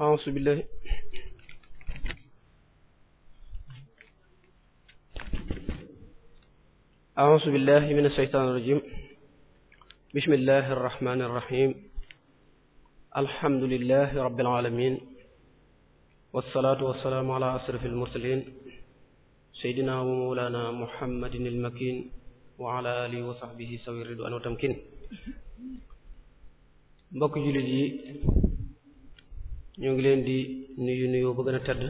أعوذ بالله أعوذ بالله من الشيطان الرجيم بسم الله الرحمن الرحيم الحمد لله رب العالمين والصلاة والسلام على أشرف المرسلين سيدنا ومولانا محمد المكين وعلى آله وصحبه سوي الرضوان والتمكين mbokk jullit yi ñoo ngi leen di nuyu nuyoo ba gën a tedd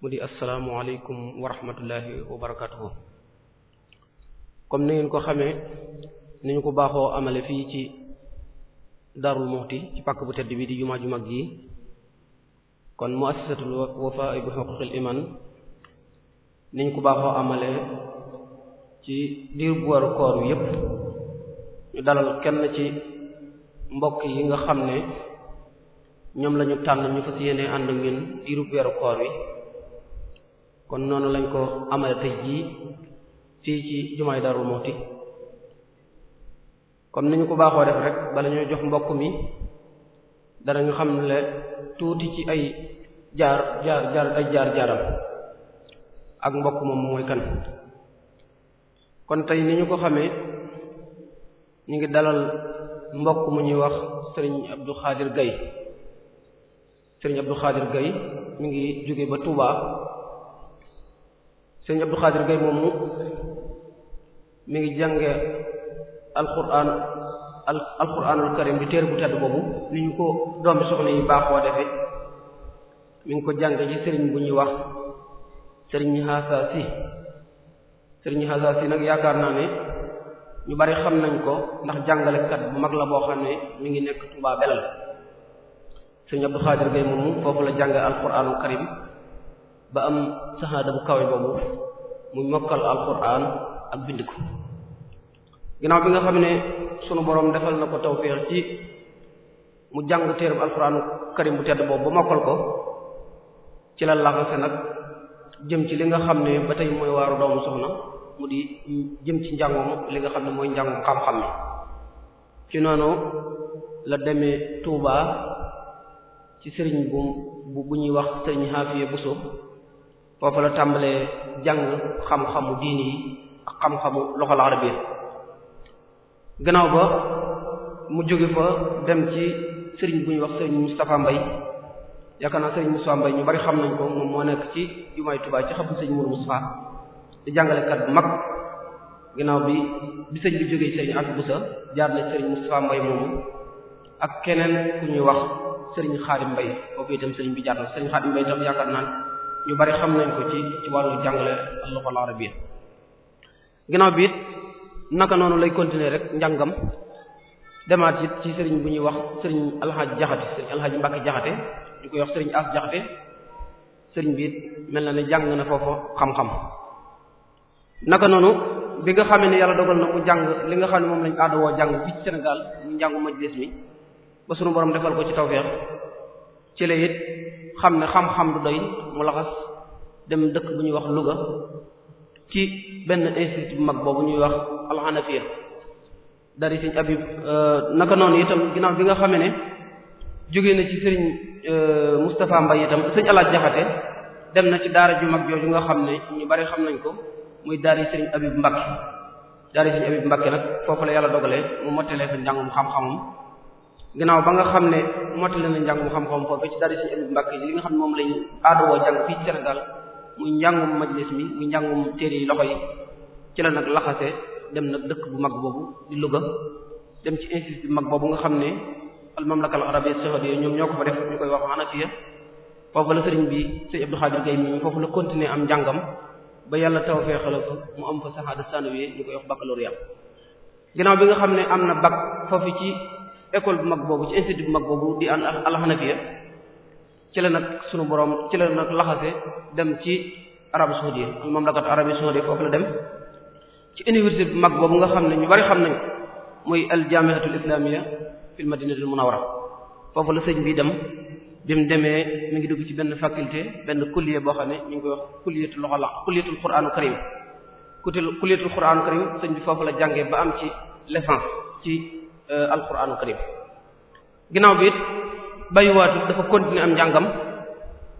mu di asalaamualeykum wa rahmatullahi wa barakatuhu comme ni ngeen ko xamee ni ñu ko baaxoo amale fii ci Darou Moukhty ci pàkk bu tedd bi di jumaa ju mag yi kon muassasatul Wafa bi huquqil iman ni ñu ko baaxoo amale ci diir bu waru koor wi yépp ñu dalal kenn ci mbokk yi nga xam ne ñoom lañu tànn ñu fas yéene ànd ak ñun diirub weeru koor wi kon noonu lañ ko amale tey jii fii ci jumaay Darou Moukhty comme ni ñu ko baaxoo def rek bala ñoo jox mbokk mi danañu xam ne tuuti ci ay jaar jaar jaar ay jaar jaaram ak mbokk moom mooy kan kon tey ni ñu ko xamee ñu ngi dalal mbokk mu ñuy wax sëriñ Abdou Khadir Gaye sëriñ Abdou Khadir Gueye mi ngi jóge ba Touba sëriñ Abdou Khadir Gueye moomu mi ngi jànge alquran al alquranul karim di bu tedd boobu li ñu ko doomi soxna yi baaxoo defe mu ngi ko jànge ci sëriñ bu ñuy wax sëriñ Hassa Sy sëriñ Hassa Sy nag yaakaar naa ne ñu bari xam nañ ko ndax jàngalekat bu mag la boo xam ne mi ngi nekk Touba Belal sëñ Abdou Khadir Gueye moomu foofu la jàng alquranul karim ba am saxaada bu kawe boobu mu mokkal alquran ak bind ko ginnaaw bi nga xam ne sunu boroom defal na ko tawfeex ci mu jàng téereb alquranul karim bu tedd boobu ba mokkal ko ci la laxase nag jëm ci li nga xam ne ba tey mooy waaru doomu soxna mu di jëm ci njàngum li nga xam ne mooy njàngum xam-xam ni ci noonu la demee Touba. ci sëriñ bu bu ñuy wax sëriñ Hafiya Buso foofu la tàmbalee jàng xam-xamu diin yi ak xam-xamu loxol arabiya gannaaw ba mu jóge fa dem ci sëriñ bu ñuy wax sëriñ Moustapha Mbay yaakaar naa sëriñ Moustapha Mbay ñu bari xam nañ ko moom moo nekk ci jumaay Tuubaa ci xabu sëriñ Mourou Moustapha di jàngalekat bu mag ginnaaw bi bi sëñ bi jógee sëriñ ak Buso jaar na sëriñ Moustapha Mbay moomu ak keneen ku ñuy wax sëriñ Xaadim Mbay kooku itam sëriñ bi jaar na sëriñ Xaadim Mbay itam yaakaar naan ñu bari xam nañ ko ci ci wàllu jàngale al-lughal arabiyya ginnaaw bi it naka noonu lay continuer rek njàngam demaat it ci sëriñ bu ñuy wax sëriñ alxaaj jaxate sëriñ alxaaj Mbàkke ñu koy wax sëriñ as jaxate sëriñ bi mel na ne jàng na foofu xam-xam naka noonu bi nga xam ne yàlla dogal na mu jàng li nga xam ne moom lañ aada woo jàng fii ci Sénégal mu njàngu majlis mi ba sunu borom defal ko ci tawfeex ci la it xam ne xam-xam du doy mu laxas dem dëkk bu ñuy wax Louga ci benn institut bu mag boobu ñuy wax alxanafiya dari sëriñ Abib euh, naka noonu itam ginnaaw bi nga xam ne jóge na ci sëriñ euh, Moustapha Mbaye itam sëriñ Alaaj Jaxate dem na ci daara ju mag jooju nga xam ne ñu bari xam nañ ko muy daari sëriñ Abib Mbakke daari sëriñ Abib Mbakke nag foofu la yàlla dogalee mu mottalee fa njàngum xam-xamam ginnaaw ba nga xam ne mottali na njàngum xam-xam foofu ci daara si Abib Mbàkke li nga xam ne moom lañu aadowoo jàng fii Sénégal muy njàngum majlis mi muy njàngum téere yi loxo yi ci la nag laxase dem nag dëkk bu mag boobu di Louga dem ci institut bu mag boobu nga xam ne al mamlaka al arabiyya saoudiya ñoom ñoo ko fa def ñu koy wax Hanafiya foofu la sëriñ bi sëriñ Abdou Khadir Gaye mi foofu la continuer am njàngam ba yàlla tawfeexal ko mu am fa shahada sanawiyya ñu koy wax baccalauréat ginnaaw am na école bu mag boobu ci institut bu mag boobu di al alxanafiya ci la nag sunu borom ci la nag laxase dem ci arabu saudi mamlakat arabi saudi foofu la dem ci université bu mag boobu nga xam ne ñu bari xam nañ muy al jami'atul islamiyya fil a munawwara foofu la sëñ bi dem bi mu demee mi ngi dugg ci benn faculté benn kulliye boo xam ne ñu ngi koy wax kulliyatul loxo la kulliyatul qur'anu karim kutul kulliyatul qur'anu karim sëñ bi foofu la jàngee ba am ci licence ci Euh, alquranul karim ginnaaw bi it bàyyiwaatu dafa continuer am njàngam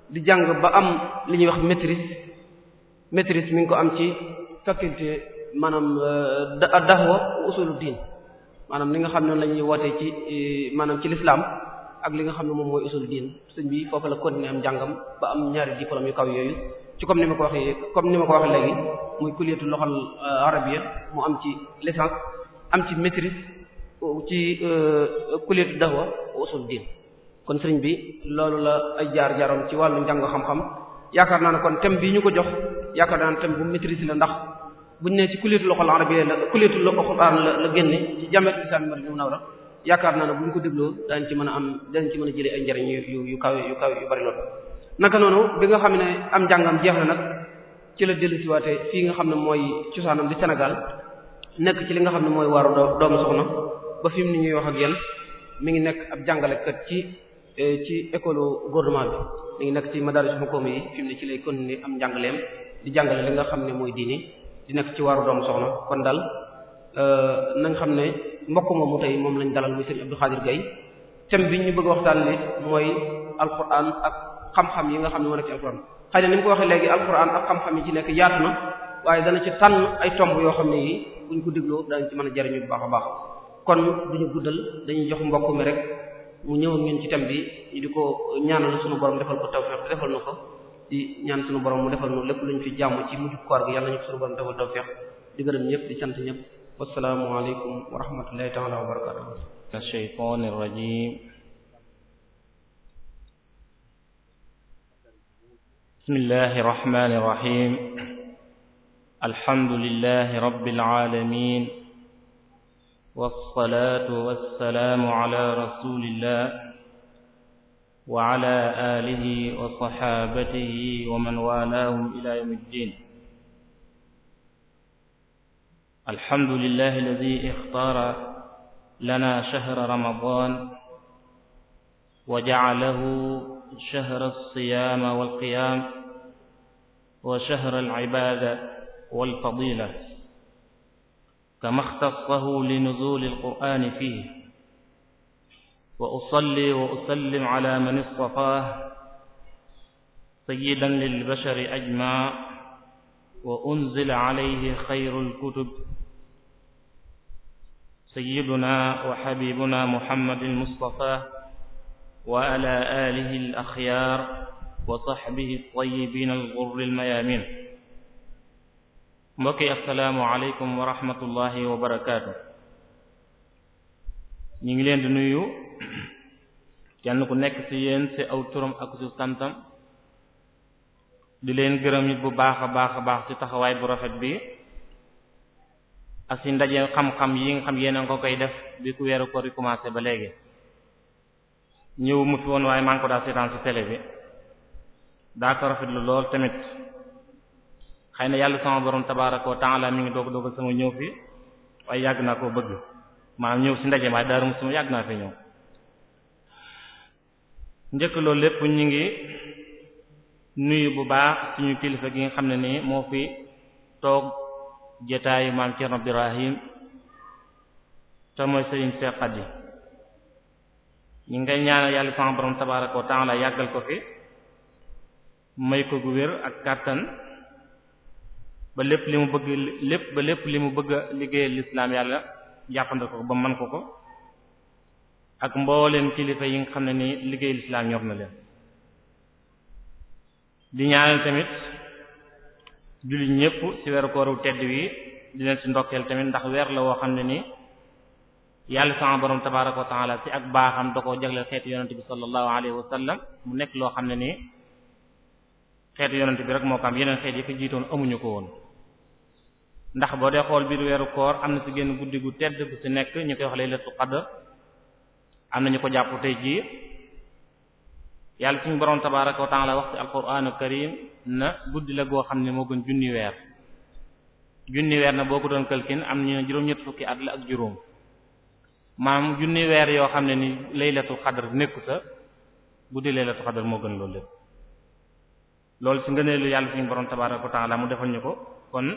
di jàng ba am li ñuy wax maîtrise maîtrise mi ngi ko am ci faculté maanaam euh, dahwa usulu diin maanaam li nga xam ne la ñuy wootee ci euh, maanaam ci l'islam ak li nga xam ne moom mooy usulu diin sëñ bi foofu la continuer am njàngam ba am ñaari diplôme yu kaw yooyu ci comme ni ma ko waxee comme ni ma ko wax léegi muy kulliyatul lughal arabiyya mu am ci licence am ci maîtrise ci euh, kuleetu dawa usul diin kon sëriñ bi loolu la ay jaar jaaroon ci wàllu njàng xam-xam yaakaar naa ne kon thème bii ñu ko jox yaakaar naa ne thème bu maîtrise la ndax buñ ne ci kuleetu loxol arabiyya la kuleetu loxol arabiyya la la génne ci jàmmet islam mari ñu nawra yaakaar naa ne buñ ko dégloo daañ ci mën a am daañ ci mën a jëlee ay yu yu yu kaw yu bari lool naka noonu bi nga xam ne am njàngam jeex na ci la dellu siwaate fii nga xam ne mooy cosaanam di Sénégal nekk ci li nga xam ne mooy waaru doomu soxna ba fi ni ñuy wax ak yéen mi ngi nekk ab jàngalekat ci eh, ci école gouvernement bi mi ngi nekk ci madaris xukuma yi fi mu ne ci lay continuer am njàngaleem di jàngale li nga xam ne mooy diini di nekk ci waaru doom soxna kon daal eh, na xam ne mbokk mu tey moom lañ dalal muy Serigne Abdou Khadir Gaye thème bi ñu bëgg waxtaan li mooy alquran ak xam-xam yi nga xam ne moo nekk ci alquran xëy na ni mu ko wax léegi alquran ak xam-xam yi ci nekk yaatu na waaye dana ci tànn ay tomb yoo xam ne yi buñ ko dégloo danañ ci mën a jariñu bu baax baax kon duñu guddal dañuy jox mbokk rek mu ñëw ngeen ci thème bi ñu di ko ñaanal suñu borom defal ko tawfeex defal na ko di ñaan borom mu defal nu lépp luñ fi jàmm ci mujj koor gi yàlla ñu suñu borom defal tawfeex di gërëm ñëpp di sant ñëpp wassalaamu aleykum wa rahmatullahi wa barakatuh ash-shaytaan ar-rajiim bismillahir rahmaanir rahiim والصلاة والسلام على رسول الله وعلى آله وصحابته ومن والاهم إلى يوم الدين الحمد لله الذي اختار لنا شهر رمضان وجعله شهر الصيام والقيام وشهر العبادة والفضيلة كما اختصه لنزول القرآن فيه وأصلي وأسلم على من اصطفاه سيدا للبشر أجمع وأنزل عليه خير الكتب سيدنا وحبيبنا محمد المصطفى وعلى آله الأخيار وصحبه الطيبين الغر الميامين mbokk yi asalaamualeykum wa rahmatullahi wa barakaatu ñu ngi leen di nuyu kenn ku nekk ci yéen ci aw turam ak ci santam di leen gërëm nit bu baax a baax a baax ci taxawaay bu rafet bi ak ci ndaje xam-xam yi nga xam yéen a ko koy def bi ku weeru ko yi ba léegi ñëw mu fi woon waaye maa ngi ko daa seetaan ci télé bi daa ko rafetlu lool tamit xëy na yàlla sama borom tabaaraka wa ta'ala ngi doog doog sama ñëw fi waaye yàgg naa koo bëgg maanaam ñëw si ndaje ma Daaru Muxti yàgg naa fi ñëw njëkk loolu lépp ñu ngi nuyu bu baax suñu kilifa gi nga xam ne nii moo fi toog jotaayu maam Thierno Ibrahim te mooy Serigne Cheikh Khady ñu ngay ñaanal yàlla sama borom tabaaraka wa yàggal ko fi may ko gu ak kàttan ba lépp li mu bëgg lépp ba lépp li mu bëgg a liggéeyal lislaam yàlla jàppandal ko ba man ko ko ak mbooleem kilifa yi nga xam ne ni liggéey lislaam ñor na leen di ñaanal tamit jullit ñépp ci weeru kooru tedd wi di ci ndokkeel tamit ndax weer la woo xam ne ni yàlla sama borom tabaaraka wa taala ci ak baaxam da ko jagleel xeetu yonent bi sallallahu alayhi wa mu nekk loo xam ne ni xeetu yonent bi rek moo ko am yeneen xeet yi ko jiitoon amuñu ko woon ndax boo dee xool biir weeru koor am na ci génn guddi gu tedd bu ci nekk ñu koy wax laylatul qadr am na ñu ko jàpp tey jii yàlla suñu borom tabaaraka wa ta'ala wax ci alquraanu karim na guddi la goo xam ne moo gën junni weer junni weer na boo ko doon këlkin am ñu fukki at la ak juróom maanaam junni weer yoo xam ne ni laylatul qadr nekku sa guddi laylatul moo gën loolu lépp loolu ci yàlla suñu borom tabaaraka wa ta'ala mu defal ñu ko kon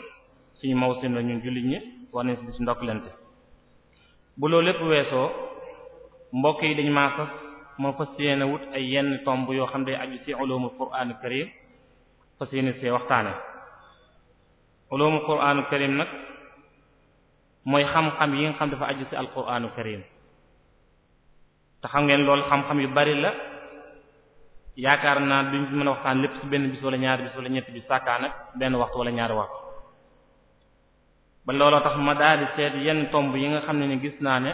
suñu mawsim la ñun jullit ñi war nañ si di si bu loolu lépp weesoo mbokk yi dañu maa fas ma fas yéene wut ay yenn tomb yoo xam ne aju ci ulumul qur'aanu karim fas yéene nag mooy xam-xam yi nga xam dafa aju ci alqur'aanu karim te xam ngeen lool xam-xam yu bari la yaakaar naa duñ mën a waxtaan lépp ci benn bis wala ñaari bis wala ñetti bis sàkkaa nag benn waxtu wala ñaari waxtu ba looloo tax ma daal seet yenn tomb yi nga xam ne ni gis naa ne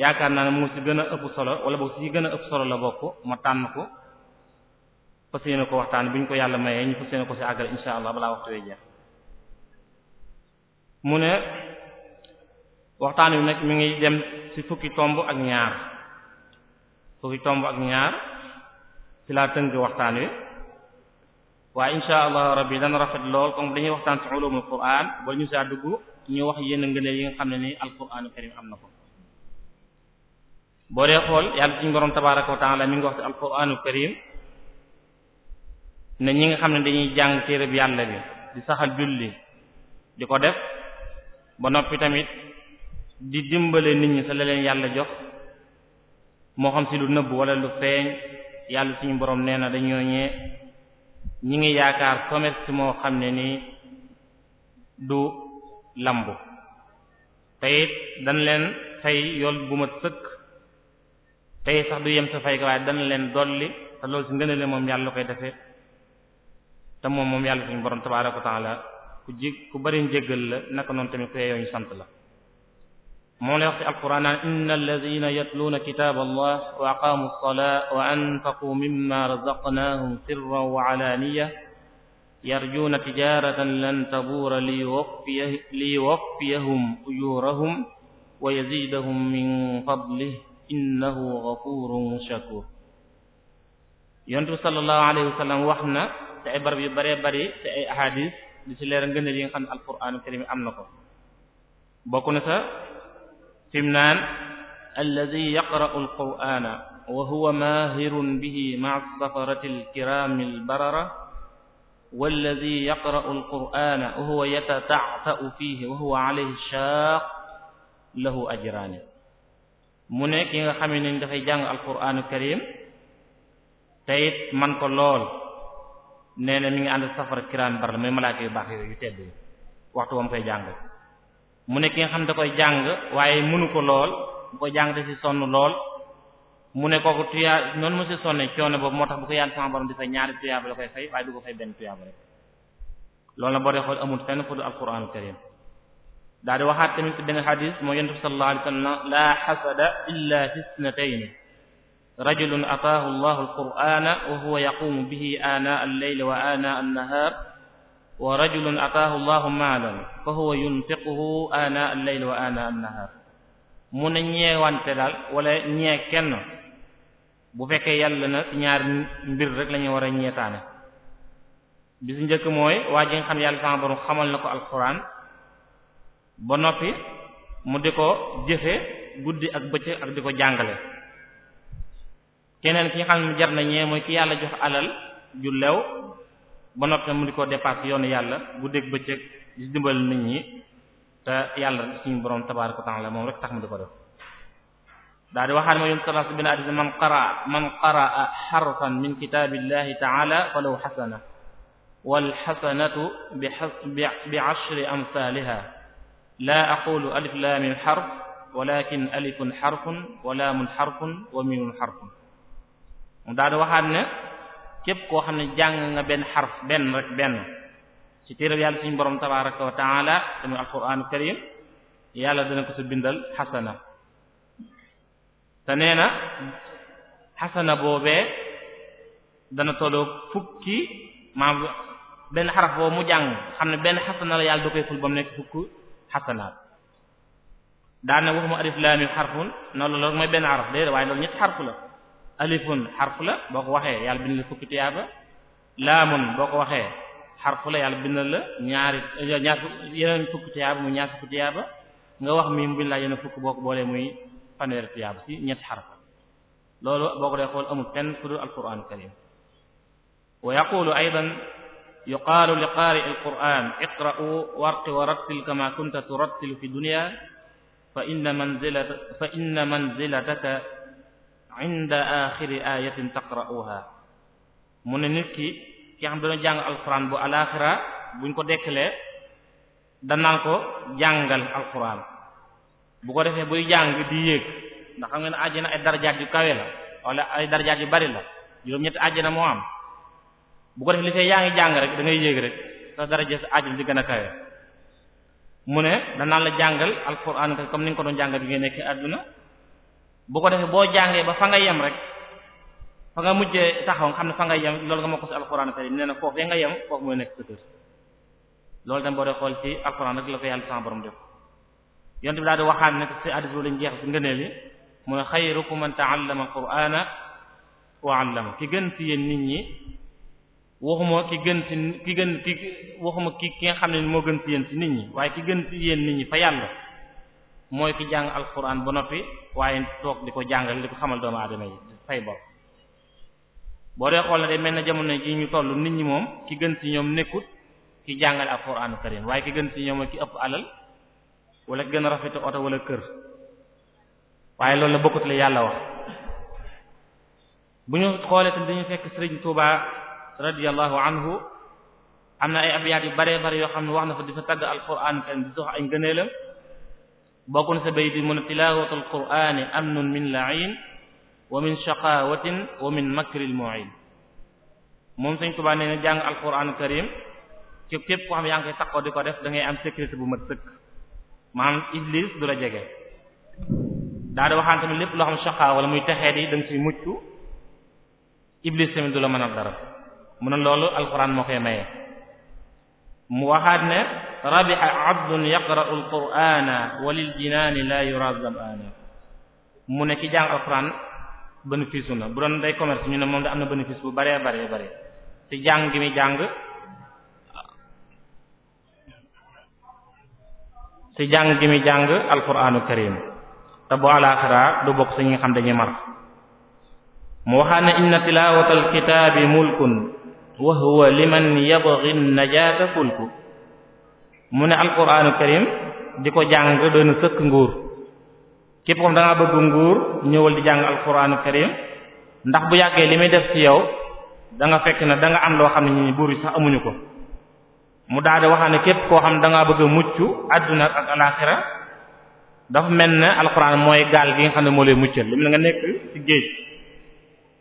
yaakaar naa ne mu ci gën a ëpp solo wala boog ci gën a ëpp solo la bokk ma tànn ko fas yéene ko waxtaan bu ñu ko yàlla mayee ñu fas ko ci àggale insha allah balaa waxtu wee jeex mu ne waxtaan wi nag mu ngi dem ci fukki tomb ak ñaar fukki tomb ak ñaar ci laa tënk waxtaan wi waa insha allah rabbi dana rafet lool comme dañuy waxtaan ci ulumul qur'an ba ñu saa dugg ñu wax yenn ngëneel yi nga xam ne am na ko boo dee xool yàlla suñu boroom tabaaraka wa ta'ala mi ñi nga xam ne dañuy jàng téere bi yàlla bi di saxal julli di ko def ba noppi tamit di dimbale nit ñi sa la yàlla jox moo xam ci lu nëbb wala lu feeñ yàlla suñu boroom nee na dañoo ñee ñi ngi yaakaar commerce moo xam ne nii du lambu te it dañ leen fay yool bu ma sëkk te it sax du yem sa fay ko waaye leen dolli te loolu si ngënale moom yàlla koy defee te moom moom yàlla suñu borom tabaaraka wa taala ku ji ku bari njëgal la naka noonu tamit ku yeeyoo ñu sant la moo lay wax ci alquran naan inna alladina yatluuna kitaaba allah wa aqaamu alsalaa wa anfaquu mimma razaqnaahum sirran wa alaaniya yarjuuna tijaaratan lan tabuura liyuwaffiyahum ujurahum wa yazidahum min fadlihi innahu ghafuurun shakuur yonent bi sallallahu alayhi wa sallam wax na ci ay barab yu bëree bëri ci ay ahadis di ci leeral ngëneel yi nga xam ne alquran karim am na ko bokk na sa fim naan alladi yaqra'u alqur'ana wa huwa maahirun bihi ma'a safarati alkiraami albarara walladi yaqra'u alqur'ana wa huwa yatata'ta'u fiihi wa huwa alayhi shaaq lahu ajraani mu ne ki nga xamee ne dafay jàng alqur'aanu karim te it man ko lool nee na mi ngi ànd safara kiraan bar la mooy malaaka yu baax yooyu yu tedd waxtu wam koy jàng mu ne ki nga xam da koy jàng waaye mënu ko lool bu ko jàng da ci sonn lool mu ne kooku tuyaa noonu mu ci sonne coono boobu moo tax bu ko yàlla sama borom di fay ñaari tuyaaba la koy fay waaye du ko fay benn tuyaaba rek loolu la boo dee xool amul fenn fu du alquraanul karim daal di waxaat tamit ci benn xadis moo yonent bi sallallahu alayhi wasallam laa xasada illa fi isnatayni ataahu allahu alqur'ana wa huwa yaqumu bihi aanaa al wa aanaa an wa rajulun ataahu allahu maalan fa huwa yunfiquhu ana al wa ana an mu ne ñeewante daal wala ñee kenn bu fekkee yàlla na ci ñaar mbir rek lañuy war a ñeetaane bi su njëkk mooy waa ji nga xam yàlla sama na ko alxuraan ba noppi mu di ko jëfe guddi ak bëccëg ak di ko jàngale keneen ki nga xam jar na ñee mooy ki yàlla jox alal ju lew ba noppi mu di ko dépassé yoonu yàlla guddeeg bëccëg di dimbal nit ñi te yàlla suñu borom tabaaraka wa ta'ala moom rek tax mu di ko def daa di waxaat ma yonent sallallahu alayhi wasallam man qaraa man qaraa harfan min kitaabillahi ta'ala falahu hasana wal hasanatu bi bi ashri amsaaliha laa aqulu alif laamin harf walakin alifun harfun wa laamun harfun wa miimun harfun daa di waxaat ne képp koo xam ne jàng nga benn xarf benn rek benn ci téereb yàlla suñu borom tabaraka wa taala tamit karim yàlla dana ko sa bindal xasana te nee na xasana boobee dana tolloog fukki maam benn xaraf boobu mu jàng xam ne benn xasana la yàlla da koy ful ba mu nekk fukk xasanaat daane waxuma alif laam mim xarfun noonu loolu rek mooy benn xaraf déedéet waaye loolu ñetti xarf la alifun xarf la boo ko waxee yàlla bind la fukki tiyaaba laamun boo ko waxee xarf la yàlla bind la ñaari ñaar yeneen fukki tiyaaba muy ñaar fukki tiyaaba nga wax miim biñ laa yeneen fukk boo ko boolee muy fanweeri tiyaaba ci ñetti xarf loolu boo ko dee xool amul fenn fu dul alquran karim wa yaqulu aydan yuqaalu li qaari'i alquran iqra'u warqi wa rattil kama kunta turattilu fi dunya fa inna manzilata fa inna manzilataka inda axiri ayatin mu ne nit ki ki xam dana jàng alquran bu alaxira buñ ko dekkalee danaan ko jàngal alquran bu ko defee buy jàng di yéeg ndax xam ngeen na ay darajaat yu kawe la wala ay darajaat yu bari la juróom-ñetti na moo am bu ko defee li fee yaa ngi jàng rek da ngay yéeg rek sa daraja sa àjjana di gën a kawe mu ne danaan la jàngal alquran comme ni nga ko doon jàngal bi ngay nekk àdduna boo ko defee boo jàngee ba fa nga yem rek fa nga mujjee taxaw nga xam ne fa nga yem loolu nga mokk ci alxuraan karim nee na foofu nga yem foofu mooy nekk sa kër loolu tam boo dee xool ci alxuraan rek la ko yàlla sama borom def yonte bi daal di waxaan ne ci hadiis boobu lañ wa 'allama ki gën ci yéen nit ñi waxuma ki gën ci ki gën ki waxuma ki ki nga xam ne ni moo gën ci yéen ci nit ñi waaye ki gën ci yéen nit ñi fa yàlla mooy ki jàng alquran ba noppi waaye toog di ko jàngal di ko xamal doomu aadama yi fay bor boo dee xool na de mel na jamono ji ñu toll nit ñi moom ki gën ci ñoom nekkut ki jàngale alquranu karim waaye ki gën ci ñoom mooy ki ëpp alal wala ki gën a rafet oto wala kër waaye loolu la bokkut la yàlla wax bu ñu xoolee tam dañu fekk Sëriñ Tuubaa radiyallahu anhu am na ay abiyaat yu bare bare yoo xam ne wax na fa di fa tagg alquran karim di dox ay ngëneelam bokk na sa bayt bi mu ne tilaawatul qur'aani amnun min la'iin wa min shaqaawatin wa min makril mu'iin moom Sëriñ Tuubaa nee na jàng alqur'aanu karim ci képp koo xam yaa ngi koy takkoo di ko def da ngay am sécurité bu ma sëkk maanaam iblis du la jege daa di waxaan tamit lépp loo xam shaqaa wala muy texeet yi da nga ciy mucc iblis tamit du la mën a dara mu a loolu alqur'aan moo koy maye mu waxaat ne rabiha abdun yaqra'u alqur'ana walil jinaani la yura zam'ana mu ne ki jàng alquran bénéfice na bu doon day commerce ñu ne moom da am na bénéfice bu bare bare bare ci jàng gi mi jàng ci jàng gi mi jàng alquranu karim te bu alaaxira du bokk ci xam dañuy mar mu waxaat ne inna tilaawatal kitaabi mulkun wa huwa liman yabghi an-najata fulku mu ne alquranu karim di ko jàng doy sëkk nguur képp ko da ngaa bëgg nguur ñëwal di jàng alquranu karim ndax bu yàggee li muy def ci yow danga fekk na da nga am loo xam ne ñi buur yi sax amuñu ko mu daal di waxaa ne képp koo xam da ngaa bëgg mucc adduna ak alaxira dafa mel ne alxuraan mooy gaal gi nga xam ne moo lay muccal li mu ne nga nekk ci géej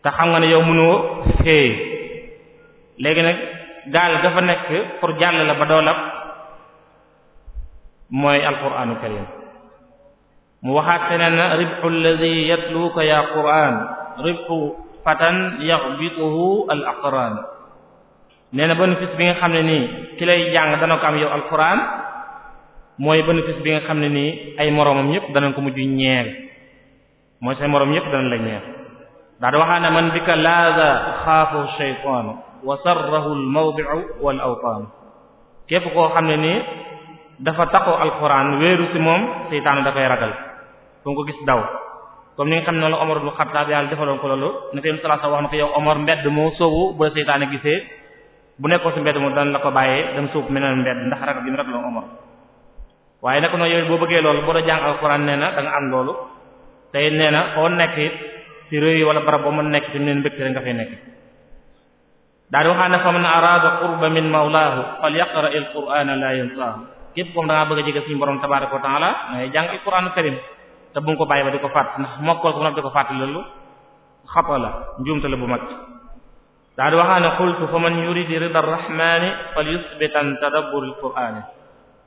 te xam nga ne yow mënoo xëy léegi nag gaal dafa nekk pour jàll la ba doolab mooy alquranu karim mu waxaat feneen na ribhu alladhi yatluka ya quran ribhu fatan yaghbituhu al ne nee na bénéfice bi nga xam ne nii ki lay jàng dana ko am yow alquran mooy bénéfice bi nga xam ne nii ay moroomam yépp danañ ko mujj ñeel mooy say moroom yépp danañ la ñeel daal di waxaat ne man bika laaza xaafu shaytaanu wa sarrahu al-mawdi'u wal awtaan képp koo xam ne nii dafa taqoo alquran wéeru ci moom seytaane dafay ragal fu mu ko gis daw comme ni nga xam ne la Omar yàlla defaloon ko loolu ne ko yéen sallallahu wax na moo sóobu bu la gisee bu nekkoon ci mbedd moo la ko bàyyee dem sóobu meneen mbedd ndax ragal gi mu ragaloon Omar waaye nag noonu yow boo bëggee loolu boo doon jàng alquran nee na da am loolu tey nee na foo nekk ci réew yi wala barab boo mën nekk ci mu neen mbégte nga fay nekk daa di waxaa ne fa man araada qurba min mawlaahu fal yaqra al qur'ana la yansaahu képp comme da ngaa bëgg a jege suñu borom tabaaraka wa taala te bu ko ba di ko fàtt ndax mokkol ko bu di ko la njuumte la bu mag daa di waxaa ne qultu fa man yuridi rida arrahmani fal yusbit an tadabbur al qur'ani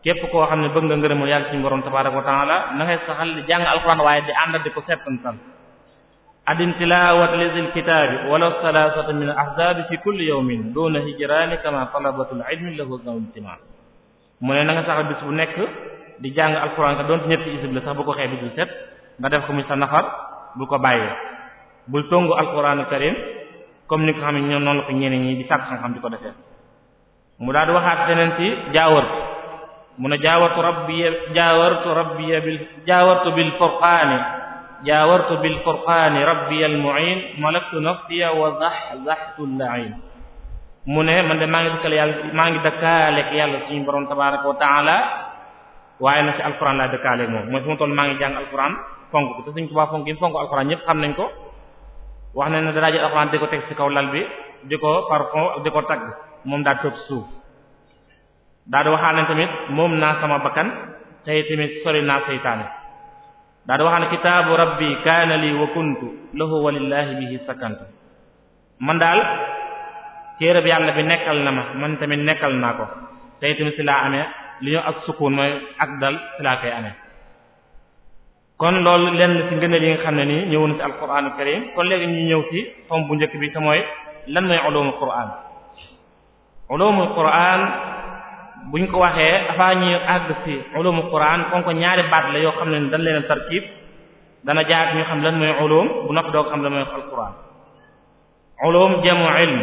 képp koo xam ne bëgg nga ngërëmul yàlla suñu borom tabaaraka wa taala di jàng alquran waaye di àndal di ko adin tilawat lizil kitaabi wala salaasata min ahzaabi fi kulli yawmin duna hijraani kama talabatul ilmi lahu zamtima mu ne na nga sax bis bu nekk di jàng alxuraan ka doon ñetti isib la sax bu ko xee bis bu set nga def ko muy sa nafar bul ko bàyyi bul tongu alxuraanu karim comme ni nga xam ne ñoom noonu la ko a ñi di sàkk xam di ko defee mu daal di waxaat seneen ci jaawartu mu ne jaawartu rabbi jaawartu rabbi bil jaawartu bil furqaani jaawartu bil furqaani rabbiyal mu'in malaktu nafsiya wa zahzahtu al-la'in mu ne man de maa ngi dëkkale yàlla maa ngi dëkkaaleeg yàlla suñu borom tabaaraka wa taala waaye na ci alquran laa dëkkaaleeg moom mooy su ma toll maa ngi jàng alquran fonk ko te suñ Tuubaa fonk yi fonk alquran ñëpp xam nañ ko wax nañ ne danaa jël alquran di ko teg ci kaw lal bi di ko parfum di ko tagg moom daa toog suuf daa di waxaal nañ tamit moom naa sama bakkan tey tamit sori naa seytaane daa di wax ne kitaabu rabbi kaana li wa kuntu lahu wa lillahi bihi sakantu man daal téerab yàlla bi nekkal na ma man tamit nekkal naa ko tey tamit si laa amee li ñoo ak sukun mooy ak dal si laa koy amee kon loolu lenn ci ngëneel yi nga xam ne nii ñëwoon ci alquranu karim kon léegi ñu ñëw ci tom bu njëkk bi te mooy lan mooy ulumul qur'an ulumul qur'an bu ñu ko waxee afaa ñuy àgg ci ulum quran kon ko ñaari baat la yoo xam ne dañ leen tarkiib dana jaar ñu xam lan mooy ulum bu noppi doog xam lan mooy al quran ulum jamu ilm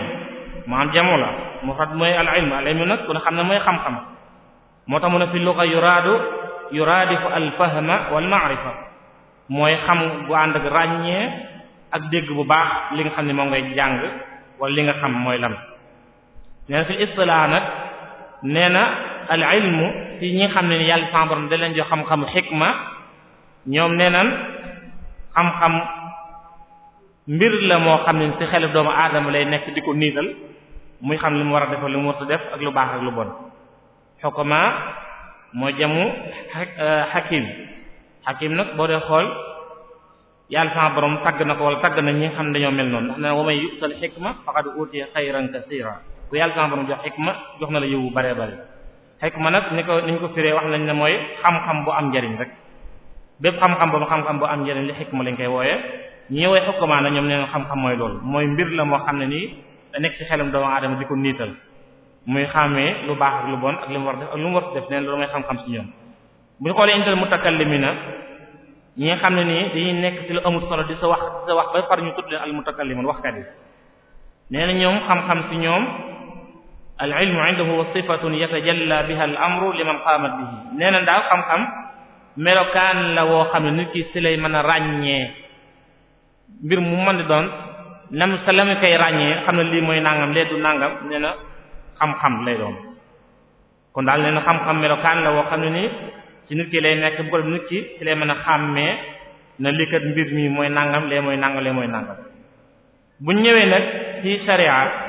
maanaam jamu la mufrad mooy al ilm al ilm nag ku ne xam mooy xam-xam moo tax mu ne fi lugha yuraadu yuraadifu al fahma wal ma'rifa mooy xam bu ànd ak ràññee ak dégg bu baax li nga xam ne moo ngay jàng wala li nga xam mooy lan nee fi istilaah nag nee na al ilmu ci ñi xam ne ni yàlla sama borom da leen jox xam-xamu xikma ñoom nee nan xam-xam mbir la moo xam ne ci xelif doomu aadama lay nekk di ko niital muy xam li mu war a def li mu warta def ak lu baax ak lu bon xukuma moo jamu xakim euh, xakim nag boo dee xool yàlla sama borom tagg na ko wala tagg na ñi xam ne dañoo mel noonu ndax nee na wa may yu'tal xikma faqad utiya xayran kasiira ku yàlla sama borom jox ma jox na la yëwu bare bare xikma nag ni ko niñ ko firee wax nañ ne mooy xam-xam bu am njariñ rek bépp xam-xam boobu xam-xam am njariñ li xikma lañ koy wooye ñi woy xukkamaa ñoom neen xam-xam mooy loolu mooy mbir la moo xam ne nii da nekk ci xelam doomu aadama di ko niital muy xàmmee lu baax ak lu bon ak li mu war def ak lu mu war def neen loolu mooy xam-xam ci ñoom bu ñi nga xam ne nii dañuy nekk lu amul solo di sa wax di sa wax ba far ñu tudd leen al mutakallimun waxkat yi nee na ñoom xam-xam ci ñoom alilmu indahu sifatun yatajalla biha al amru liman qaamat bihi nee na daal xam-xam melokaan la woo xam ne nit ki si lay mën a ràññee mbir mu mën di doon nam sa la mu koy ràññee xam na lii mooy nangam lee du nangam nee na xam-xam lay doon kon daal nee na xam-xam melokaan la woo xam ne nii ci nit ki lay nekk bu ko def si lay mën a xàmmee na lii kat mbir mi mooy nangam lee mooy nangam lee mooy nangam bu ñëwee nag ci sharia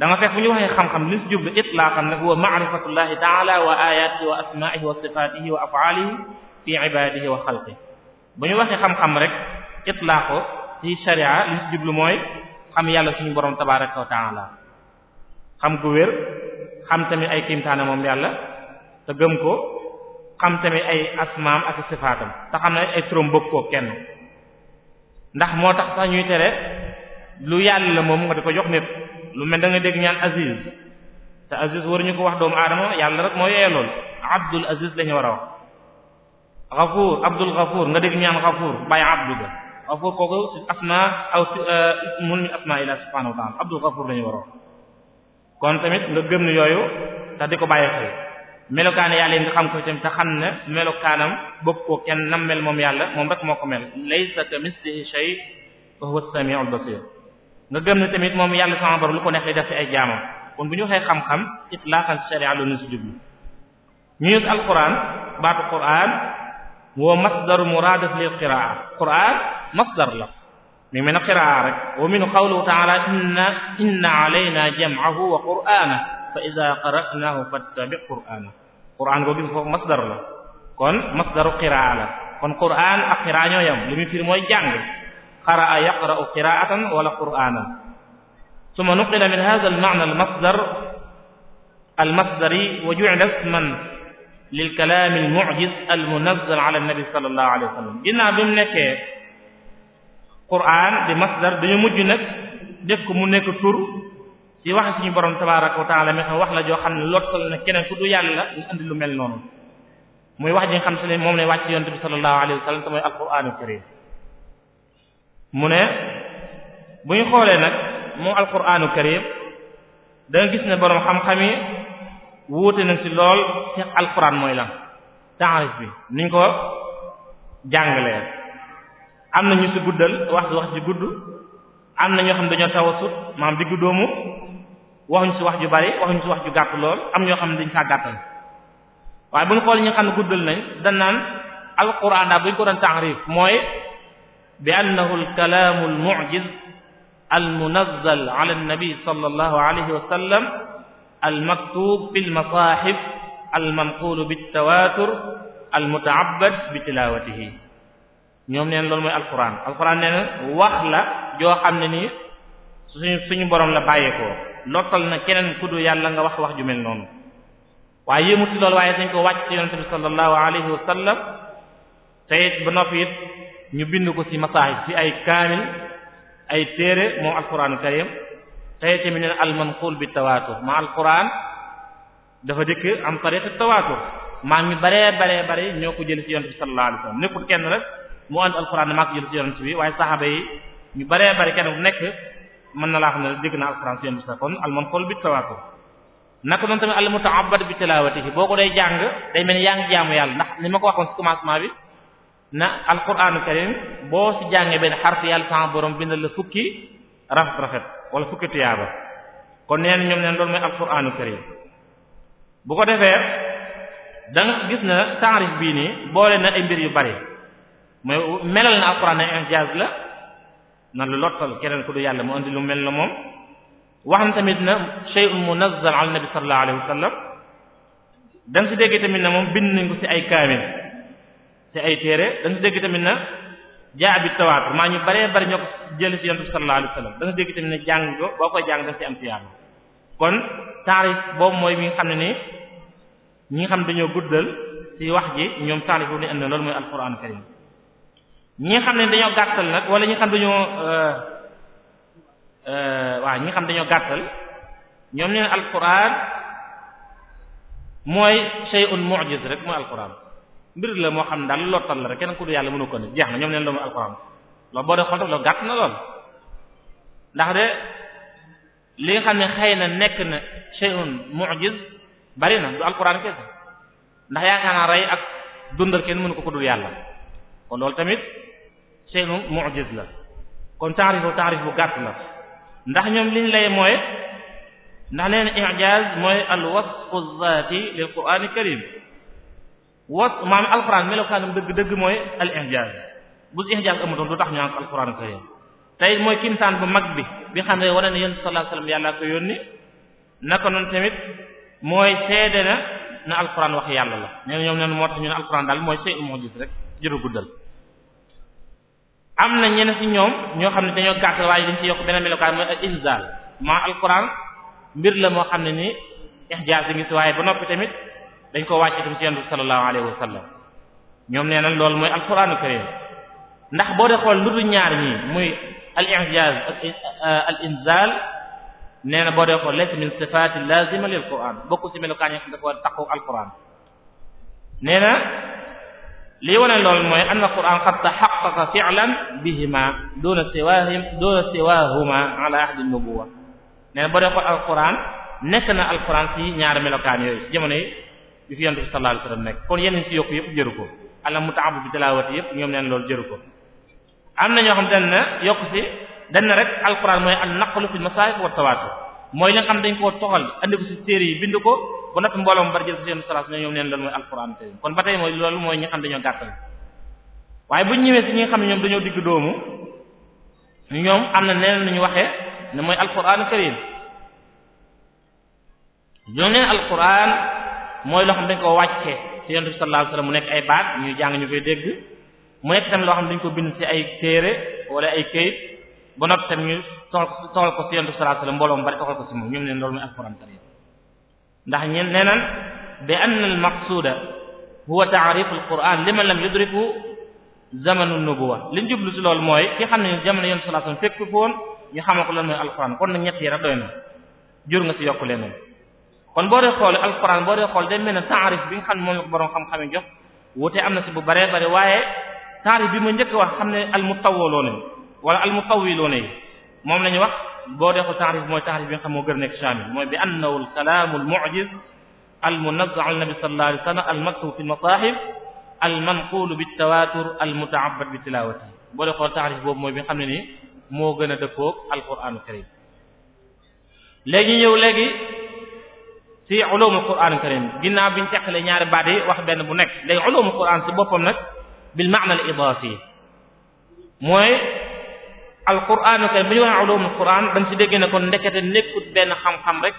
danga nga fekk bu ñu waxee xam-xam li ñu si jublu itlaqan nag huwa ma'rifatullahi ta'ala wa ayatihi wa asma'ihi wa sifatihi wa af'alihi fi ibadihi wa xalqihi bu ñu waxee xam-xam rek itlaaqo ci sharia li ñu si jublu mooy xam yàlla suñu borom tabaraka wa ta'ala xam gu wér xam tamit ay kiimtaane moom yàlla te gëm ko xam tamit ay asmaam ak sifaatam te xam ne ay turam bëgg koo kenn ndax moo tax sax ñuy tere lu yàlla la moom nga di ko jox nit lu mel da nga dégg ñaan Aziz te Aziz waruñu ko wax doomu aadama yàlla rek moo yeyee lool Abdul Aziz la war a wax. Ghafuur Abdul Ghafuur nga dégg ñaan Ghafuur bàyyi Abdul ga Ghafuur kooku si asmaa euh, aw mun min asmaa Illaahi subhaanahu wa Abdul Ghafuur la war a wax kon tamit nga gëm ne yooyu te di ko bàyyi xel melokaane yàlla yi nga xam ko tamit te xam ne melokaanam bokk ko kenn nam mel moom yàlla moom rek moo ko mel laysa ka mislihi shay wa huwa as-sami'ul nga gëm ne tamit moom yàlla sama borom lu ko neex lay def ay jaamam kon bu ñu waxee xam-xam itlaqan sharia lu ñu ci jublu ñu use alquran baatu quran wa masdaru muradat lil qiraa quran masdar la mi mel ne qiraa rek wa min qawluhu ta'ala inna inna alayna jam'ahu wa qur'ana fa idha qara'nahu fattabi' qur'ana quran ko gis foofu masdar la kon masdaru qiraa la kon quran ak qiraa ñoo yam li muy firi mooy jàng qara'a yaqra'u qira'atan wala qur'anan thumma nuqila min hadha al-ma'na al-masdar al-masdari wa ju'ila isman lil kalam al-mu'jiz al-munazzal 'ala an-nabi sallallahu alayhi wa sallam ginnaaw bi mu nekkee qur'an di masdar dañu mujj nag def ko mu nekk tur ci wax suñu borom tabaaraka wa ta'ala mi xam wax la joo xam ne lottal na keneen ku du yàlla ñu andi lu mel noonu muy wax ji nga xam te ne moom lay wàcc yonent bi sallallahu alayhi wa sallam te mooy al-qur'anul karim mu ne bu ñu xoolee nag moom alquraanu karim da gis ne boroom xam-xam yi wuute nañ ci lool ci alquran mooy la taarif bi niñ ko jàngalee am na ñu ci guddal wax ci wax ci gudd am na ñoo xam dañoo tawasut maanaam diggu doomu waxuñ ci wax ju bari waxuñ ci wax ju gàtt lool am ñoo xam ne dañ saa gàttal waaye bu ñu xoolee ñu xam ne guddal nañ dañ naan alquran daal bu ñu ko doon taarif mooy. bi annahu alkalaamu almujiz almunazzal ala annabi sallallahu alayhi wa sallam almaktub fil masaahif almanqulu bittawaatur almutaabbad bi tilaawatihi ñoom nee na loolu mooy alquran alquran nee na wax la joo xam ne nii suñu suñu borom la bàyyeekoo lottal na keneen ku du yàlla nga wax wax ju mel noonu waaye yéemu ci loolu waaye dañ ko wàcc ci yonente bi sallallahu alayhi wa sallam te it ba noppi it ñu bind ko ci masaahif ci ay kaamil ay téere moom alquran karim tey tamit ne almanqul bi tawaatur ma alquran dafa dikk am tariq tawaatur maa ngi baree baree bare ñoo ko jël ci yonent bi sallallahu alayhi wasallam nekkul kenn rek mu ànd alquran ne maa ko jël ci yonent bi waaye saxaaba yi ñu baree bare kenn bu nekk mën na laa xam ne dégg na alquran ci yonent bi kon almanqul bi tawaatur ko noonu tamit al muta'abbad bi tilaawatihi boo ko day jàng day mel ni yaa ngi jaamu yàlla ndax bi na alquranu karim boo ci jàngee benn xarf yàlla sama borom bindal la fukki rafet rafet wala fukki tuyaaba kon nee na ñoom neen loolu mooy alquranu karim bu ko defee da gis na taarif bii nii boole na ay mbir yu bari mooy melal na alquran na injaaz la na lu lottal keneen ku du yàlla mu indi lu mel na moom wax na tamit na shay'un munazzal ala nabi sallallahu alayhi wa sallam da nga ci déggee tamit na moom bind nañ ko ci ay kaamil te ay téere danga dégg tamit na jaa bi tawaatur maa ñu baree bari ñoo ko jël ci yonent bi sallallahu alayhi wasallam danga dégg tamit ne jàng ci am tiyaaba kon taarif boobu mooy mi nga xam ne ni ñi nga xam dañoo guddal ci wax ji ñoom taarif boobu lañ indi loolu mooy alquran karim ñi nga xam ne dañoo gàttal nag wala ñi nga xam dañoo euh, euh, waaw ñi xam dañoo gàttal ñoom nee na alquran mooy shay'un mu'jiz rek mooy alquran mbir la moo xam daal lottal la rek kenn ku dul yàlla mënu ko ni jeex na ñoom neen la mu alxuraan loolu boo dee xool loolu gàtt na lool ndax de li nga xam ne xëy na nekk na shay'un na du ak dundal kenn mënu ko ko dul yàlla kon loolu tamit shay'un mu'jiz kon taarifu taarif bu gàtt la ndax ñoom liñ lay mooy ndax nee na i'jaz mooy al wasfu lil qur'aanil karim woot maam alxuraan melokaanam dëgg dëgg mooy al ihjaaz bu ihjaaz amutoon du tax ñu am alxuraan karim tey mooy kimtaan bu mag bi bi xam ne wane na yonent sallallahu alayhi mooy seede na wax yàlla la ñoom ñoom moo tax ñu ne alxuraan daal mooy seen mu'jiz rek guddal. am na ñenn ci ñoom ñoo xam ne dañoo gàttal waaye dañ ci yokk beneen melokaan mooy al ihzaal maa alxuraan mbir la moo xam ne nii ihjaaz ngi ci waaye ba noppi tamit. dañ ko wàcc itam ci yendu sallallahu alayhi wa sallam ñoom nee na lool mooy alquranu karim ndax boo dee xool lu dul ñaar ñi muy al i'jaz nee na boo dee xool laysa min sifati lazima lil quran bokku ci melukaan yi dafa taqu alquran nee na li wane loolu mooy anna alquran qad tahaqqaqa fi'lan bihima duna siwahim duna siwahuma ala ahdi nubuwwa nee na boo dee xool alquran nekk na alquran ci ñaari melokaan yooyu jamono yi bi fi yonent bi sallallahu alayhi nekk kon yeneen ci yokk yëpp jëru ko ala muta'abbud bi tilawati yëpp ñoom neen loolu jëru ko am na ñoo xam dañ na yokk ci dañ na rek alquran mooy an naqlu fil masahif wa tawatur mooy li nga xam dañ koo toxal andi ko ci téere yi bind ko ba noppi mbooloo mu bari jël ci seen salaas ne ñoom neen loolu mooy alquran tey kon ba tey mooy loolu mooy ñi nga xam dañoo gàttal waaye bu ñu ñëwee ñi xam ne ñoom dañoo digg doomu ñoom am na neen nañu waxee ne mooy alquran karim ñoom neen mooy loo xam dañ ko wàcce ci yonent bi sallallahu alayhi mu nekk ay baat ñuy jàng ñu koy dégg mu nekk tamit loo xam dañ ko bind ci ay téere wala ay këyit ba nopp tamit ñu toxal toxal ko ci yonent bi sallallahu alayhi mbooloo mu bari toxal ko ci moom ñoom leen loolu mooy alquran karim ndax ñen nee nan bi anna al maqsuda huwa ta'rif al quran liman lam yudriku zamanu nubuwa liñ jublu ci loolu mooy ki xam ne jamono yonent bi sallallahu alayhi wasallam fekk foon ñu xamal k lan mooy alquran ñett yi rek doy na jur yokk leneen kon boo dee xool alquran boo dee xool day mel ne taarif bi nga xam ne moom la ko borom xam-xam yi jox wuute am na si bu baree bare waaye taarif bi ma njëkk wax xam ne al mu almutawwaloona wala almutawwiloona yi moom la ñu wax boo dee xool taarif mooy taarif bi nga xam moo gën a nekk shaamil mooy bi al annahu alkalaamu almu'jiz almunazzahu ala nabi sallallahu alayhi wasallam almaktub fi al almanqulu bitawaatur almuta'abbad bi tilaawatihi boo dee xool taarif boobu mooy bi nga xam ne nii moo gën a dëppoog alquranu karim léegi ñëw ci ulumul qur'an karim ginnaaw bi ñu ñaari baat yi wax benn bu nekk léegi ulumul qur'an ci boppam nag bil ma'na al idafi mooy al qur'an karim bu ñu waxee ulumul qur'an dañ ci dégg benn xam-xam rek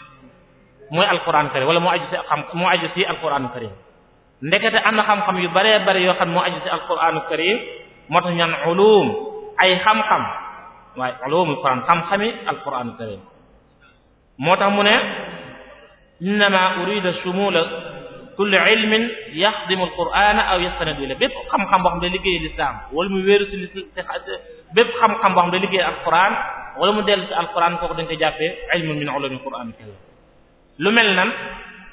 mooy al wala moo aju ci xam moo aju ci am na xam-xam yu bare bare yoo xam moo aju ci al qur'an karim moo tax ñaan ay xam-xam waaye ulumul qur'an xam-xami al qur'an karim moo tax mu ne innama urida shumula kulli ilmin yaxdimu alqur'ana aw yastanadu ila bépp xam-xam boo xam ne liggéey lislaam wala mu wéeru ci bépp xam-xam boo xam ne liggéey alqur'an wala mu dellu ci alqur'an kooku dañ koy jàppee ilmun min ulumi alqur'an lu mel nan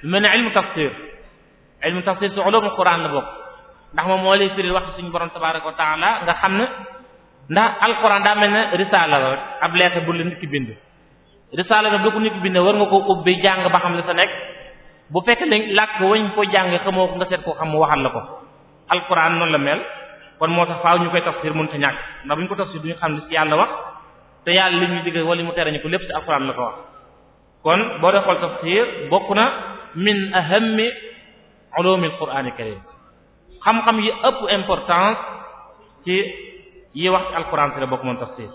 lu mel ne ilmu tafsir ilmu tafsir ci ulumul qur'an la bokk ndax moom moo lay firil wax ci suñu borom tabaaraka wa taala nga xam ne ndax alqur'an daa mel ne risaala la rek ab lettre bu la nit ki bind risaala bi bu ko nit bi ne war nga koo ubbi jàng ba xam la sa nekk bu fekkee ne làkk wañ ko jàng xamoo ko nga seet koo xam mu waxal la ko alquran noonu la mel kon moo tax faaw ñu koy tafsir mun a ñàkk ndax bu ñu ko tafsir duñu xam li ci yàlla wax te yàlla li ñu digg wala mu tere ñu ko lépp ci alquran la ko wax kon boo dee xool tafsir bokk na min ahammi ulumil qur'anil karim xam-xam yi ëpp importance ci yi wax ci alquran ci la bokk moom tafsir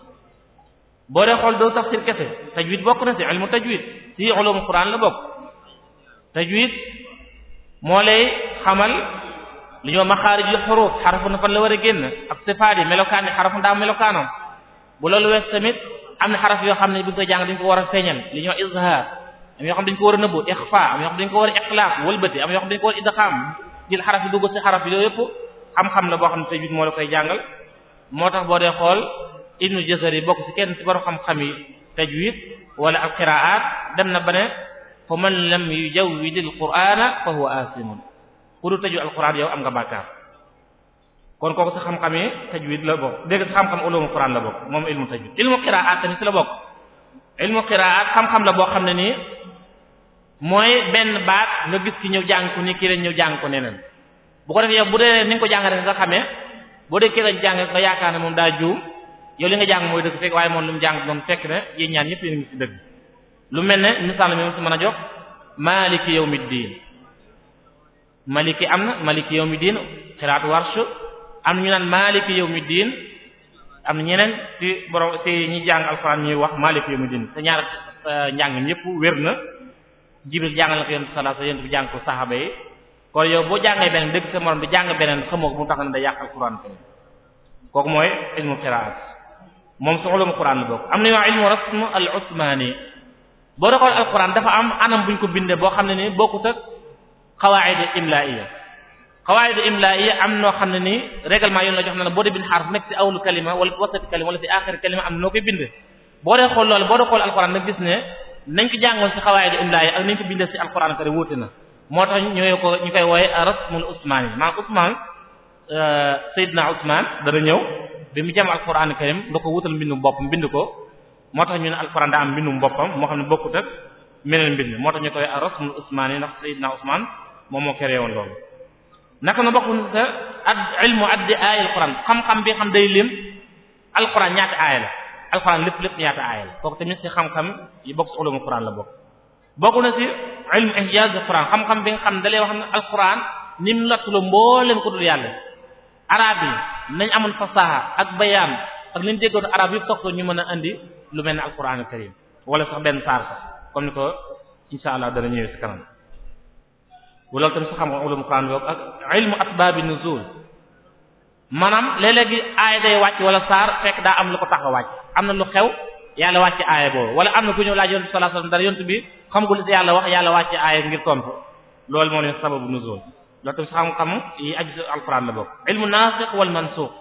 boo dee xool doo tafsir kese tajwid bokk na ci ilmu tajwid ci ulum Qur'an la bokk tajwid moo lay xamal ñoo maxaarij yu xuruf xarafu na la war a génn yi melokaan yi xarafu melokaanam bu loolu wees tamit am na xaraf yoo xam ne bu ñu koy jàng ko war a feeñal li ñoo izhaar am yoo ko war a nëbbu ixfa am dañ ko war a iqlaaq wëlbati am yoo xam ko war a idgham jël xaraf yi dugg ci yëpp xam-xam la boo xam ne tajwid moo la koy jàngal moo tax boo dee xool ibnu jazari bokk ci kenn ci borom xam-xam yi tajwid wala al qiraat dem na ba ne fa man la yujawwid al qur'ana fa huwa asimun ku du tajwid al qur'an am nga bàkkaar kon kooku ci xam-xam yi tajwid la bokk dégg ci xam-xam la moom ilmu tajwid la bokk ilmu qiraat xam-xam boo xam ne nii mooy benn baat nga gis ki ñëw jàng ko ni kii la ñëw jàng ko neneen bu ko defee yow bu dee ni nga ko jàngatee nga xamee boo dee kii jàng nga yaakaar ne moom daa juum yow li nga jàng mooy dëgg fekk waaye moom lu mu jàng moom na ñaan ñëpp dëgg lu mel ne misaal mën a jox maliki yawmiddin maliki am na maliki yawmiddin xiraatu warsh am na ñu naan maliki yawmiddin am na ñeneen ci borom ci ñuy wax maliki yawmiddin te ñaar euh, njàngam yëpp wér na jibril jàngal na ko yonent sallallahu alayhi boo jàngee beneen dëgg sa morom bi jàng beneen xamoo ko mu tax na da yàq alxuraan kooku mooy ilmu xiraat moom si ulum quran la bokk am nañu waa ilmu rasm al usmani boo doon xool alquran dafa am anam bu buñ ko bindee boo xam ne ni bokkut ak qawaa'id imlaiya qawaa'id imlaiya am noo xam ne ni règlement yoon la jox na la boo dee bind xaraf nekk ci awlu kalima wala ci wasati kalima wala ci axir kalima am noo koy bind boo dee xool loolu boo doon xool alquran nag gis ne nañ ko jàngoon ci qawaa'id imlaiya ak nañ ko bindee ci alquran kare wuute na moo tax ñëwee ko ñu koy wooye rasmul usmani maanaam Usman euh, Seydina Usman dana ñëw. bi mu jëm alquran karim da ko wutal mbindum boppam bind ko moo tax ñu ne alquran daa am mbindum boppam moo xam ne bokkut ak meneen mbind moo tax ñu koy ar-rasmul usmani ndax sayyidna usman moom moo créé woon naka na bokk na ad ilmu addi aaya alquran xam-xam ñaata aaya la alquran lépp lépp ñaata aaya la kooku tamit ci xam-xam yi bokk ci ulumul quran la bokk bokk na ci ilmu ihjaz alquran xam-xam bi nga xam ne da wax ne alquran nim lattu la mbooleem ko dul yàlla arab yi nañ amoon fasaha ak bayaan ak li ñu déggoon arab yëpp foog ñu mën a indi lu mel ne alquran karim wala sax benn saar ko comme ni ko insha allah dana ñëwee ci kanam wala tamit sax xam nga ulum quran boog ak ilmu asbaabi nuzul maanaam léeg-léegi aaya day wala saar daa am lu ko tax a am na lu xew yàlla wàcce aaya boobu wala am na ku ñëw laaj yontu sallallahu alayhi wasallam dara yontu bi xamagul yàlla wax yàlla wàcce aaya ngir tontu loolu moo leen sababu nuzul loolu tamit xam-xam yi aju alquran la bokk ilmu nasikh wal mansukh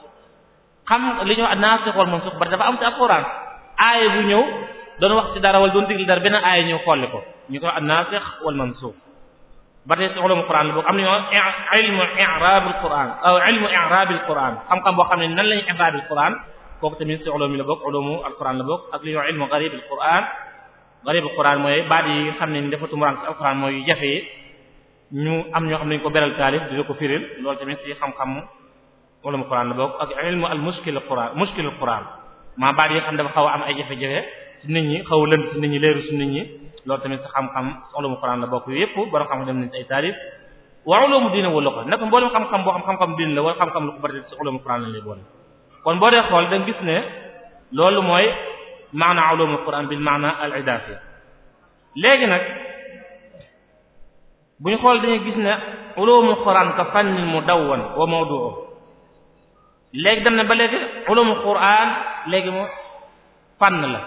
xam li ñuy wax nasikh wal mansukh bari dafa am ci alquran aaya bu ñëw doon wax ci dara wala doon digli dara benn aaya ñëw xolli ko ñu koy wax nasikh wal mansukh bari ci ulum alquran la bokk am nañu ilmu i'rab alquran aw ilmu i'rab alquran xam-xam boo xam ne nan lañu i'rab alquran kooku tamit ci ulum la bokk ulumu alquran la bokk ak li ñuy wax ilmu gharib alquran gharib alquran mooy baat yi xam ne ni dafa tumuraan ci alquran mooy jafe ñu am ñoo xam ne ñu ko beral taalif dina ko firil loolu tamit ci xam-xamu wala mu Qur'an la bokk ak ilmu al muskil Qur'an muskil maa baat yi nga xam xaw a am ay jafe-jafe ci nit ñi xaw a lënd ci nit ñi leeru ci nit ñi loolu tamit ci xam-xam wala mu Qur'an la bokk yépp borom xam dem nañ ci ay taalif wa ulumu diine wala ko nag mboolem xam-xam boo xam xam-xam diine la war xam-xam lu ko bari ci ulumul Qur'an lañ lay boole kon boo dee xool da nga gis ne loolu mooy maana ulumul Qur'an bil maana al idafi léegi nag bu ñu xool dañuy gis ne ulumul qur'an ka fannin mudawwan wa mawdu'u léegi dem na ba léegi ulumul qur'an léegi mu fànn la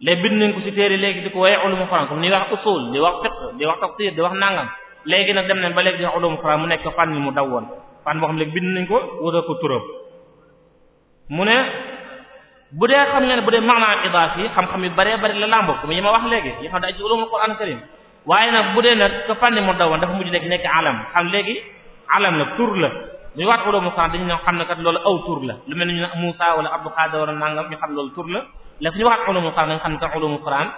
léegi bind nañ ko ci téere léegi di ko waaye ulumul qur'an comme ni wax usul di wax fiqh di wax tafsir di wax nangam léegi nag dem nañ ba léegi di wax ulumul qur'an mu nekk fannin mudawwan fànn boo xam léegi bind nañ ko wutal ko turam mu ne bu dee xam nga ne bu dee am idaaf yi xam-xam yu bëree bëri la làmbo comme yi ma wax léegi yi xam ne ay ci waaye nag bu dee nag ka fànni mu dawoon dafa mujj nekk nekk alam xam léegi alam la tur la muy waat uloomu sax dañu ne xam ne kat loolu aw tur la lu mel ne ñu ne Moussa wala Abdou Khadir wala nangam loolu tur la lekk ñu waxaat uloomu sax dañu xam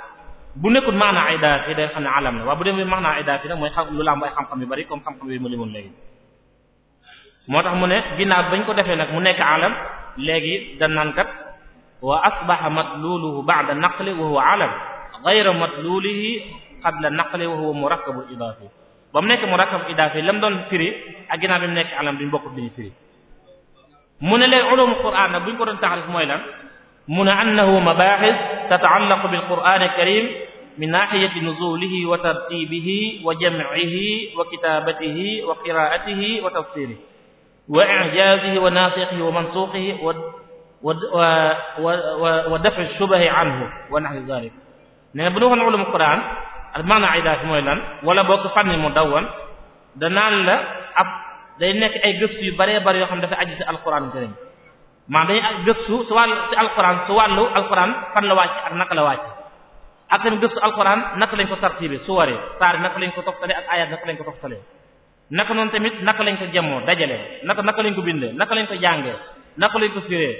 bu nekkul maanaa ay daas yi day xam ne alam la waaye bu dee maanaa ay daas yi nag mooy xam lu lamb ay xam-xam yu bari comme xam-xam yu ma limoon léegi moo tax mu ne ginnaaw bañ ko defee nag mu nekk alam léegi dañ naan kat wa asbaha matluuluhu ba'da naqli wa huwa alam ghayra qabla naqli wa huwa murakkabul idaafi ba mu nekk murakkabul idaafi lam doon firi ak ginnaaw bi mu nekk alam duñ bokk duñu firi mu ne leen ulumul qur'an nag buñ ko doon taxrif mooy lan mu ne annahu mabahis tata'allaqu bil qur'anil karim min nahiyati nuzulihi wa tartibihi wa jam'ihi wa kitabatihi wa qira'atihi wa tafsirihi wa i'jazihi wa nasikhihi wa mansukhihi wa wa wa daf'i shubahi anhu wa nahwi dhalik ne bu ñu waxoon ulumul qur'an maanaa idaaf mooy lan wala boo ko fànni mu da danaan la ab day nekk ay gëstu yu bëree bëri yoo xam dafa aju ci alquran gërëm maanaam dañuy ak gëstu ci wàllu ci alquran ci wàllu alquran fan la wàcc ak naka la wàcc ak tamit gëstu alquran naka lañ ko tartiibe su waree saar naka lañ ko toftalee ak ayat naka lañ ko toftalee naka noonu tamit naka lañ ko jëmmoo dajale naka naka lañ ko bindee naka lañ ko jàngee naka lañ ko firee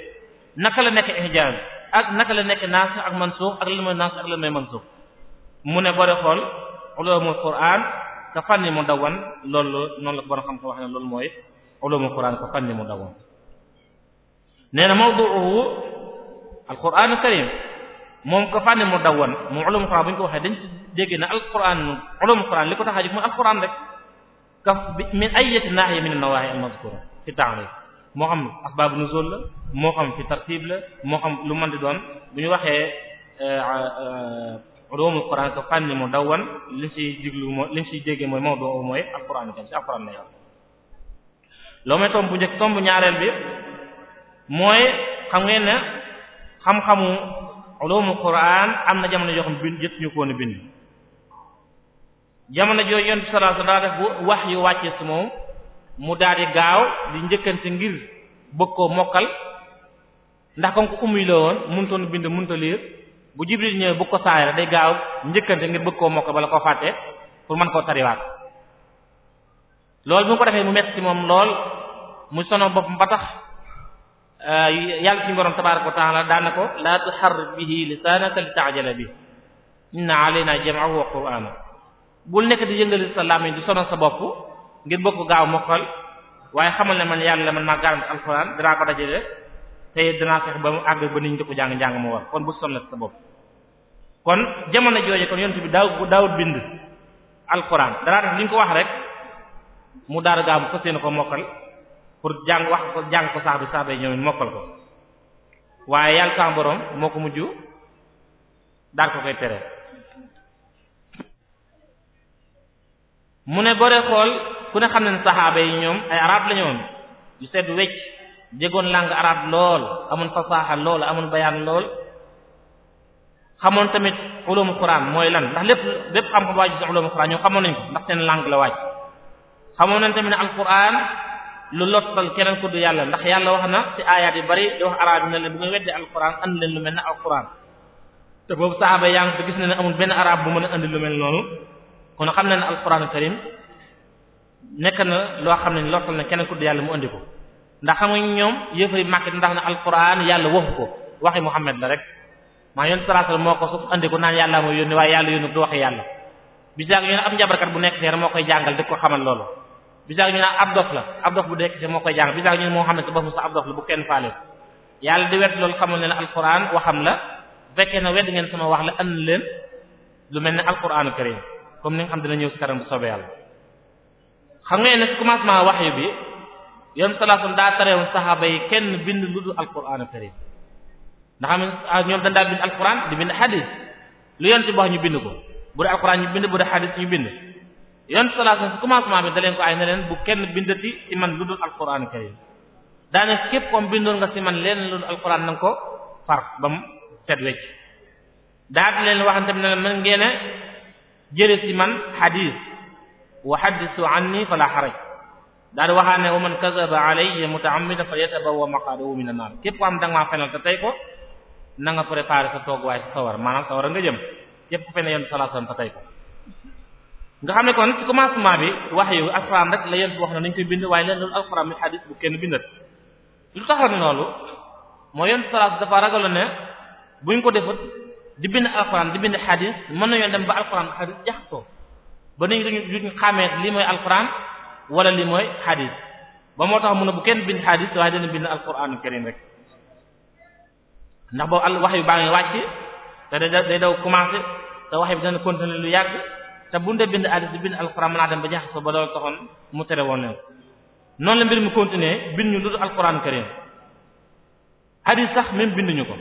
naka la nekk ihjaaz ak naka la nekk naasix ak mansuux ak lan mooy naasix ak mu ne boo dee xool ulumul qur'an ka fanni mu dawwan loolu noonu la ko borom xam ko wax ne loolu mooy ulumul qur'an ka fanni mu dawwan nee na mawdu'uhu alqur'anul karim moom ka fanni mu dawwan moom ulumul qur'an bu ko waxee dañ ci na alqur'an ulumul li ko tax a jóg mooy alqur'an rek ka min ayyati nahiya min an-nawahi al-mazkura fi ta'rif moo xam asbaabu nuzul la moo xam fi tartib la moo xam lu man di doon bu ñu waxee euh, euh, ulumul Qur'an ko fànni mu dawwan li ci jiglu mooy li ci jégge mooy mawdu mooy alquran kan ci alquran la yor bu ñaareel bi mooy xam ngeen ne xam-xamu ulumul Qur'an am na jamono yoo xam bind jët ñu ko woon bind jamono jooju yonent sallallahu alayhi si ngir bëgg koo mokkal ndax comme ko ummi la woon mënutoon bind mënut liir bu jibril ñëwee bu ko saayara day gaaw njëkkante ngir bëgg koo ba bala ko fàtte pour man koo tariwaat loolu bu ko defee mu metti ci moom lool mu sono boppam ba tax euh, yàlla ci borom tabaaraka wa ta'ala daan na ko la tuharrik bihi lisaanaka li ta'jala bihi inna alayna jam'ahu wa qur'aanahu bul nekk di yëngali sa làmmiñ di sono sa bopp ngir bëgg ko gaaw mokkal waaye xamal ne man yàlla man maa garante alxuraan dinaa ko dajale te danaa fexe ba mu àgg ba niñ di ko jàng njàng ma war kon bu sonal sa bopp kon jamono jooje kon yonent bi daaw daawut bind alquran danaa def li nga ko wax rek mu daara gaamu fas yéene ko mokkal pour jàng wax ko jàng ko sax bi ñoom mokkal ko waaye yàlla sa borom moo ko mujj daal ko koy tere mu ne bore xool ku ne xam ne saxaaba yi ñoom ay arab la ñoom yu sedd wecc jégoon langue arab lool amoon fasaaxa lool amoon bayaan lool xamoon tamit ulumul quran mooy lan ndax lépp lépp xam ko waaj ci ulumul quran ñoom xamoon nañ ko ndax seen langue la waaj xamoon nañ tamit ne alquran lu lottal keneen ku du yàlla ndax yàlla wax na ci aayaat yu bari di wax arab yi ne leen bu nga weddee alquran andi leen lu mel ne alquran te boobu saxaaba yaa ngi gis ne ne amul benn arab bu mën a andi lu mel noonu kon xam na ne alquran karim nekk na loo xam ne lottal na keneen ku du yàlla mu andi ko ndax xam nga ñoom yëfari màkk ndax ne alquran yàlla waxu ko waxi Muhammad la rek maa yoon salaasal moo ko su andi ko naan yàlla mooy yónni waaye yàlla yónni du waxee yàlla bi saag ñu ne ab njabarkat bu nekk seer moo koy jàngal di ko xamal loolu bi saag ñu ne ab dof la ab dof bu nekk seer moo koy jàngal bi saag ñu ne moo xam ne sa bopp sa ab dof la bu kenn faale yàlla di wet loolu xamal ne alquran waxam la fekkee na wedd ngeen sama wax la and leen lu mel ne alquranu karim comme ni nga xam dina ñëw si kanam bu soobee xam ngeen ne commencement wax yu bi yoon salaasal daa tareewoon saxaaba yi kenn bind lu dul alquranu karim ndax am ah, ñoom dañ daa bind alquran di bind xadis lu yonent bi wax ñu bind ko bu dee alquran ñu bind bu dee xadis ñu bind yonent sallallahu alayhi wasallam commencement bi da ko ay ne bu kenn bind ci man lu dul alquran karim daanaka képp comme bindoon nga ci man leen lu dul alquran na nga ko far ba mu set wecc daa di leen waxante ne man ngeen a yi ci man xadis wa xaddisu anni fala xaraj daal di ne wa man kazaba alayya mutaammidan falyatabawa maqadahu min an-nar képp ko am da nga te tey ko na nga préparé sa tooguwaay sa sawar maanaam a nga jëm yépp fenn yonent sallallahu alayhi wasallam fa tey ko nga xam ne kon ci commencement bi wax yu alxuraan rek la yonent wax ne nañ koy bind waaye leen loolu alxuraan mi xadis bu kenn bindat lu taxoon loolu moo yonent sallallahu dafa ragaloon ne buñ ko defut di bind alxuraan di bind xadis mën nañoo dem ba alxuraan xadis jaxasoo ba nañ duñu duñu xàmmee lii mooy alxuraan wala lii mooy xadis ba moo tax mun ne bu kenn bind xadis waaye dana bind alxuraanu karim rek ndax boobu al wax yu baa ngi wàcc te day day daw commencé te wax bi dana continuer lu yàgg te bu dee bind hadiis bind alxuraan mën naa dem ba jaxas ko ba loolu taxoon mu tere woon leen noonu la mbir mu continuer bind ñu ludul alxuraan karim hadiis sax même binduñu ko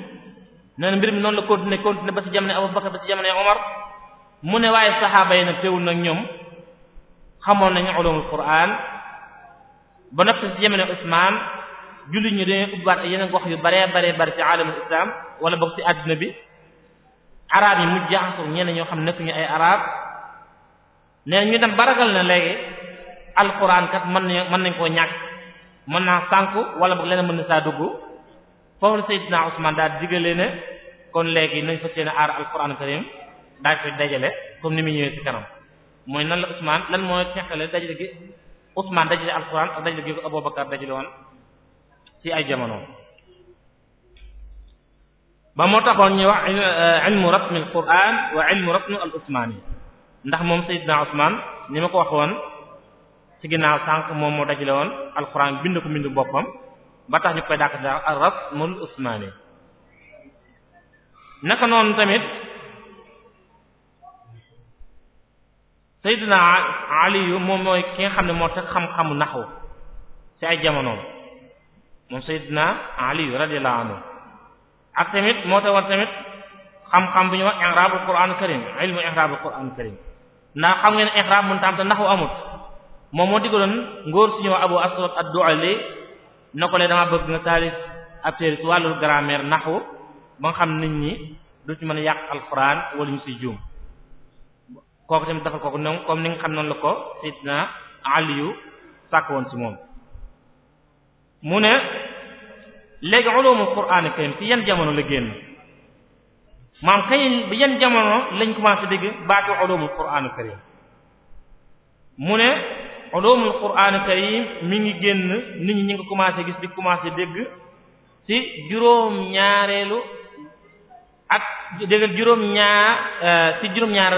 noonu mbir mi noonu la continuer continuer ba ci jamono Abu Bakar ba ci jamono Omar mu ne waaye saxaaba yi nag teewul nag ñoom xamoon nañu ulumul Qur'an ba noppi ci jamono Usmaan jullit ñi dañuy ubbaat ay yeneen gox yu baree baree bari ci alamul islam wala boog ci àdduna bi arab yi mu jaxasoo ñenn ñoo xam ne nekkuñu ay arab nee ñu dem baragal na léegi alquran kat mën nañu mën nañ koo ñàkk mën naa sànq wala boog leneen mën na saa dugg foofu la naa Usman daal diggalee ne kon léegi nañ fa seen aar alquran karim daa koy dajale comme ni muy ñëwee ci kanam mooy nan la Usman lan mooy teqale dajale gi Usman dajale alquran ak dajale gi ko Abubakar dajale woon ci ay jamono ba moo taxoon ñu wax eh, ilmu ratmi al quran wa ilmu ratmi al ndax moom sayyidna Usmaan ko wax woon ci ginnaaw sànq moom dajale woon alquran bind ko boppam ba tax ñu koy dàq naka noonu tamit sayyidna Ali moom mooy ki nga xam ne moo tax xam-xamu naxwu ci ay jamonoom moom Seydina Ali radiyallahu anhu ak tamit moo tax war tamit xam-xam bu ñu wax i'raabul qur'aanul karim ilmu i'raabul qur'aanul karim ndax xam ngeen i'raab moo digaloon ngóor suñu Abu Aswad ad-Du'ali na ko le dama bëgg nga taalif ab téere wàllu grammaire naxu ba nga xam nit ñi du ci mën a yàq alxuraan wala ñu ci juum kooku tamit dafa kooku noonu comme ni nga xam noonu la ko Seydina Aliyu sàkk woon ci moom mu ne léegi ulumul qur'aan karim ci yan jamono la génn maam kañ yan jamono lañ commencé dégg baatu ulumul qur'aan karim mu ne ulumul qur'aan karim mu ngi génn nit ñi ñu ngi commencé gis di commencé dégg ci juróom euh, ñaareelu ak déggal juróom euh, ñaar ci juróom ñaar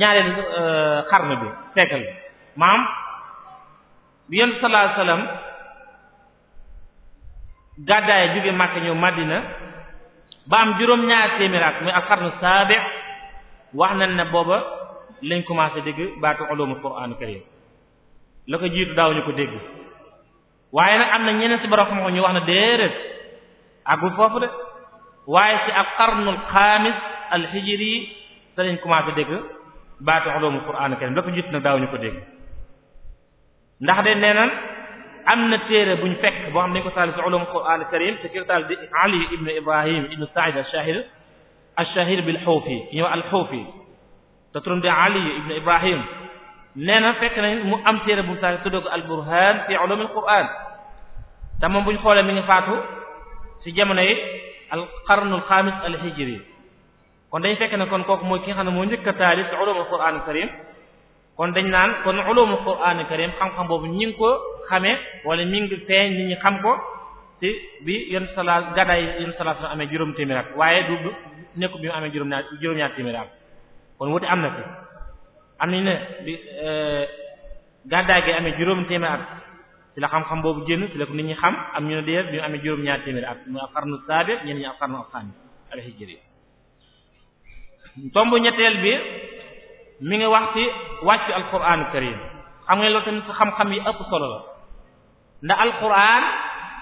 ñaareelu xarn bi fekkal bi yonent sallallahu alayhi gàddaay jóge Makka ñëw Madina ba am juróom-ñaar téeméer at muy alxarnu saabi wax nañ ne booba lañ commencé dégg baatu ulumul qur'aanu la ko jiitu daawuñu ko dégg waaye nag am na ñeneen ci borom xam-xam ñu wax na déedéet àggul foofu de waaye ci alxarnul xaamis alxijri te lañ commencé dégg baatu ulumul qur'aanu karim la ko jiitu nag daawuñu ko dégg ndax de nee am na téere buñ boo xam ne dañu ko taalif ci ulum Qur'an al-Karim te ki taalif di Ali ibn Ibrahim ibn Sa'id al-Shahir al-Shahir bil-Hufi ñëw al-Hufi te turam di Ali ibn Ibrahim nee na fekk nañ mu am téere bu mu taalif tudd ko al-Burhan fi ulum al-Qur'an te moom bu ñu xoolee mi ngi faatu ci jamono yi al-qarn al-khamis al-hijri kon dañu fekk ne kon kooku mooy ki nga xam ne moo njëkk a taalif ci ulum al-Qur'an al-Karim kon dañ naan kon ulumul qur'an karim xam-xam boobu ñi ngi ko xamee wala ñi ngi feeñ nit ñi xam ko ci bi yenn salaat gàddaay yenn salaat su amee juróom téeméer at waaye du nekku bi mu ne juróom ñaar juróom ñaar kon wuti am na fi am nañu ne bi euh, gàddaay gi amee juróom téeméer at ci la xam-xam boobu génn ci la ko nit ñi xam am ñu ne déedéet bi mu amee juróom ñaar téeméer at mu qarnu sabi ñenn ñi qarnu al-hijri mi ngi wax ci wàcc alquranu karim xam nga loolu tamit xam-xam yi ëpp solo la ndax al alquran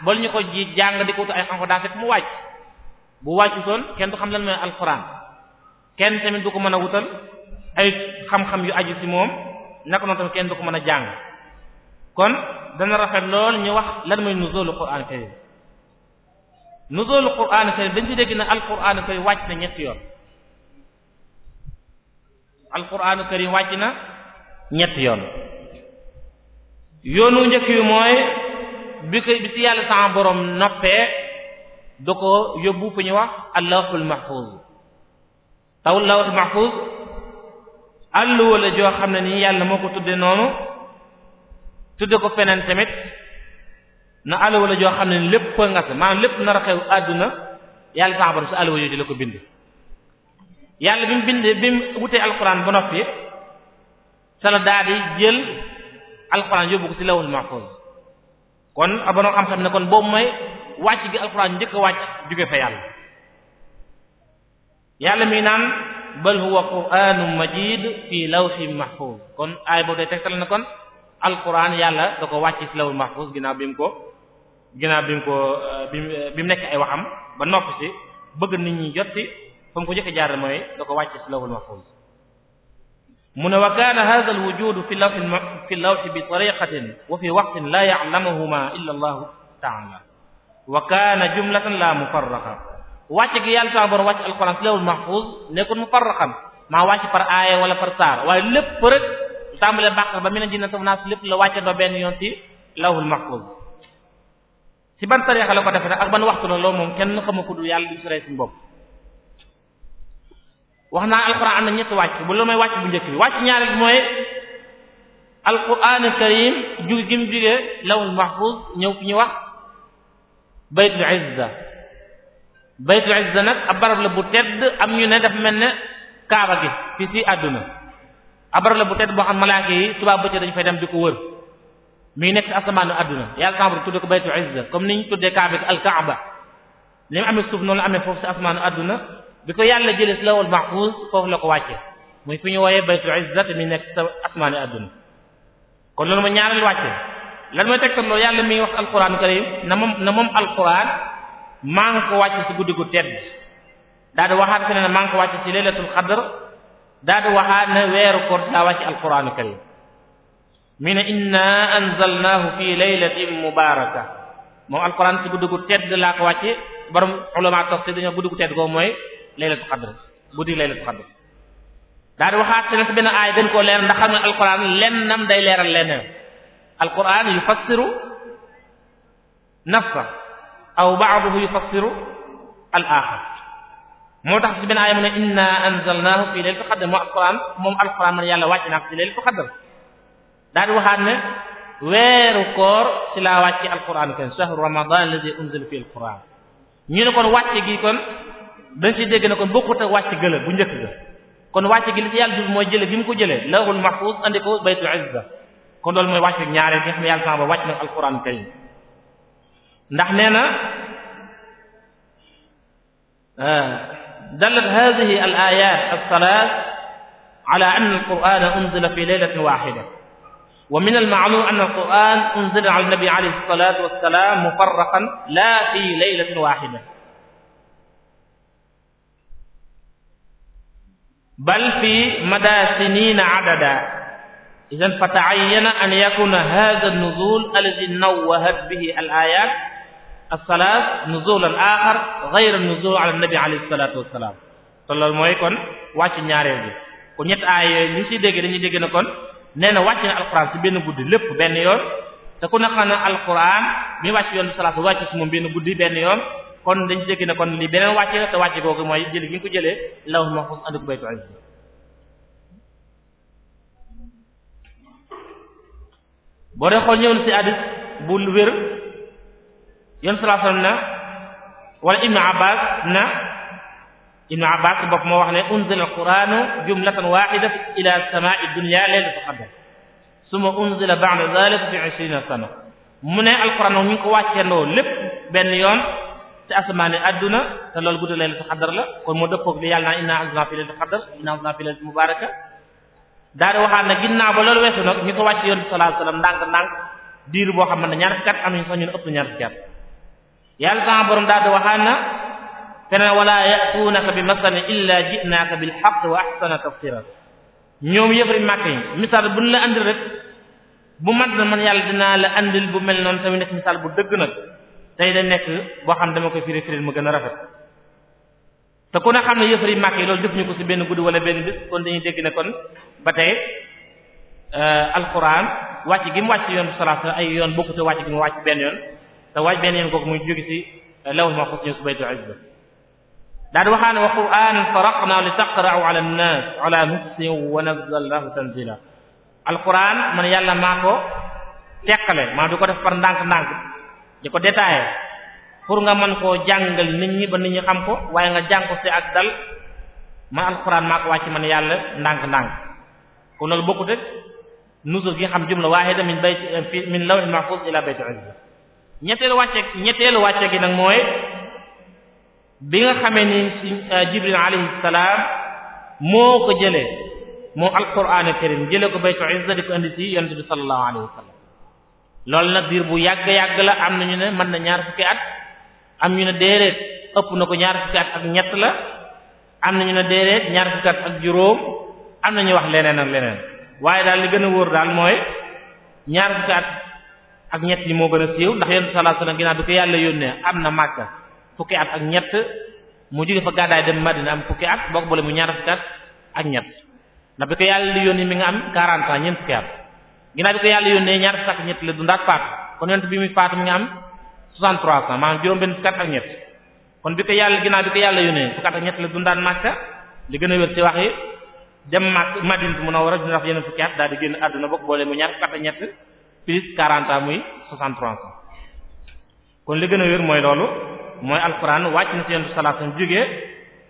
bal ñu ko ji jàng di ko ay xam-xam daa fekk mu wàcc bu kenn du xam lan mooy alquran kenn tamit du ko mën a wutal ay xam-xam yu aju ci moom naka noonu tamit kenn du ko mën a jàng kon dana rafet lool ñu wax lan mooy nuzulul qur'an karim nuzulul qur'an karim dañ ci dégg ne alquran karim wàcc na ñetti yoon alquraanu karim wàcc na ñett yoon yoonu njëkk yu mooy bi ko bi ci yàlla sama boroom noppee da ko yóbbu fu ñu wax allahul mahfuz taw lawhul mahfuz àlluwa la joo xam ne nii yàlla moo ko tudde noonu tudde ko feneen tamit na àlluwa la joo xam ne lépp nga sa lépp nar a xew àdduna yàlla sama di la ko bind yàlla bi mu bindee bi mu wutee alquran ba noppi sala daa di jël alquran yóbbu ko ci lawul mahfuz kon abono am xam ne kon boobu mooy wàcc gi alquran njëkk a wàcc jóge fa yàlla yàlla mi naan bal huwa qur'anun majid fi lawhin mahfuz kon aay boobu day tegtal na kon alquran yàlla da ko wàcc ci lawul mahfuz ginnaaw bi mu ko ginnaaw bi mu ko bi mu nekk ay waxam ba noppi ci bëgg nit ñi jot ci fa mu ko jëkk jaaral mooy da ko wàcce ci lawhul mahfuz mu ne wa kaana hadha alwujud fi lawhi fi lawhi bi tariqatin wa fi waqtin la ya'lamuhuma illa allah ta'ala wa kaana jumlatan la mufarraqa wàcce gi yàlla sama bor wàcc alquran ci lawhul mahfuz nekkul mufarraqan maa wàcc par aaya wala par saar waaye lépp rek tàmbale bàqar ba mi na jinna saf naas lépp la wàcce doo benn yoon ci lawhul mahfuz ci ban tariqa la ko defe ak ban waxtu la loolu moom kenn xamu ko dul yàlla di sore suñu bopp wax naa alquran am na ñetti wàcc bu loolu mooy wàcc bu njëkk bi wàcc ñaareel bi mooy alquran karim jug gi mu jugee lawul mahfuz ñëw fi ñu wax baytul izza baytul izza nag ab barab la bu tedd am ñu ne daf mel ne kaaba gi fi si àdduna ab barab la bu tedd boo xam malaaka yi subaa bëccëg dañu fay dem di ko wër muy nekk ci asamaanu àdduna yàlla sàmm tudde ko baytul izza comme ni ñu tuddee kaaba gi alkaaba ni mu amee suuf noonu la amee foofu ci asamaanu àdduna bi ko yàlla jëlee si lawul mahfuz foofu la ko wàcce muy fi ñu wooyee baytul izzat mi nekk sa asmaani adduna kon loolu ñaari ñaareel wàcce lan mooy tegtal loolu yàlla mi ngi wax alquran karim na moom na moom alquran maa ko wàcce si guddi gu tedd daa di waxaat ne maa ngi ko wàcce si laylatul qadr daa waxaat ne weeru koor daa wàcce alquran karim mi ne inna anzalnaahu fi laylatin mubaaraka moom alquran si guddi gu tedd laa ko wàcce borom ulama tafsir dañoo guddi gu tedd ko mooy laylatul qadr guddi laylatul qadr daal di waxaat te nag benn aay dañ koo leeral ndax xam ne alquran lennam day leeral leneen alquran yufassiru nafsa aw ba'dahu yufassiru al axar moo tax ci benn aaya mu ne inna anzalnaahu fii laylatul qadr moom alquran moom alquran man yàlla wàcc naa ko ci laylatul qadr daal di waxaat ne weeru koor ci laa wàcce alquran ken shahru ramadan alladhi unzila fihi alquran ñu ne kon wàcce gi kon dañ ci dégg ne kon bokkut ak wàcc gëla bu njëkk ga kon wàcc gi li ci yàlla jub mooy jële bi mu ko jëlee lawhul mahfuz kon loolu mooy wàcc ñaareel bi nga xam ne yàlla sama ba na alquran karim ndax nee na ah, dallat hadhihi al ayat as-salat ala anna fi laylatin wahida wa min al-ma'lum anna al-qur'ana was-salam mufarraqan la fi laylatin wahida bal fi mada sinina adada idan fa tacayyana an yakuna hada alnuzul alladi nawahat bihi alayat alsalaat nuzulan axar gayra nuzul ala annabi alayhi salatu wassalam te loolu mooy kon wàcc ñaareel bi kon ñett aay yooyu ñu siy déggee dañuy dégg ne kon nee na wàcc na alquran si benn guddi lépp benn yoon te ku ne xam ne alquran mi wàcc yoon bi salaatu wàcc si moom benn guddi benn yoon kon dañ jéggi ne kon li beneen wàcce la te wàcce googu mooy jëli gi nga ko jëlee law mahfuz andi ko baytu boo dee xool ñëw na ci hadith bu wér yoon sallallahu na wala ibnu abbas na ibnu abbas bopp moo wax ne unzila alquranu jumlatan wahida ila samaa'i dunya laylatul qadr summa unzila ba'da dhalika fi sana mu ne alquran ñu ngi ko wàccendoo lépp benn yoon te asamaane adduna te loolu guddi laylatul xadar la kon moo dëppoog li yàlla naa inna anzalna fi laylatul xadar inna anzalna fi laylatul mubaraka daal di waxaat na ginnaaw ba loolu weesu nag ñu ko wàcc yoon ndànk ndànk diir boo xam ne ñaar fukki at am nañu sax ñun ëpp ñaar fukki at yàlla sama borom daal di waxaat na feneen wala ya'tunaka bi masalin illa ji'naka bil haqq wa ahsana tafsira ñoom yëfari màkk yi misaal bu ñu la andil rek bu mat na yàlla dinaa la andil bu mel noonu tamit nekk misaal bu dëgg nag tey da nekk boo xam dama koy firi firi mu gën a rafet te ku ne xam ne yëfari màkk yi loolu def ñu ko ci benn guddi wala benn bés kon dañuy dégg ne kon ba tey euh, alxuraan wàcc gi mu wàcc yoon salaat ay yoon bokkut a wàcc gi mu wàcc benn yoon te wàcc benn yoon kooku muy jóge ci euh, lawul ma xus ñëw ci baytul izza daal di waxaa ne wa qur'anan faraqnaa li taqra'u ala an-nas ala muksin wa nazzalnaahu tanzila alxuraan man yàlla maa ko teqale maa du ko di ko détaillé pour nga mën koo jàngal nit ñi ba nit ñi xam ko waaye nga jàng ko ci ak dal man alxuraan maa ko wàcc man yàlla ndànk-ndànk kon loolu bokkut ak nuzul gi xam jumla waahida min bayt min lawhil mahfuz ila baytil izza ñetteelu wàcce ñetteelu wàcce gi nag mooy bi nga xamee ni euh, Jibril alayhi salaam moo ko jële moo alxuraanul karim jëlee ko baytul izza di ko indi ci yonent bi sallallahu alayhi wa loolu nag diir bu yàgg yàgg la am na ñu ne mën na ñaar fukki at am ñu ne déedéet ëpp na ko ñaar fukki at ak ñett la am na ñu ne déedéet ñaar fukki at ak juróom am na ñu wax leneen ak leneen waaye daal li gën a wóor daal mooy ñaari fukki at ak ñett yi moo gën a siiw ndax yonent sallallahu alayhi wasallam ginnaaw bi ko yàlla yónnee am na Makka fukki at ak ñett mu jóge fa gàddaay dem Madina am fukki at boo ko boole mu ñaar fukki at ak ñett ndax bi ko yàlla yónnee mi nga am 40 ans ginnaaw bi ko yàlla yónnee ñaar fukk ak ñett la dund ak faatu kon yonent bi muy faatu mu ngi am 63 ans maanaam juróom benn fukk ak ñett kon bi ko yàlla ginnaaw bi ko yàlla yónnee fukk ak ñett la dundaan Makka li gën a wér ci wax yi dem Makka Madinatu Munawwara dund ak yeneen fukki at daal di génn àdduna bokk boole mu ñaar fukk ak ñett plus 40 ans muy 63 ans kon li gën a wér mooy loolu mooy alquran wàcc na ci yonent sallallahu alayhi wasallam jógee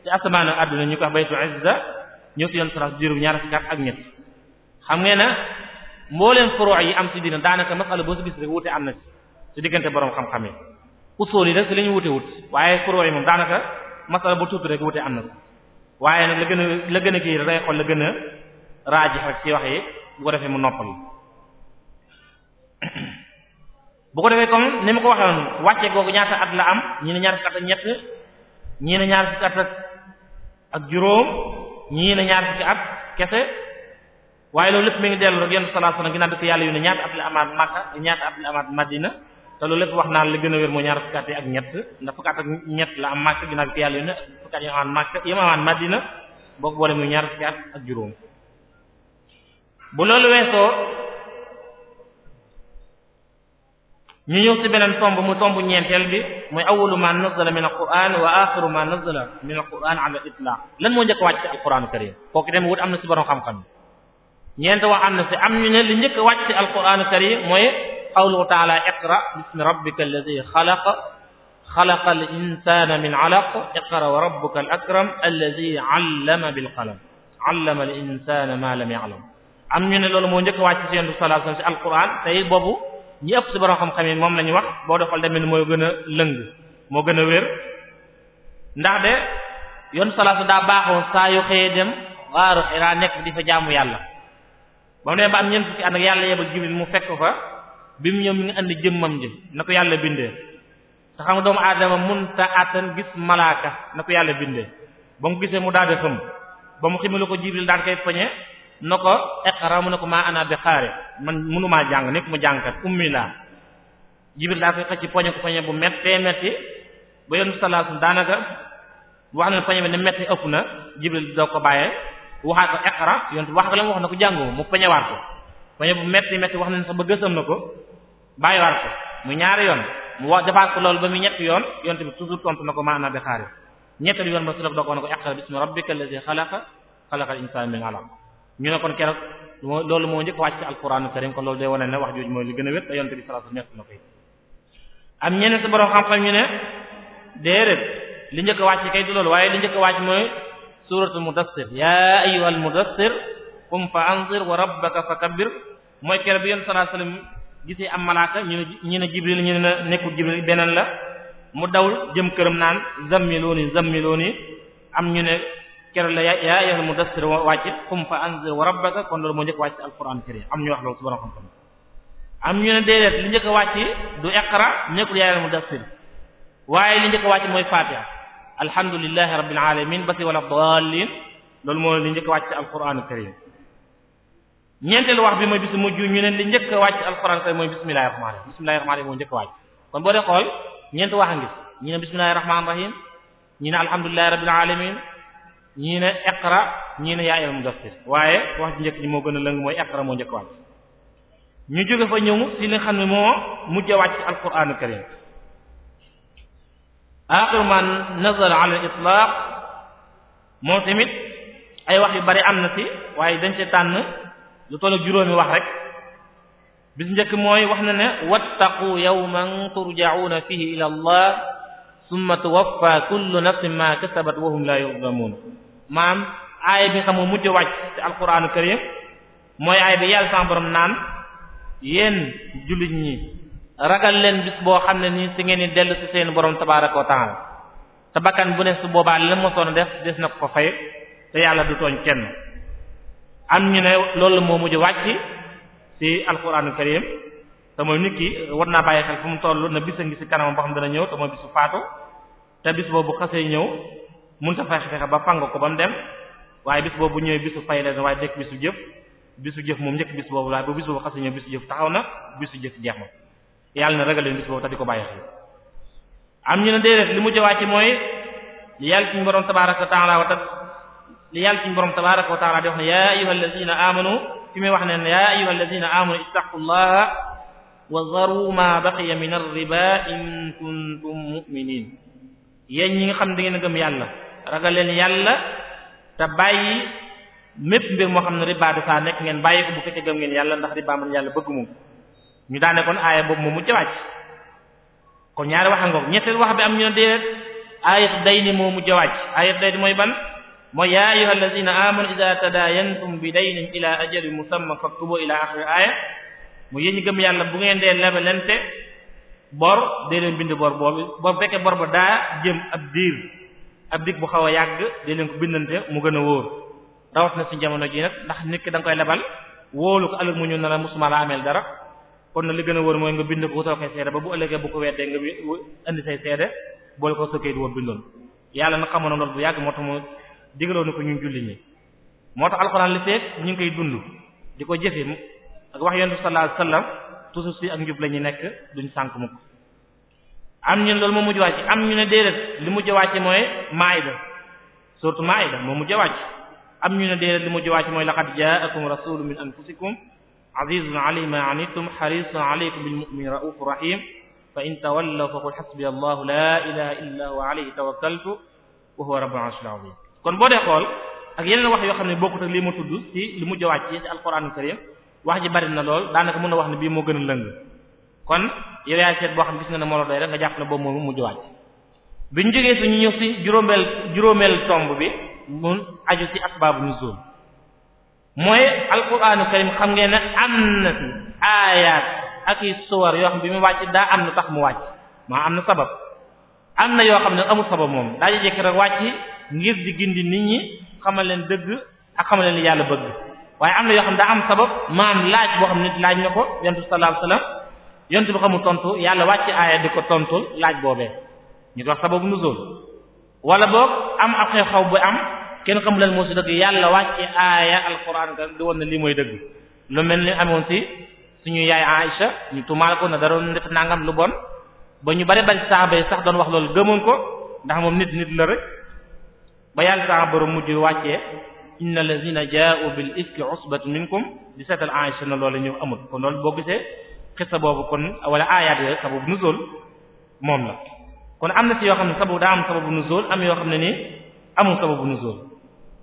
ci asamaan àdduna ñu ko wax baytu izza ñëw ci yonent sallallahu alayhi wasallam juróom ñaar fukk ak ñett xam ngeen na mbooleem furu' yi am ci dina daanaka masala boo si gis rek wute am na ci ci diggante borom xam-xam yi usul yi rek ci la wute wut waaye furu' yi moom daanaka masala bu tuuti rek wute am na ci waaye nag la gën a la gën a kii rek day xool la gën a raaj rek ci wax yi bu ko defee mu noppal bu ko defee comme ni ma ko waxee woon wàcce googu ñaata at la am ñii ne ñaar fukki at ak ñett ñii ne ñaar ak juróom ñii ne ñaar fukki at kese waaye loolu lépp mi ngi dellu rek yonent sallallahu alayhi wasallam ginnaaw bi ko yàlla yu ne ñaata at amaat Makka ñaata at la amaat Madina te loolu lépp wax naa la gën a wér moo ñaar fukki at ak ñett ndax fukki ak ñett la am Makka ginnaaw bi ko yàlla yu ne fukki at yi amaat Makka yi amaat Madina boo ko boole muy ñaar fukki ak juróom bu loolu weesoo ñu ñëw ci beneen tomb mu tomb ñeenteel bi muy awwalu ma nazzala min alquran wa axiru ma nazzala min alquran ala itlaq lan moo njëkk wàcc ci alquran am na ci borom xam-xam ñeent wax am na si am ñu ne li njëkk wàcc ci alquranu karim mooy qawluhu taala iqra bismi rabbika alladi xalaqa xalaqa al insana min alaq iqra wa rabbuka al akram alladi allama bil qalam allama al insana ma lam ya'lam am ñu ne loolu moo njëkk wàcc ci yentu sallallahu alayhi wasallam ci alquran tey boobu ñi ëpp ci borom xam-xam yi moom la ñu wax boo doxal demee ni moo gën a lëng moo gën a wér ndax de yoon sallallahu daa baaxoo saa yu xëyee dem waaru xiraa nekk di fa jaamu yàlla ba mu demee ba am ñeent fukki at yàlla yebal Jibril mu fekk fa bi mu ñëw mi ngi andi jëmmam ji na ko yàlla bindee te xam nga doomu aadama munta attan gis malaaka na ko yàlla bindee ba mu gisee mu daal di ba mu ximee ko Jibril daal koy poñe na ko iqra mu ne ko maa ana bi jàng nekk mu jàngkat ummi laa poñe bu mettee metti ba yoon sallallahu daanaka wax na poñe bi ne metti ëpp na Jibril doo ko bàyyee waxaat ko iqra yonent wax ko la mu wax na ko jàngoo mu peñewaat ko peñe bu metti metti wax nañ sax ba gësam na ko bàyyiwaat ko mu ñaari yoon mu wax defaat ko loolu ba muy ñetti yoon yonent bi toujours tontu na ko maanaam bi xaari ñettal yoon ba su ko iqra bismi rabbikal ladhi xalaqa xalaqal insaana ñu ne kon keroog loolu moo njëkk wàcc ci alquraan karim kon loolu day wone ne wax jooju mooy li gën a wét te yonent bi sallallahu alayhi wasallam na koy am ñeneen si borom xam-xam ñu ne li njëkk wàcc kay du loolu waaye li njëkk wàcc mooy suratul mudassir yaa ayyuhal mudassir qum fa anzir wa rabbaka fakabbir mooy kere bi yoon sallallahu alayhi wasallam gisee am malaaka ñu ne ñu ne jibril ñu ne nekkul jibril beneen la mu daw jëm këram naan zammilooni zammilooni am ñu ne kere la yaa ayyuhal mudassir wàcc qum fa anzir wa rabbaka kon loolu moo njëkk wàcc alquran karim am ñu wa ta'ala am ñu ne déedéet lu njëkk a wàcc du iqra nekkul yaa ayyuhal mudassir waaye li njëkk a wàcc mooy fatiha alhamdulillahi rabbil alamin ba si wala daalin loolu moo li njëkk wàcc ci alquran karim ñeenteelu wax bi mooy bis mujj ñu ne li njëkk wàcc ci alquran karim mooy bismillahir rahmanir rahim bismillahir rahmanir rahim moo njëkk wàcc kon boo dee xool ñeent wax a ngi ñi ne bismillahir rahmanir rahim ñi ne alhamdulillahi rabbil alamin ñii ne iqra ñii ne yaa ayyuhal mudaththir waaye wax ji njëkk ñi moo gën a lëng mooy iqra moo njëkk wàcc ñu jóge fa ñëw si li nga xam ne moo mujj wàcc ci alquran karim aaxiru ma nazala ala al-itlaq moom tamit ay wax yu bari am na ci waaye dañ ci tànn lu tollu juróomi wax rek bis njëkk mooy wax na ne wattaqu yawman turja'una fihi ila allah summa tuwaffa kullu nafsin ma kasabat wa hum la yuzlamun maam aaya bi nga xam mujj wàcc ci alquranu karim mooy aaya bi yàlla sa borom naan yéen jullit ñi ragal leen bis boo xam ne nii si ngeen di dellu si seen borom tabaaraka wa taala te bakkan bu ne su boobaa la mosoon def des na ko ko fay te yàlla du tooñ kenn am ñu ne loolu moo mujj wàcc ci alxuraanu karim te mooy nit ki war naa bàyyi xel fu mu toll na bis a ngi ci kanamam boo xam dana ñëw te mooy bisu faatu te bis boobu xasee ñëw mun ta fexe fexe ba fang ko ba mu dem waaye bis boobu ñëwee bisu fay la waaye dekk bisu jëf bisu jëf moom njëkk bis boobu waaye bu bis boobu xasee ñëw taxaw na bisu jëf jeex na yàlla na ragal leen bis boobu ko bàyyi xel am ñu ne déedéet li mujj wàcc mooy li yàlla suñu borom tabaaraka wa taala wa tab li yàlla suñu borom tabaaraka wa taala di wax ne yaa ayyuhal fi muy wax ne yaa ayyuhal lazina amanu ittaqullaha wa zaru ma baqiya min ar-riba in kuntum mu'minin yéen ñi nga xam da ngeen a gëm yàlla ragal leen yàlla te bàyyi mépp mbir moo xam na riba du saa nekk ngeen bàyyi ko bu fekkee gëm ngeen yàlla ndax riba man yàlla bëgg moom ñu daane kon aaya boobu moom mu jawàcc kon ñaari wax ngoog ñetteel wax bi am ñu ne déedéet aayatu dayni moo mu jawàcc aayatu dayni mooy ban mooy yaa ayyuha allazina amanu idha ila ajalin musamma faktubu ila akhir aaya mu yéen ñi gëm yàlla bu ngeen dee lebalante bor dee leen bind bor boobu bor fekkee bor ba daa jëm ab diir ab dig bu xaw a yàgg dee leen ko bindante mu gën a wóor rawat na ci jamono ji nag ndax nit ki da koy lebal wóolu ko alal mu ñu na la musuma la ameel dara kon na li gën a wóor mooy nga bind ko wutoo koy seede ba bu ëllëgee bu ko weddee nga indi say seede boole ko sëkkay di woon bindoon yàlla na xamoon loolu bu yàgg moo tax na ko ñu julli ñi moo tax ñu ngi koy dund di ko jëfe ak wax yonent sallallahu alayhi wasallam si ak njub la ñu nekk duñ sànk mukk am ñu loolu moo mujj wàcc am ñu ne déedéet li mujj wàcc mooy maayda surtout maayda moo mujj wàcc am ñu ne déedéet li mujj wàcc mooy laqad ja'akum rasulun min anfusikum azizun alayhi ma anittum harisun alaykum bil mu'minina ra'ufur rahim fa in tawallaw faqul hasbiya allahu la ilaha illa huwa alayhi tawakkaltu wa huwa rabbul arshil azim kon boo dee xool ak yeneen wax yoo xam ne bokkut ak lii ma tudd ci li mujj wàcc ci alquranu karim wax ji bari na lool daanaka mën na wax ne bii moo gën a lëng kon yow yaay seet boo xam gis nga ne moo la doy rek nga jàpp ne boobu moom mujj wàcc bi ñu jógee su ñu ñëw ci juróomeel juróomeel tomb bi mun aju ci asbaabu nuzul mooy alquranu karim xam ngeen ne am na fi aayaat ak i suwar yoo xam bi mu wàcc daa am na tax mu wàcc maa am na sabab am na yoo xam ne amul sabab moom daa jëkk rek wàcc ngir di gindi nit ñi xamal leen dëgg ak xamal leen li yàlla bëgg waaye am na yoo xam daa am sabab maam laaj boo xam nit laaj na ko yontu sallallahu alayhi wasallam yontu bi xamul tontu yàlla wàcc aayaat di ko tontul laaj boobee ñu dox sababu nuzul wala boog am ak xew xew bu am kenn xamul lan moo si dëgg yàlla wàcce aaya alquran ka di woon na lii mooy dëgg lu mel ni amoon si suñu yaay Aïcha ñu tumaal ko na daroon def nangam lu bon ba ñu bari bari saaba yi sax doon wax loolu gëmoon ko ndax moom nit nit la rek ba yàlla sax borom mujj wàccee innal lazina jaa'u bil ifki di seetal Aïcha na loolu amul kon loolu boo gisee xissa boobu kon wala aayaat yooyu sababu nuzul moom la kon am na ci yoo xam ne sababu daa am sababu nuzul am yoo xam ne nii amul sababu nuzul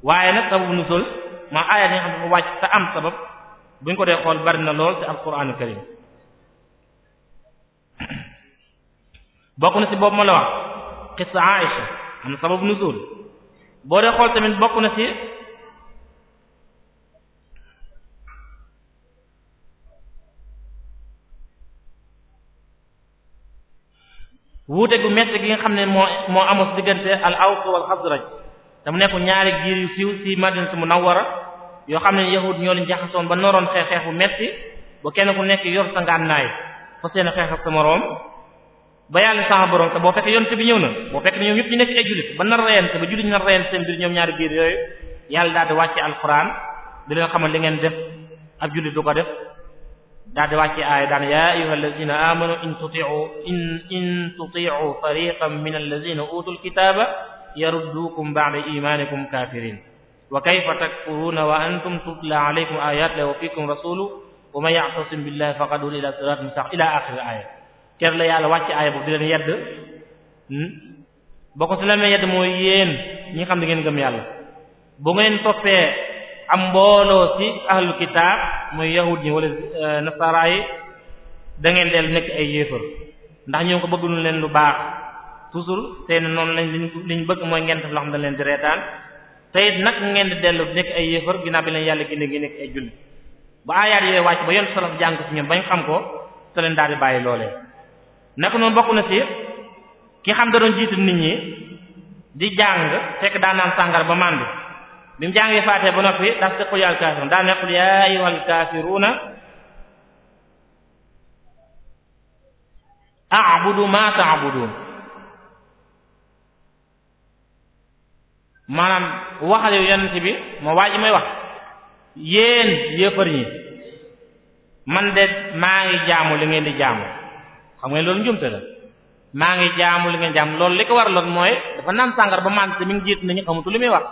waaye nag sababu nuzul maa aaya yi nga xam ne wàcc te am sabab buñ ko dee xool bari na lool ci alquranu karim bokk na ci boobu ma la wax qissa am na sababu nuzul boo dee xool tamit bokk na ci wuute gu metti gi nga xam ne moo moo amoon diggante al aws wal xasraj dama nekk ñaari giir yu siiw ci Madinatu Munawwara yoo xam ne yahud ñoo leen jaxasoon ba noroon xeex xeex bu metti ba kenn ku nekk yor sa ngànnaay fa seen xeex ak sa moroom ba yàlla sama borom te boo fekkee yonent bi ñëw na boo fekkee ñoom ñëpp ñu nekk ay jullit ba nar ba jullit nar reyante seen biir ñoom ñaari giir yooyu yàlla daal di wàcce alxuraan di leen xamal li ngeen def ab jullit du ko def daal di wàcce aaya daan ya ayyuhal lazina amanu in tuti'u in in tuti'u fariqan minal lazina utul yaruddukum ba'da imanikum kafirin wa kayfa takfuruna wa antum tutla alaykum ayatullahi wa fikum rasuluhu wa man ya'tasim billahi faqad hudiya ila siratin mustaqim ila akhir aya ker la yàlla wàcc aaya boobu di leen yedd hmm? boo ko si leen yedd mooy yéen ñi xam ne ngeen gëm yàlla bu ngeen toppee am mbooloo ci ahlu kitaab mooy yahud ñi wala eh, nasara yi da ngeen del nekk ay yéefar ndax ñoo ko bëgguñu leen lu baax toujours tey noonu lañ liñ liñ bëgg mooy ngeen def loo xam ne leen di reetaan nag ngeen di dellu nekk ay yéefar ginnaaw bi leen yàlla génne gi nekk ay julli ba aayaat yooyu wàcc ba yoon solof jàng ci ñoom bañ xam ko te leen daal di bàyyi loolee. naka noonu bokk na ci ki xam da doon jiitu nit ñi di jàng fekk daa naan sàngar ba màndi bi mu jàngee faatee ba noppi daf si xul yàlla kaafiruun daa nekkul yaa ayyuhal kaafiruuna maanaam waxal yow yonent bi moo waa ji may wax yéen yéefar ñi man de maa ngi jaamu li ngeen di jaamu xam ngeen loolu njumte maa ngi jaamu li ngeen jaamu lool li ko war loon mooy dafa naan sàngar ba man te mi ngi jiit nañu xamutu li muy wax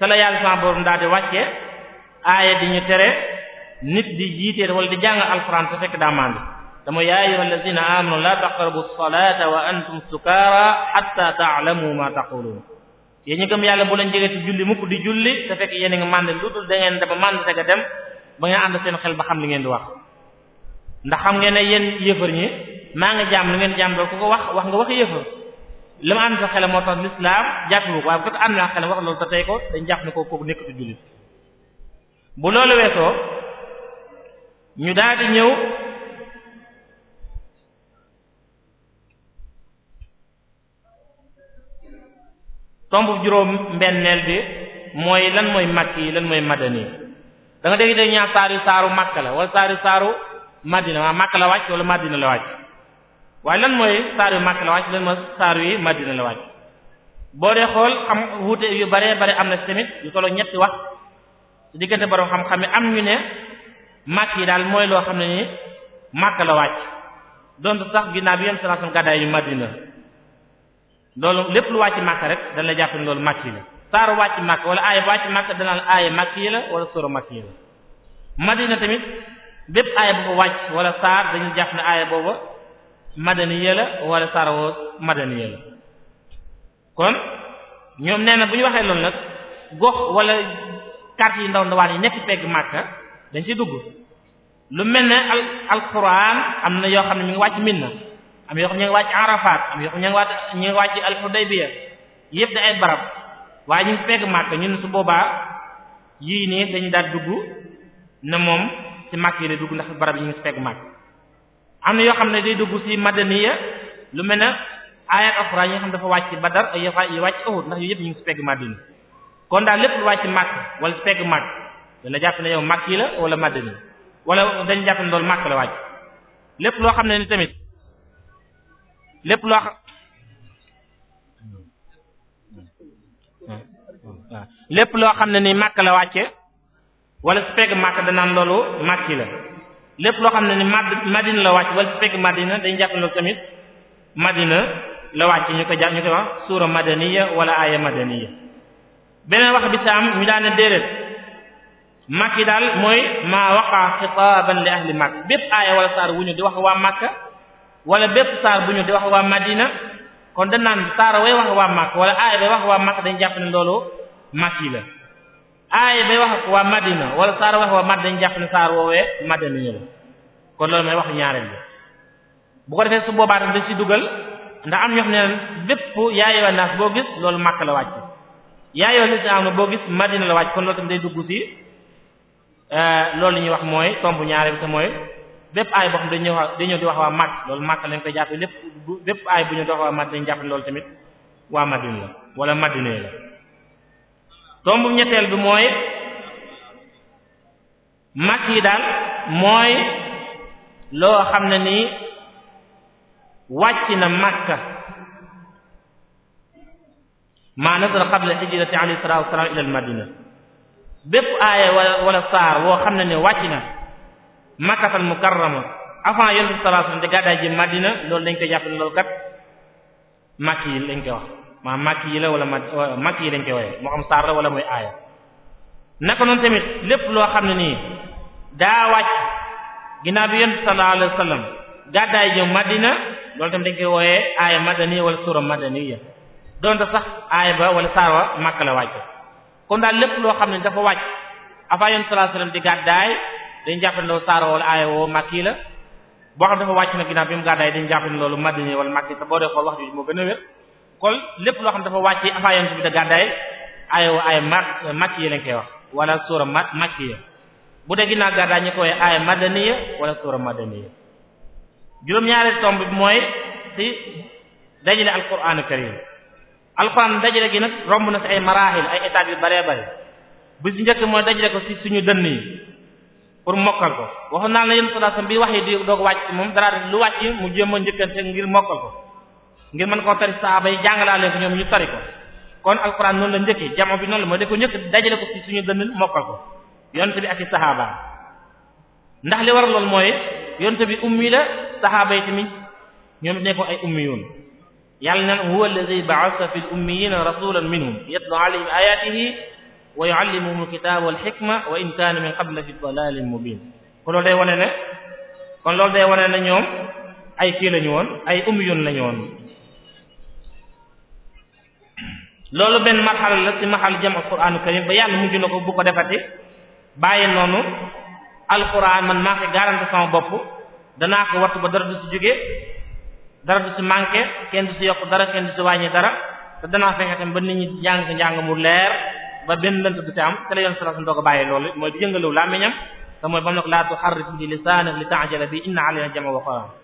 sa la yàlla sama borom daal di wàcce aaya di ñu tere nit di jiitee wala di jàng alxuraan te fekk daa màndi dama yaa ayyuhal lazina la taqrabu salata wa antum sukara hatta ta'lamu ma taqulun yéen ñi gëm yàlla bu leen jege ci julli mukk di julli te fekk yéen a ngi mànd lu dul da dama mànd te ga dem ba ngeen ànd seen xel ba xam li ngeen di wax ndax xam ngeen ne yéen yëfër ñi maa nga jaam lu ngeen jaam dool ku ko wax wax nga wax yëfër li mu ànd sa xelam moo tax lislaam jàppibu ko waaye bu ko ànd naa xelam wax loolu te tey ko dañ jàpp ne ko kooku nekk julli bu loolu weesoo ñu daal ñëw tomb juróom mbenneel bi mooy lan mooy makki yi lan mooy madani nii da nga dégg dégg ñaar saar yu saaru makka la wala saar yu saaru madina waa makka la wàcc wala madina la wàcc waaye lan mooy saar yu makka la wàcc lan mooy saar yi madina la wàcc boo dee xool am wuute yu bare bare am na tamit yu tollo ñetti wax su diggante borom xam-xam yi am ñu ne makk yi daal mooy loo xam ne ni makka la wàcc donte sax ginnaaw bi yem sanasam gàddaay yu madina loolu lépp lu wàcc màkk rek dañ la jàpp ne loolu màkk la saar wàcc màkk wala aaya wàcc màkk danaa la aaya màkk la wala sóora màkk yi la madina tamit bépp aaya bu ko wàcc wala saar dañu jàpp ne aaya booba madaniya la wala saar woo madaniya kon ñoom nee na bu ñu waxee loolu nag gox wala quartier yi ndaw ndawaan yi nekk pegg màkka dañ ci dugg lu mel ne al alquran am na yoo xam ne mu ngi wàcc Minna am yoo xam ñu ngi wàcc Arafat am ya xam ñu ngi wàcc ñu ngi wàcc yëpp da ay barab waaye ñu ngi pegg màkk ñun su boobaa yii nii dañu daal dugg na moom ci màkk yi la dugg ndax barab yi ñu ngi si pegg màkk am na yoo xam ne day dugg si madaniya lu mel ne ayat alxuraan yi nga xam dafa wàcc Badar ak yi wàcc Uhud ndax yooyu yëpp ñu ngi si pegg Madina kon daal lépp lu wàcc màkk wala si pegg màkk dana jàpp ne yow màkk yi la wala madani wala dañu jàpp ne loolu màkk loo xam ne ni tamit lépp loo xam lépp loo xam ne ni màkk la wàcce wala su fekk màkk danaan loolu màkki la lépp loo xam ne ni mad madina la wàcc wala su fekk madina dañ jàpp loolu tamit madina la wàcc ñu ko jàpp ñu ko wax suura madaniya wala aaya madaniya beneen wax bi saam ñu daane déedéet màkki daal mooy ma maa waqa xitaaban li ahli màkk bépp aaya wala saar wu ñu di wax waa màkka wala bépp saar bu ñu di wax waa Madina kon da naan saar way waa Makka wala aaya bay wax waa Makka dañ jàpp ne loolu Makki la aay bay wax waa Madina wala saar wax waa Madina dañ jàpp ne saar woowee Madina la kon loolu mooy wax ñaareel bi bu ko dañ ci dugal ndax am ñoo xam ne bépp boo gis loolu Makka la wàcc yaayoo boo gis Madina kon loolu tam dugg ci euh, loolu li ñuy wax mooy tomb ñaareel bi te mooy bépp aay boo xam dañuy wax dañoo di wax waa Màkk loolu Màkk lañ koy jàppe lépp bépp aay bu ñu dox waa Màkk dañu jàpp loolu tamit waa Madina wala Madina la tombu mooy Màkk yi daal mooy loo xam ne nii wàcc na Màkka maa nazala qabla hijrati alayhi salaatu wa salaam ila al bépp aaya wala wala saar woo xam ne ne wàcc na makkatal mukarrama avant yonent bi sallallahu alayhi di gàddaay ji madina loolu dañ koy jàppale loolu kat makki yi lañ koy wax maa makki yi la wala makki yi lañ koy woowee moo xam saar la wala mooy aaya naka noonu tamit lépp loo xam ne nii daa wàcc ginnaaw bi yonent bi sallallahu alayhi wasallam gàddaay ji madina koy wooyee aaya madaniya wala suura madaniya sax aaya ba wala saar la wàcc kon daal lépp loo xam ne dafa wàcc avant yonent bi sallallahu alayhi di gàddaay dañu jàpp ne loolu saaro wala aaya woo la boo xam dafa wàcc na ginnaaw bi mu gàddaay dañu jàpp ne loolu madini wala makki te boo dee xool wax jooju gën a wér kon lépp loo xam dafa wàcc avant yonent bi da gàddaay aaya woo aaya makki yi lañ koy wax wala suura ma makki ya bu dee ginnaaw gàddaay ñu koy aaya madaniya wala suura madaniya juróom-ñaari tomb mooy ci dajale alquranu karim alquran dajale gi nag romb na ci ay marahil ay étapes yu bare bare bu ci njëkk mooy dajale ko ci suñu dënn yi pour mokkal ko waxoon naa la yéen sallallahu bi wax yi di doog wàcc moom dara def lu wàcc mu jéem a njëkkante ngir mokkal ko ngir mën koo tari saaba yi jàngalaale ko ñoom ñu tari ko kon alquran noonu la njëkkee jamono bi noonu la mooy da ko njëkk dajale ko ci suñu dënn mokkal ko yonent bi ak i saxaabaam ndax li waral lool mooy yonent bi ummi la saxaaba yi tamit ñoom it nekkoon ay ummiyuun yàlla naan huwa alladhi ba'atha fil ummiyina rasulan minhum yatlu alayhim ayatihi wa yuallimuhum alkitaaba wal hikma wa in kaanu min qabla fi dalaalin mubiin kon loolu day wone ne kon loolu day wone na ñoom ay kii lañu woon ay ummiyun lañu woon loolu benn marxala la ci marxal jam alquraan karim ba yàlla mujj na ko bu ko defati bàyyi noonu alquraan man maa ko garanti sama bopp danaa ko wattu ba dara du ci jóge dara du ci manqué kenn du ci yokk dara kenn du ci wàññi dara te danaa fexe tam ba nit ñi jàng njàng mu leer ba benn lënt du ci am te la yoon sallallahu alayhi wasallam doo ko bàyyi loolu mooy di yëngalaw làmmiñam te mooy ba mu ne ko laa tuharrik bihi lisaanaka li ta'jala bihi inna alayna jam'ahu wa qur'aanahu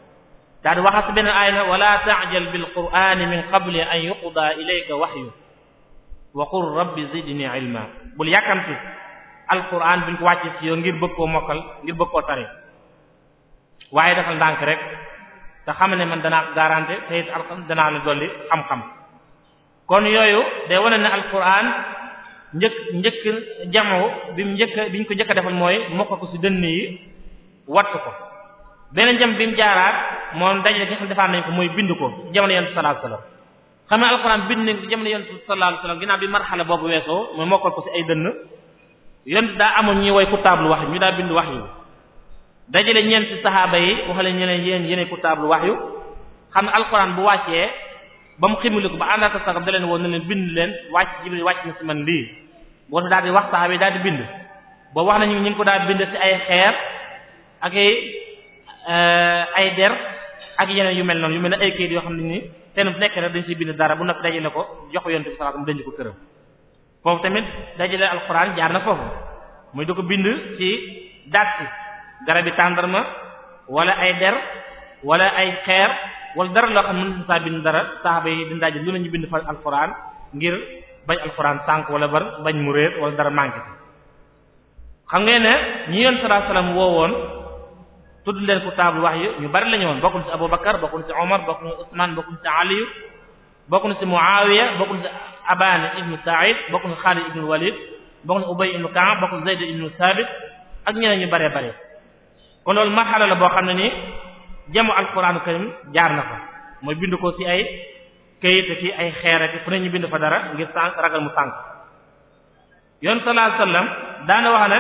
daal di waxaat si beneen aaya ne wala ta'jal bil qur'aani min qabli an yuqdaa ilayka wahyuhu wa qul rabbi zidni ilma bul yàkkamti alquran buñ ko wàcce ci yow ngir bëgg koo mokkal ngir bëgg koo tari waaye defal ndànk rek te xam ne man danaa garanté te it danaa la dolli xam-xam kon yooyu day wane ne alquran njëkk njëkk jamoo bi mu njëkk bi ñu ko njëkk a defal mooy mokk ko ci dënn yi watt ko beneen jam bi mu jaaraat moom dajale gi xam defaan nañ ko mooy bind ko jamono yonent sallallahu alayhi bind nañ ko jamono yonent sallallahu alayhi wasallam ginnaaw bi marxala boobu weesoo mooy mokkal ko ci ay dënn yonent daa amoon ñuy woy ku tablu wax ñu daa bind wax yu dajale ñeent ci saxaaba yi waxale ñeneen yéen yéen ku tablu wax yu xam nga alxuraan bu wàccee ba mu ximiliku ba àndaata sax da leen woon na leen bind leen wàcc Jibril wàcc na ci man lii boo tax daal di wax saxaaba yi daal di bind boo wax nañu ñi ngi ko daal bind ci ay xeer ak ay eh, ay der ak yeneen yu mel noonu yu mel ne ay kayit yoo xam ne nii kenn bu nekk rek dañ ciy bind dara bu noppi dajale ko jox ko yonent bi sallallahu alayhi wasallam ko këram foofu tamit dajale alxuraan jaar na foofu muy da ko bind ci daat ci garabi tàndarma wala ay der wala ay xeer. wala dara loo xam ne mën saa bind dara saxaba yi dañ lu la ñu bind fa alquran ngir bañ alquran sànq wala bar bañ mu réer dara manqué xam ngeen ne ñi yoon sallallahu alayhi wasallam woowoon tudd leen ku taabul wax yi ñu bari la ñu woon bokkul si Abu Bakar bokkul ci Omar bokkul ci Usman bokkul ci Ali bokkul ci Muawiya bokkul ci Aban ibn Sa'id bokkul ci Khalid ibn Walid bokkul ci Ubay ibn Ka'b bokkul ci Zayd ibn Thabit ak ñeneen ñu bare bare kon loolu marxala la boo jamu alquranu karim jaar na fa mooy bind ko ci ay kayit ci ay xeer ak fu ne ñu bind fa dara ngir sànq ragal mu sànq yoon sallallahu alayhi wasallam daana wax ne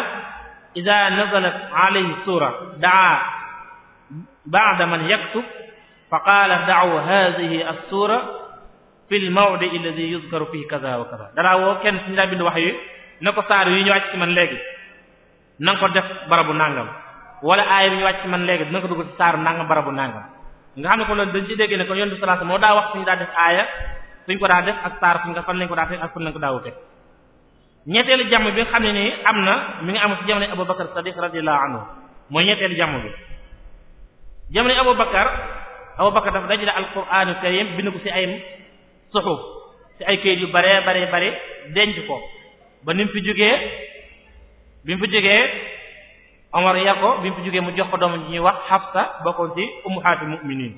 iza nazalat alayhi sura daa ba'da man yaktub fa qaala da'u hadhihi as-sura fil mawdi alladhi yuzkaru fihi kaza wa kaza dara woo kenn suñu daa bind wax yi na ko saar yi ñu wàcc ci man léegi na nga ko def barabu nangam wala aaya bi ñu wàcc man léegi dina ko dugg ci saaru nangam barabu nangam nga xam ne ko loolu dañ ci dégg ne ko yonent sallallahu alayhi moo daa wax suñu daa def aaya suñ ko daa def ak saar fu nga fan lañ ko daa fekk ak fan lañ ko daa wute ñetteelu jàmm bi nga xam ne nii am na mi nga am ci jamono Abu Bakar Sadiq radiyallahu anhu mooy ñetteelu jàmm bi jamono Abu Bakar Abu Bakar dafa dajale alquranu ko ci ay suxuf ci ay kayit yu bare bare bare denc ko ba ni mu fi jógee bi mu fi jógee Omar yar ko bi mu fi jógee mu jox ko doomam ji ñuy wax Hafsa bokkoon ci ummahatul mu'minin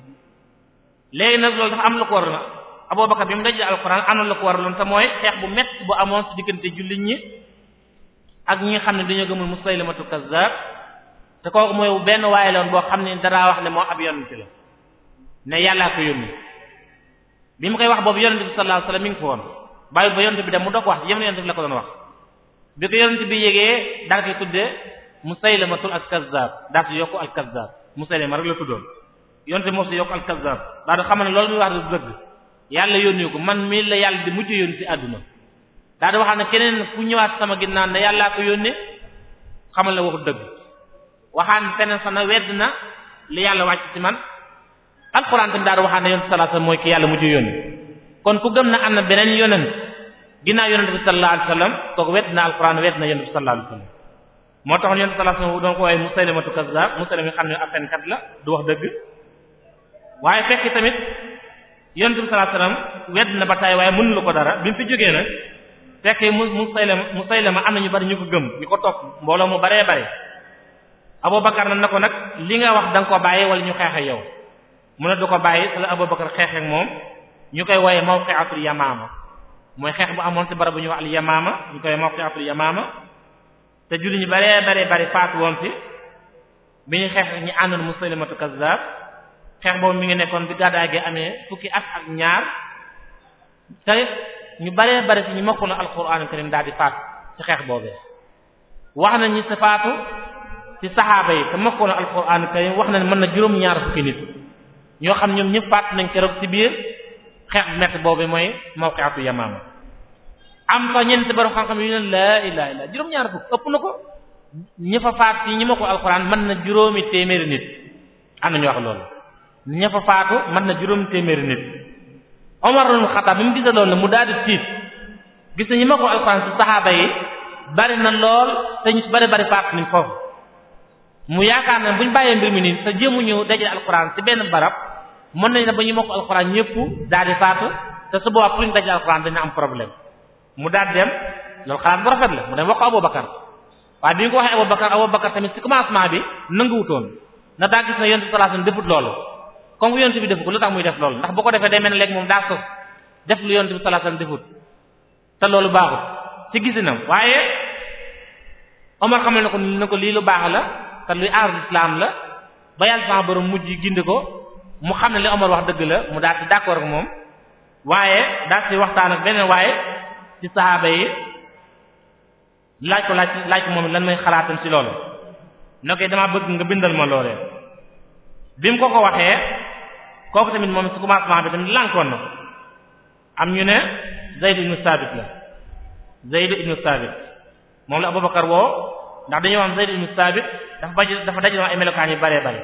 léegi nag loolu dafa am lu ko war na Abubakar bi mu dajale alquran am na lu ko war loon te mooy xeex bu métti bu amoon ci diggante jullit ñi ak ñi nga xam ne dañoo gëmul Musaylimatu kazzab te kooku mooy benn waaye la woon boo xam ne daraa wax ne moo ab yonent la ne yàllaa ko yónni bi mu koy wax boobu yonent bi sallallahu alayhi wasallam mi ngi fa woon ba yonent bi mu doog wax yéen yonent bi ko doon wax mu al-Kazzab daa ci yokku al-Kazzab Musaylama rek la tuddoon yonte moo ci yokku al-Kazzab daa doon xamal ne loolu muy wax du dëgg yàlla yónnee ko man mii la yàlla di mujj yónni ci àdduna daa di waxaat ne keneen ku ñëwaat sama ginnaaw ne yàllaa ko yónnee xamal ne waxu dëgg waxaan feneen sax na wedd na li yàlla wàcc ci man alxuraan tamit daa mooy ki yàlla mujj yónnee kon ku gëm na am na beneen yonent ginnaaw yonent bi sallallahu alayhi wasallam kooku wedd na alxuraan moo taxoon yonent sallallahu alayhi wasallam doon ko waaye musaylimatu kazzab musaylima xam ne ab fenkat la du wax dëgg waaye fekk tamit yonent bi sallallahu alayhi wedd na ba taay waaye mënu ko dara bi mu fi jógee nag fekk musaylima musaylima am na ñu bari ñu ko gëm ñu ko topp mbooloo mu baree bare Abubakar na na ko nag li nga wax danga nga ko bàyyi wala ñu xeex yow mu ne du ko bàyyi sala Abubakar xeex ak moom ñu koy wooye mawqi'atul yamaama mooy xeex bu amoon ci barab bu ñu wax al yamaama ñu koy mawqi'atul yamaama te julli ñu baree baree bari faatu woon fi bi ñu xeex ñu àndoon Musaylimatu Kazzaab xeex boobu mi ngi nekkoon bi gàddaay gi amee fukki at ak ñaar te ñu baree bari ci ñu mokkul alxuraanu karim daal di faatu ci xeex boobee wax na ñi si faatu ci saxaaba yi te mokkul alxuraanu karim wax nañ mën na juróom-ñaar fukki nit ñoo xam ñoom ñëpp faatu nañ keroog ci biir xeex bu métti boobu mooy mawqi'atu Yamaama am sax ñeent borom xam-xam yu ne laa ilaaha juróom-ñaar fukk ëpp na ko ña fa faat ci ñi ma ko alxuraan mën na juróomi téeméeri nit am na ñu wax loolu ña fa faatu mën na juróomi téeméeri nit Omar ibn Khattab bi mu gisee loolu mu daal di tiit gis na ñu ma ko alxuraan ci saxaaba yi bari na lool te ñu bari bari faatu ni foofu mu yaakaar ne bu ñu bàyyee mbir mi nii te jéemu ñëw dajale alxuraan ci benn barab mën nañ ne ba ñu ma ko alxuraan ñëpp daal di faatu te su boobaa pour ñu am problème. mu daal dem loolu xalaat bu rafet la mu dem wax ko Abubakar waaye bi ñu ko waxee Abubakar Abubakar tamit ci commencement bi nanguwutoon na daa gis na yonent bi sallallahu alayhi wasallam defut loolu comme que yonent bi defu ko lu tax muy def loolu ndax boo ko defee day mel ne léegi moom daa sos def lu yonent bi sallallahu alayhi wasallam defut te loolu baaxut ci gisinam waaye Omar xamal na ko ne ko lii lu baax la te luy laa islam la ba yàlla sama borom mujj gindi ko mu xam ne li Omar wax dëgg la mu daal di d'accord moom waaye daal ci waxtaan ak beneen ci saxaaba yi laaj ko laaj laaj ko moom lan mooy xalaatam ci loolu ne koy damaa bëgg nga bindal ma loolee bi mu ko ko waxee kooku tamit moom ci commencement bi tamit lànkoon na am ñu ne Zayd ibn Sabit la Zayd ibn Sabit moom la Abubakar woo ndax dañoo am Zayd ibn Sabit dafa baj dafa dajaloon ay melokaan yu bare bare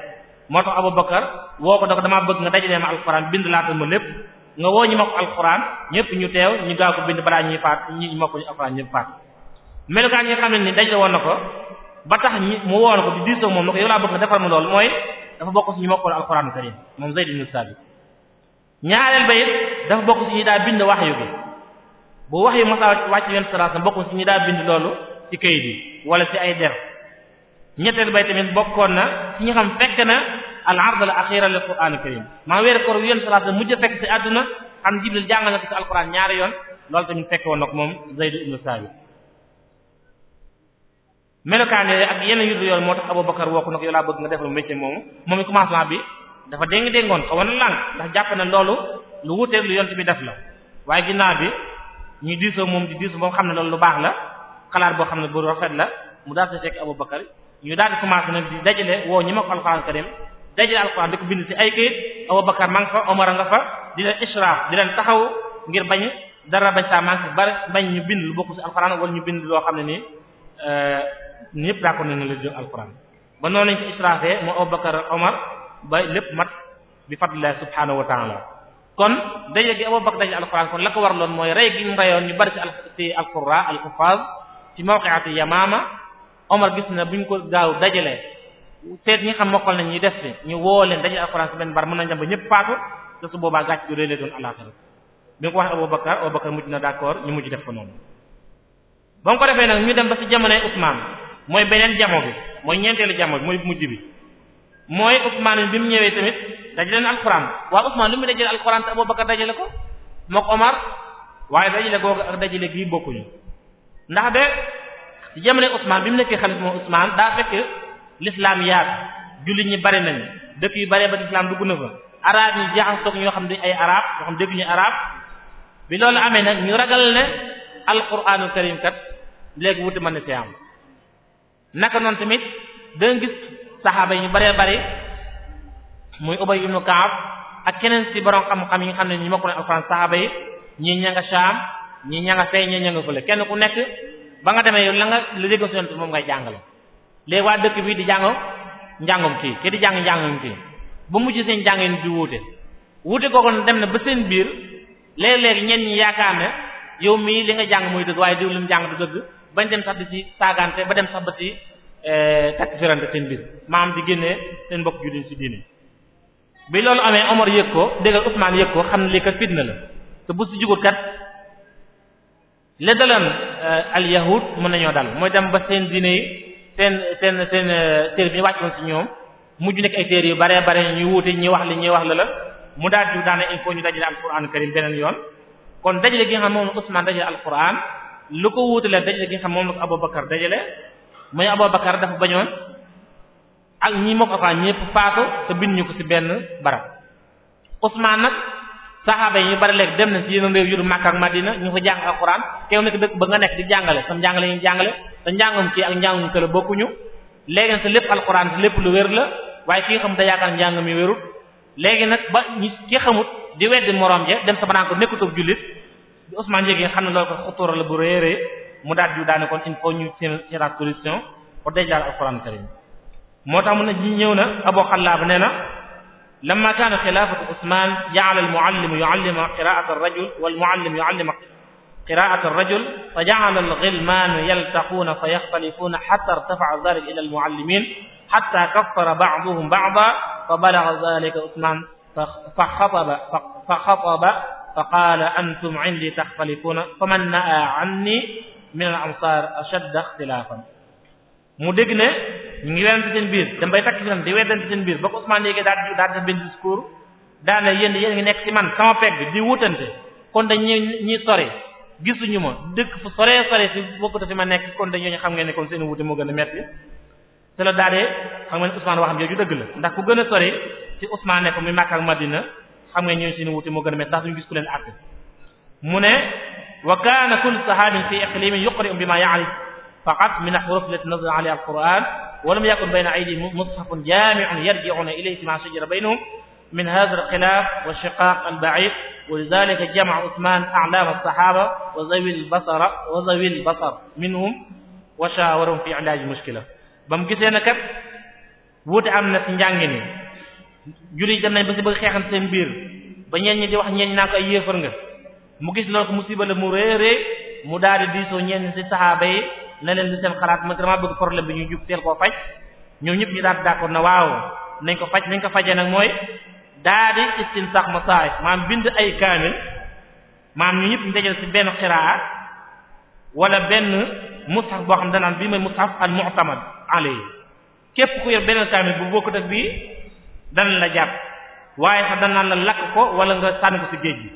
moo tax Abubakar woo ko da damaa bëgg nga dajalee ma alxuraan bind laatal ma lépp nga woo ñi mokk alxuraan ñëpp ñu teew ñu gaa ko bind balaa ñuy faat ñi mokk ñu alxuraan ñëpp faat melukaan yi nga xam ne ni dajale woon na ko ba tax mu woon ko di diisoo moom na ko yow laa bëgg nga defal ma lool mooy dafa bokk ci ñu mokkoon alxuraanu karim moom Zayd ibn Sabit ñaareel ba it bokk ci ñi daa bind wahyu bi bu wahyu masa wàcc yoon salaas na bokk ci ñi daa bind loolu ci kayit yi wala ci ay der ñetteel bay tamit bokkoon na ci ñi xam fekk na al ard al axira lil qur'an al karim maanaam weeru koor yoon sallallahu alayhi mujj fekk ci àdduna xam Jibril jàngal na ko ci alquran ñaari yoon loolu tamit fekk woon nag moom melokaan yooyu ak yenn yu yoon moo tax Abubakar woo ko nag yow laa bëgg nga defal métier moomu moom commencement bi dafa déng déngoon xaw na làng ndax jàpp na loolu lu wuteeg lu yont bi def la waaye ginnaaw bi ñuy diisoo moom di diisoo moom xam ne loolu lu baax la xalaat boo xam ne bu rafet la mu daal di fekk Abubakar ñu daal di commencé nag di dajale woo ñi ma ko dajale alxuraan di ko bind ci ay kayit Abu Bakar ma fa Omar nga fa di leen israaf di leen taxaw ngir bañ dara bañ saa manqué bari bañ ñu bind lu bokk ci alxuraan wala ñu bind loo xam ne nii euh, ñëpp daa ko ne la jëm alxuraan ba noonu lañ ci israafee mu Abu Bakar Omar ba lépp mat bi fadlillahi subhanahu wa ta'ala kon dajale gi Abu Bakar dajale alxuraan kon la ko waraloon mooy rey gi ñu reyoon ñu bari ci al ci alqurra alxufaaz ci mawqi'ati Yamaama na buñ ko gaaw dajalee. seet ñi xam mokkal nañ def des ñu woo leen dañuy alxuraan ci benn bar mën na dem ba ñëpp faatu te su boobaa gàcc du lay doon àllaaxira bi nga ko waxee Abubakar Abubakar mujj na d'accord ñu mujj def ko noonu. ba mu ko defee nag ñu dem ba ci jamonoy Usmaan mooy beneen jamo bi mooy ñeenteelu jamo bi mooy mujj bi mooy Usmaan bi mu ñëwee tamit dajale na alxuraan waaw Usmaan lu mu dajale alxuraan te Abubakar dajale ko mook Omar waaye dajale googu ak dajale gii bokkuñu ndax de ci jamonoy Usmaan bi mu nekkee xalifa moom Usmaan daa fekk l'islam yaatu jullit ñi bari nañu dëkk yu bari ba l'islam dugg na fa arab yi jaxasoog ñoo xam ne ay arab ñoo xam dégguñu arab bi loolu amee nag ñu ragal ne alquraanu karim kat léegi wuti mën na see am naka noonu tamit da nga gis saxaaba yi ñu bare bari muy Ubay ibn Ka'ab ak keneen ci borom xam-xam yi nga xam ne ñu mokk na alxuraan saxaaba yi ñii ña nga Saam ñanga ña nga fee ña nga fële kenn ku nekk ba nga demee yow la nga la déggoon si moom ngay jàngale. léegi waa dëkk bii di jàngoo njàngum kii kii di jàng njàngum kii ba mujj seen jàngin di wuute wuute kooku dem na ba seen biir léeg-léeg ñenn ñi yaakaar ne yow mii li nga jàng mooy dëgg waaye diw li mu jàng du dëgg bañ dem sax di ci saagante ba dem sax ba ci eh, takk firante seen biir maam di génnee seen mbokk jullit ci diine bi loolu amee Omar yëg ko déggal Ousmane yëg ko xam ne lii kat fitna la te bu ci jugut kat le dalan eh, al yahud mën nañoo dal mooy dem ba seen diine seen seen seen euh, téere bi ñu wàccoon ci ñoom mujj nekk ay téere yu bare bare ñuy wuute ñuy wax li ñuy wax la la mu daal di daana il faut ñu dajale alquran karim beneen yoon kon dajale gi nga xam moom la Usmaan dajale alquran lu ko wuutale dajale gi nga xam moom la ko Abubakar dajale mooy Abubakar dafa bañoon ak ñi moo ko faa ñépp faatu te bind ñu ko ci benn barab Usmaan nag saxaaba yi ñu bari léegi dem na ci yeneen réew yu dul Makka ak Madina ñu fa jàng alxuraan teew nekk dëkk ba nga nekk di jàngale sam jàngale ñu jàngale sa njàngum kii ak njàngum kële bokkuñu léegi nag sa lépp alxuraan si lépp lu wér la waaye kii xamut a yaakaar njàngum yi wérut léegi nag ba ñu ki xamut di weddi moroom ja dem sa banaan ko nekkutub jullit Ousmane Diégué xam ne loolu ko xutuura la bu réeree mu daal ju daane kon il faut ñu seen solution pour déjal moo tax mu ne ñëw na Abu Xallaab nee na lamma kaana xilaafatu Usmaan ja'ala al-muallimu yu'allima qiraa'ata ar-rajul wal-muallimu yu'allima qiraa'ata ar-rajul fa ja'ala al-ghilmaanu yaltaquuna fa yaxtalifuuna hattaa irtafa'a dhaalika ilaa al-muallimiin hattaa kaffara ba'duhum ba'dan fa balagha dhaalika Usmaan fa khataba fa khataba fa qaala antum 'indii taxtalifuuna faman na'a 'annii mina al-ansaar ashadda ixtilaafan mu dégg ne ñu ngi weerante seen biir dem bay takk seen di weerante seen biir ba ko Usmaan yéegee daal daal def benn discours daane yéen yéen ngi nekk ci man sama pegg bi di wutante kon dañ ñi ñi sore gisuñu ma dëkk fu sore sore ci bokkut fi ma nekk kon dañ ñooñu xam ngeen ne kon seen wuute moo gën a metti te la daadee xam ngeen Usmaan waxam jooju dëgg la ndax ku gën a sore ci Usmaan nekk muy Makka ak Madina xam ngeen ñooñu seen wuute moo gën a metti ndax duñu gis ku leen àtte mu ne wa kaana kullu sahaabin fi iqlimin yuqri'u bima ya'rif faqat min al-huruf allati nazzala alayha al-Qur'an wa lam yakun bayna aydihim mushafun jami'un yarji'una ilayhi ma shajara baynahum min hadha al-khilaf wa shiqaq al-ba'id wa lidhalika jama'a Uthman a'lam as-sahaba wa zawi al-basar wa zawi al-basar minhum wa shawarahum fi ilaaj mushkila bam gisee na kat wuute am na ci njàngin yi jullit dem nañ ba ci bëgg xeexan seen biir ba ñeen ñi di wax ñeen naa ko ay yéefar nga mu gis loolu ko musiba la mu réerée mu daal di diisoo ñeen ci saxaaba yi na leen lu seen xalaat ma damaa bëgg problème bi ñu jub teel koo faj ñoom ñëpp ñu daal d'accord na waaw nañ ko faj nañ ko fajee nag mooy daa di istinsax masaahif maam bind ay kaamil maam ñu ñëpp ñu dajal ci benn xiraa wala benn mushaf boo xam danaan bii mooy mushaf al mu'tamad képp ko yor benn kaamil bu bokkut ak bii dana la jàpp waaye sax danaan la lakk ko wala nga sànni ko ci géej gi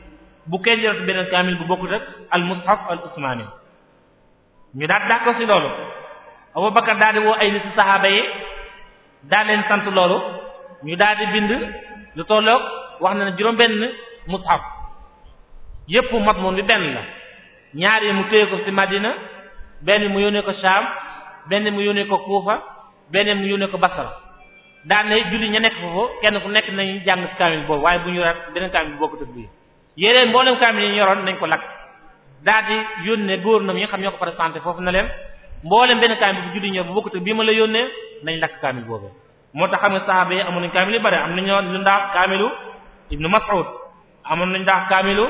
bu kenn yorati benn kaamil bu bokkut ak al al ñu daal d'accord ci loolu Abu Bakar daal di woo ay nit ci saxaaba yi daal leen sant loolu ñu daal bind lu tolloog wax na ne juróom-benn mushaf yépp mat moom bi benn la ñaar yi mu téye ko ci Madina benn mu yónnee ko Sham benn mu yónnee ko Kufa benn mu yónnee ko Basra daan na julli ña nekk foofu kenn ku nekk nañu jàng ci kaamil boobu waaye bu ñu rat beneen kaamil boobu bokkut ak bii yéen mboolem kaamil yi ñu nañ ko lakk. daal di yónnee góornam yi nga xam ñoo ko présenté foofu na leen mboolem benn kaamil bu juddi ñëw bu bokkut bii ma la yónnee nañ lakk kaamil boobu moo tax xam nga saxaaba yi amoon nañ kaamil yu bari am nañu lu ndax kaamilu Ibnu Mas'ud amoon nañ ndax kaamilu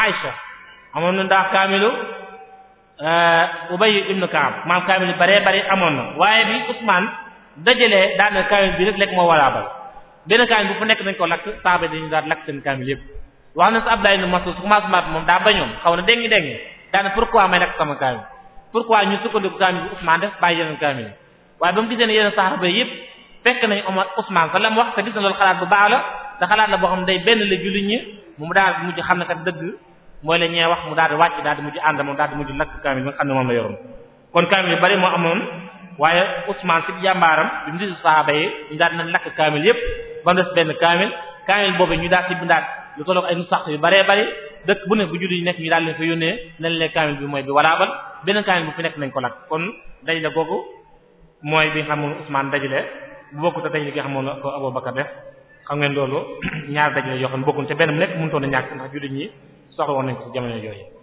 Aïcha amoon nañ ndax kaamilu euh, Ubay ibnu Kaab maam kaamil yu baree bari amoon na waaye bi Usmaan dajalee daanaka kaamil bi rek lekk moo walaabal benn kaamil bu fu nekk nañ ko lakk saxaaba yi dañu daan lakk seen kaamil yëpp wax na sa Abdallah ibn Mas'ud su commencement bi moom daa bañoon xaw na dégg dégg daana pourquoi may nekk sama kaamil pourquoi ñu sukkandiku kaamil bi Usman def bàyyi yeneen kaamil waaye ba mu gisee ne yeneen saxaaba yépp fekk nañu Omar Usman sa lam wax te gis na loolu xalaat bu baax la te xalaat la boo xam ne day benn la jullit ñi mu daal di mujj xam ne kat dëgg mooy la wax mu daal di wàcc daal di mujj ànd moom daal di mujj lakk kaamil moo amoon waaye Usman ci bi mu gis saxaaba yi ñu daal di lakk kaamil yépp ba mu des benn kaamil kaamil boobu lu tolloog ay nu sàq yu baree bari dëkk bu ne bu juddu yi nekk ñu daal leen fa yónnee nañ leen kaamil bi mooy bi walaabal beneen kaamil bu fi nekk nañ ko lakk kon dajale googu mooy bi nga xam moom Ousmane dajale bu bokkut a dajale bi nga xam moom la ko Aboubacar def xam ngeen loolu ñaar dajale yoo xam ne te benn bu nekk mënutoon a ñàkk ndax juddu ñi soxla woon nañ ko ci jamono yooyu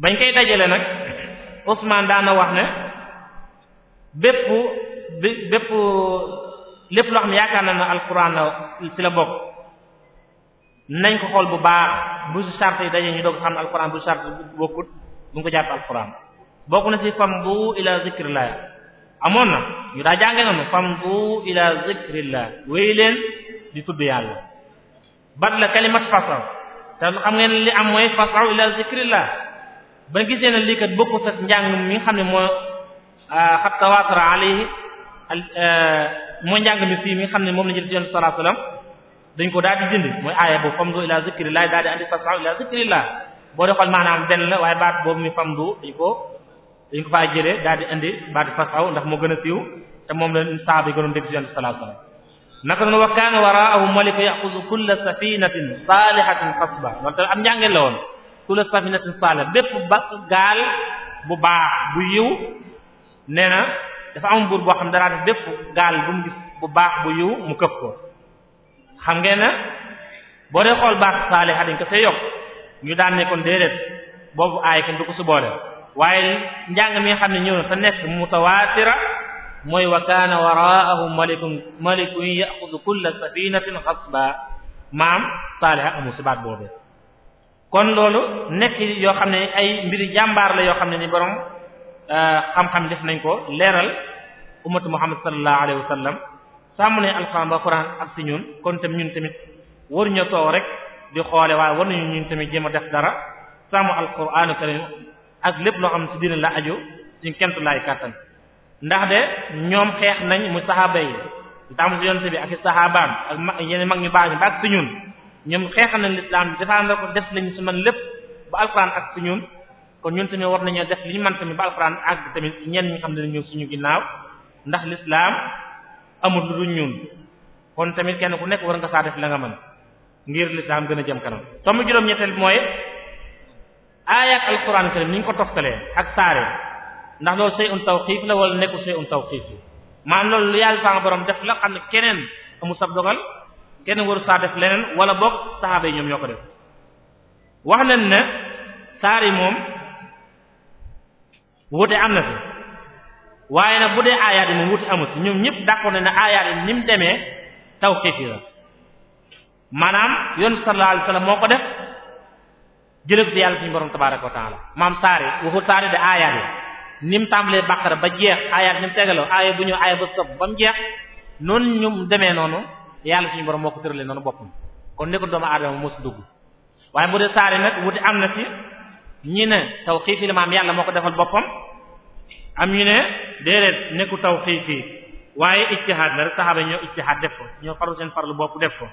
bañ koy dajale nag Ousmane daana wax ne bépp bépp lépp loo xam yaakaar na ne alquran ci la bokk nañ ko xool bu baax bu si yi daje ñu doog xam ne alquran bu charte bokkut bu ñu ko jàpp alquran bokk na ci fam bu ila zikrillah amoon na ñu daa jànge noonu fam bu ila zikrillah wéy leen di tudd yàlla bat la kalimat fasaw te xam ngeen li am mooy fasaw ila zikrillah ba gisee na lii kat bokkut ak njàng mi nga xam ne moo ah, xat tawaatur alayhi eh, mooy njàng mi fii mi nga xam ne moom la jël ci Yonent sallallahu dañ ko daal di dindi mooy aaya boobu famdu ila zikrillah daal di andi fas'u ila zikrillah boo dee xool maanaam benn waaye baat boobu mi famdu dañ ko dañ ko faa jëlee daal di indi baat fas'u ndax moo gën a siiw te moom la saaba yi gënoon dégg ci Yonent sallallahu alayhi wasallam naka wa kaana waraa'ahu malikun ya'khudhu kulla safinatin saalihatin qasba loolu tamit am njàngeel la woon kullu safinatin salih bépp ba gaal bu baax bu yiw nee na dafa am buur boo xam danaa def bépp gaal bu bu baax bu yiw mu këpp xam ngeen ne boo dee xool baax saaliha dañ ko see yokk ñu daan ne kon déedéet boobu aay kenn du boole waaye njàng yi xam ne ñëw na te nekk mutawaatira mooy wa kaana waraa'ahum malikun malikun ya'khudhu kulla safinatin ghasba maam saaliha amul si baat boobu kon loolu nekk yoo xam ne ay mbiri jàmbaar la yoo xam ne ni borom euh, xam-xam def nañ ko leeral ummatu muhammad sallallahu alayhi wa sallam sàmm ne alxuraan ba ak si ñun kon tam ñun tamit waruñu toow rek di xoole waaye war nañu ñun tamit jéem a def dara sàmm alxuraanu karim ak lépp loo xam ci diina la aju suñ kentu laay kàttan ndax de ñoom xeex nañ mu saxaaba yi ndax mu bi ak i saxaabaam ak yeneen mag ñu baax ñu ba ak si ñun ñoom xeexal nañ lislaam bi nga ko def lañu si man lépp ba alxuraan ak si ñun kon ñun tamit war nañoo def li ñu mën tamit ba alxuraan ak tamit ñenn ñi xam ne ñu ñu ginnaaw ndax lislaam amul lu dul ñun kon tamit kenn ku nekk war nga saa def la nga man ngir lislaam gën a jëm kanam tomb juróom-ñetteel mooy aaya ak alxuraan karim ni ñu ko toftalee ak saare ndax loolu say un tawqiif la wala nekkul say un tawqiif maanaam loolu lu yàlla sanga borom def la xam ne keneen amul sab dogal kenn waru saa def leneen wala bokk saxaaba yi ñoom ñoo ko def wax nañ ne saar yi moom wute am na fi waaye nag bu dee aayaat yi moom wute amut si ñoom ñëpp d'accord ne ne aayaat yi ni mu demee taw la maanaam yoon sallallahu moo ko def jëlëb si yàlla suñu borom tabaaraka wa taala maam saar yi waxul saar aayaat yi ni mu tàmbalee bàqara ba jeex aayaat ni mu tegaloo aaya bu ñëw aaya ba sëb ba mu jeex noonu ñu demee noonu yàlla suñu borom moo ko tëralee noonu boppam kon nekkul doomu aadama moo si dugg waaye bu dee saare nag wuti am na si ñi ne tawqiifi la maam yàlla moo ko defal boppam ñu ne déedéet nekkul tawqiifi waaye ijtihaad la rek saxaaba ñoo ijtihaad def ko ñoo farlu seen farlu bopp def ko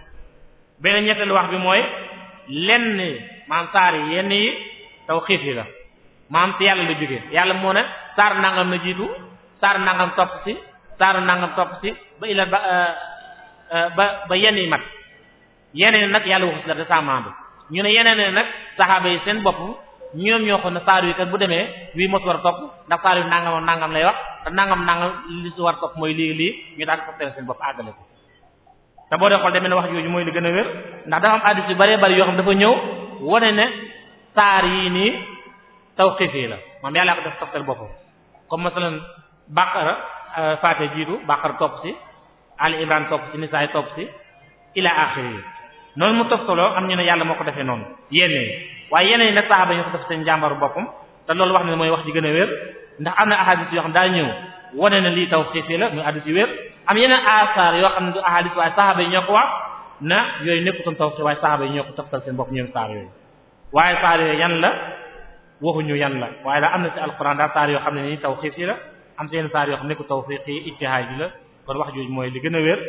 beneen wax bi mooy lenn maam saar yi yenn yi la maam si yàlla la jógee yàlla moo ne saar nangam na jiitu saar nangam topp si saar nangam topp si ba ila Eh, ba ba yenn yi mat yeneen nag yàlla waxu si dara saa maandu ñu ne yeneen nag saxaaba yi seen bopp ñoom ñoo xoon ne saar wi kat bu demee wii mos war a topp ndax saar wi nangam nangam lay wax te nangam nangam li si war a topp mooy lii lii ñu daal di seen bopp àggale ko boo dee xool demee ne wax jooju mooy li gën a wér ndax dafa am addis yu bëree bëri yoo xam dafa ñëw wane ne saar yii nii tawqif yi la moom yàllaa ko def toftal boppam comme masalan baqara eh, faate jiitu ali imran topp ci nisaay topp ci ila axiri noonu mu toftaloo am ñu ne yàlla moo ko defee noonu yeneen waaye yeneen yi nag saxaaba ñu ko def seen jàmbaru boppam te loolu wax ne mooy wax ji gën a wér ndax am na ahadis yoo xam ñëw wane na lii tawfiq la muy hadis yu wér am yeneen asaar yoo xam ne du ahadis waaye saxaaba yi ñoo ko wax na yooyu nekkutoon tawfiq waaye saxaaba yi ñoo ko toftal seen bopp ñoom saar yooyu waaye saar yooyu yan la waxuñu yan la waaye daa am na ci alquran daa saar yoo xam ne nii tawfiq la am seen saar yoo xam ne ku tawfiq yi la kon wax jooju mooy li gën a wér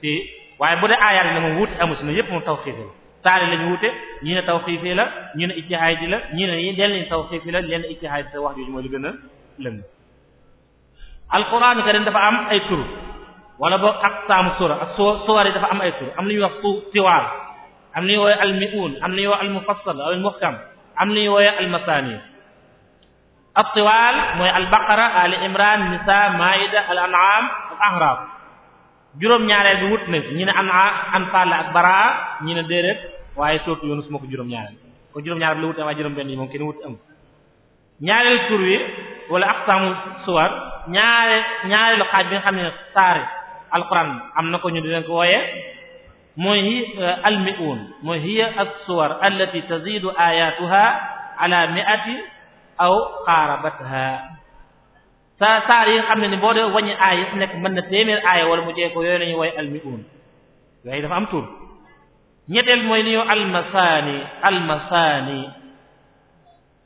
ci waaye bu dee aayaat ne moom wuute amu si ne yëpp moom tawxiif la saali lañu wuute ñii ne tawxiif la ñii ne ijtihaad la ñii ne del nañ tawxiif la leen ijtihaad te wax jooju mooy li gën a lëng alquran dafa am ay tur wala boog ak saamu sura ak suwar dafa am ay tur am lu ñuy wax su siwaar am lu ñuy woowe almi'un am lu ñuy woowe almufassal al muhkam am lu ñuy woowe almasani at-tiwal mooy albaqara ali imran nisa al an'am ahraab juróom-ñaareel bi wut nañ ñi ne an anfaal ak baraa ñi ne déedéet waaye sootu yunus moo ko juróom-ñaareel ko juróom-ñaareel bi la wut waaye juróom-benn yi moom kenn wut am ñaareel tur wala aqsaamu suwar ñaare ñaareelu xaaj bi nga xam ne saari alquran am na ko ñu dinañ ko wooyee mooy hi euh, almi'un mooy hiya as-suwar allati tazidu ayatuha aw xaarabatha sa saar yi nga xam ne ni boo dee wàññi aay yi nekk mën na téeméer aaya wala mu jege ko yooyu lañuy woy almiun yooyu dafa am tur ñetteel mooy li ñoo almasaani almasaani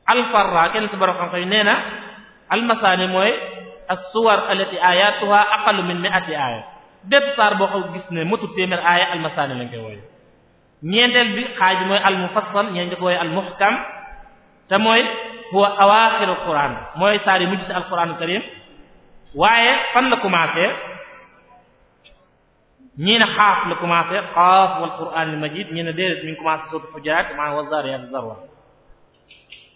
alfarra kenn si borom xam xam nee na almasaani mooy as-suwar allati ayatuha aqallu min mi'ati aaya bépp saar boo xaw gis ne motu téeméer aaya almasaani lañ koy woy ñeenteel bi xaaj bi mooy almufassal ñeen nga almuhkam te huwa awaaxirul quraan mooy saar yi mujj ci alquraanul karim waaye fan la commencé ñii ne xaaf la commencé xaaf wal quraanil majiid ñii ne déedéet mi ngi commencé sootu xujuraat maanaam wa zaariyaati zarwa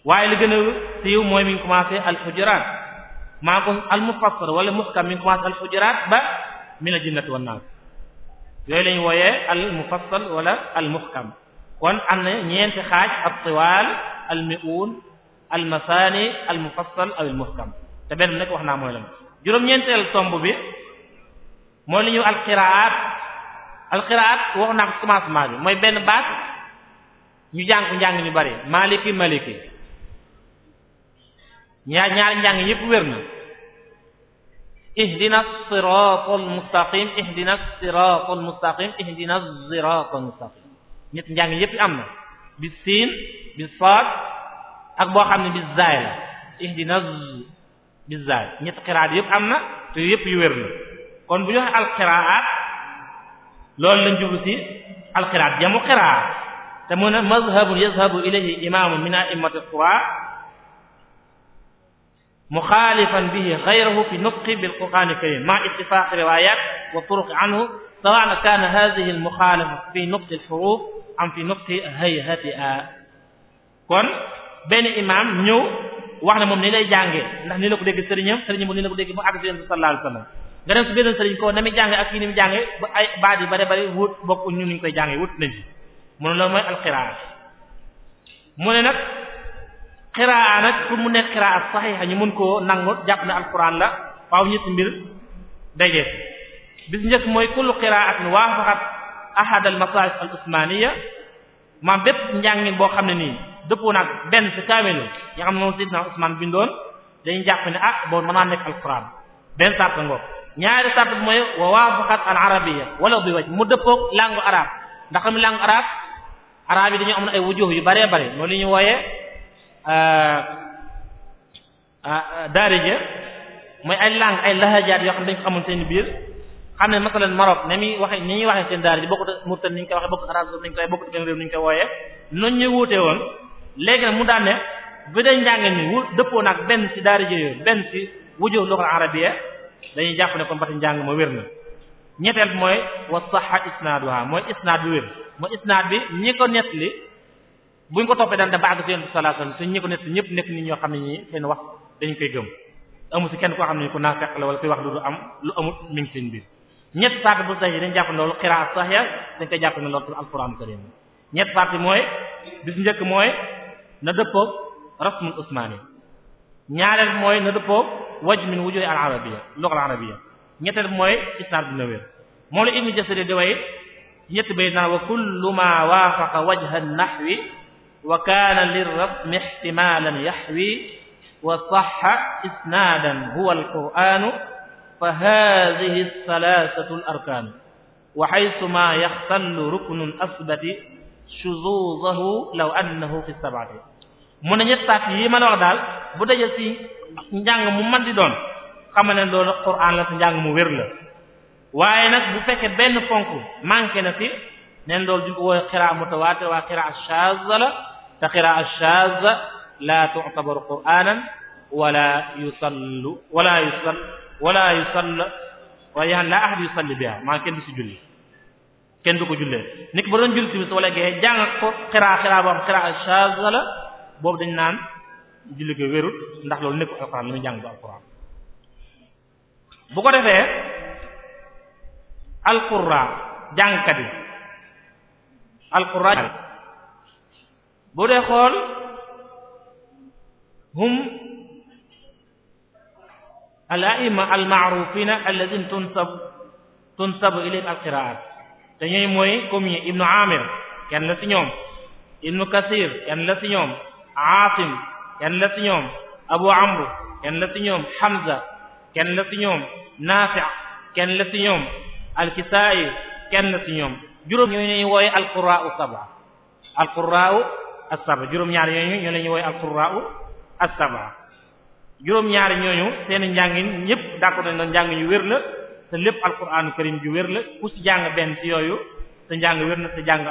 waaye li gën a siiw mooy mi ngi commencé al xujuraat maa ko al mufassar wala muhkam mi ngi commencé al xujuraat ba minal jinnati wan naas yooyu lañu wooyee al mufassal wala al muhkam kon am na ñeenti xaaj at tiwaal al mi'uun al masani al mufassal aw al nekk wax naa mooy lan juróom-ñeenteel tomb bi mooy li ñu al qiraat wax naa ko commencement bi mooy benn baat ñu jàng ko njàng ñu bari maliki maliki ñaar ñaari njàng yépp wér na ihdina siratal mustaqim ihdina siratal mustaqim ihdina siratal mustaqim ñett njàng yépp am na bi siin bi saad ak boo xam ne bi zaay la ihdina bi zaay ñetti xiraat yëpp am na te yëpp yu wér na kon bu ñu waxee alxiraat loolu lañ jublu ci alxiraat jamu xiraat te mu ne mazhabun yazhabu ilayhi imaamu min a'immati qura muxaalifan bihi ghayrahu fi nutqi bil qur'aani karim ma ittifaaqi riwaayaat wa turuq anhu sawa'an kaana haadhihi al muxaalafa fi nutqi al huruf am fi nutqi hay'atiha kon benn imaam ñëw wax na moom ni lay jànge ndax ni la ko dégg sëriñam sëriñam ni la ko dégg mu àgg si yéen sallallahu alayhi wasallam ko na muy jàngee ak yi ni mu ba ay baat yi bare bare wut bokk ñu ñu koy jànge wut nañ ci mu ne loolu mooy alqiraa mu ne nag qiraa nag pour mu nekk qiraa saxiixa ñu mën koo nangu jàpp ne alquran la waaw ñetti mbir dajee bis njëkk mooy kullu qiraatin waafaxat ahad al masaahif al usmaniya maam bépp njàngin boo xam ne nii dëppoo nag benn ci kaamelu nga xam ne moom Seydina Usmaan bindoon dañuy jàpp ne ah boobu mën naa nekk alquran benn sart ngoog ñaari sart bi mooy wa al arabiyya wala bi waj mu dëppoog langue arabe ndax xam langue arabe arabe yi dañoo am na ay wujuh yu bëree bëri loolu li ñu wooyee euh, euh, darija mooy ay langue ay lahajaat yoo xam dañ ko amoon seen biir xam ne masalan Maroc ni muy waxee ni ñuy waxee seen daara ji bokkut Mauritanie ni ñu koy waxee bokkut arabe nañ koy bokkut benn réew ni ñu koy wooyee noonu ñu wuute woon léegi nag mu daan ne bu njàng njàngin mi wu dëppoo nag benn ci daara yooyu benn ci wujuh lughal arabiyya dañuy jàpp ne kon ba tey njàng ma wér na ñetteel mooy wa sahha isnaaduha mooy isnaad bi wér mooy isnaad bi ñi ko nettali buñ ko toppee daan da bàgg ci Yonent sallallahu alayhi wasallam ñëpp nekk nit ñoo xam ne ñi seen wax dañ koy gëm amu ci kenn koo xam ne ku naafeq la wala wax lu am lu amul mi ngi seen biir ñett parti bu sax yi dañ jàpp ne loolu qiraa sahiha dañ koy jàpp ne loolu alquran karim ñett parti mooy bis njëkk mooy na dëppoog rasmul usmaani ñaareel mooy na dëppoog waj min wujuhi al arabiyya lugha al arabiyya ñetteel mooy isnaad dina wér moom la ibnu jasari di way ñetti bay naan wa kullu ma waafaqa wajha an nahwi wa kaana lirrasmi ihtimaalan yahwi wa sahha isnaadan huwa al qur'aanu fa haadhihi thalathatu al arkaan wa haythu ma yaxtallu ruknun asbati shuzuzahu law annahu fi sab'ati mu ne ñett sàrt yi ma la wax daal bu daje ci njàng mu man di doon xamal ne loolu Qur'an la ci njàng mu wér la waaye nag bu fekkee benn fonk manqué na ci neen loolu du ko woowee qiraa mutawaatir waa qiraa shaaza la te qiraa shaaza la tu'tabaru qur'aanan wala yusallu wala yusall wala yusall waaye la ahad yusalli biha maa kenn du ci julli kenn du ko jullee nit ki ba doon julli timis wala gee jàng ko xiraa xiraa boo xam xiraa shaza la boobu dañ naan julli ko wérut ndax loolu nekku alxuraan li muy jàng du alxuraan bu ko defee alxuraan jàngkat yi alxuraan boo de xool hum al a'imma al ma'rufina alladhina tunsab tunsabu al qira'at te ñooy mooy comme ibnu amir kenn la ci ñoom ibnu kasir kenn la ci ñoom aasim kenn la ci ñoom abu amr kenn la ci ñoom hamza kenn la ci ñoom naafi kenn la ci ñoom alkisaayi kenn la ci ñoom juróom ñoo ñuy wooye alquraau saba alquraau assaba juróom ñaari ñooñu ñoo la ñuy wooye alquraau assaba juróom ñooñu seen njàngin ñëpp d'accord nañ la njàng ñu wér la te lépp alquranu karim ju wér la ku ci jàng benn ci yooyu te njàng wér na te jàng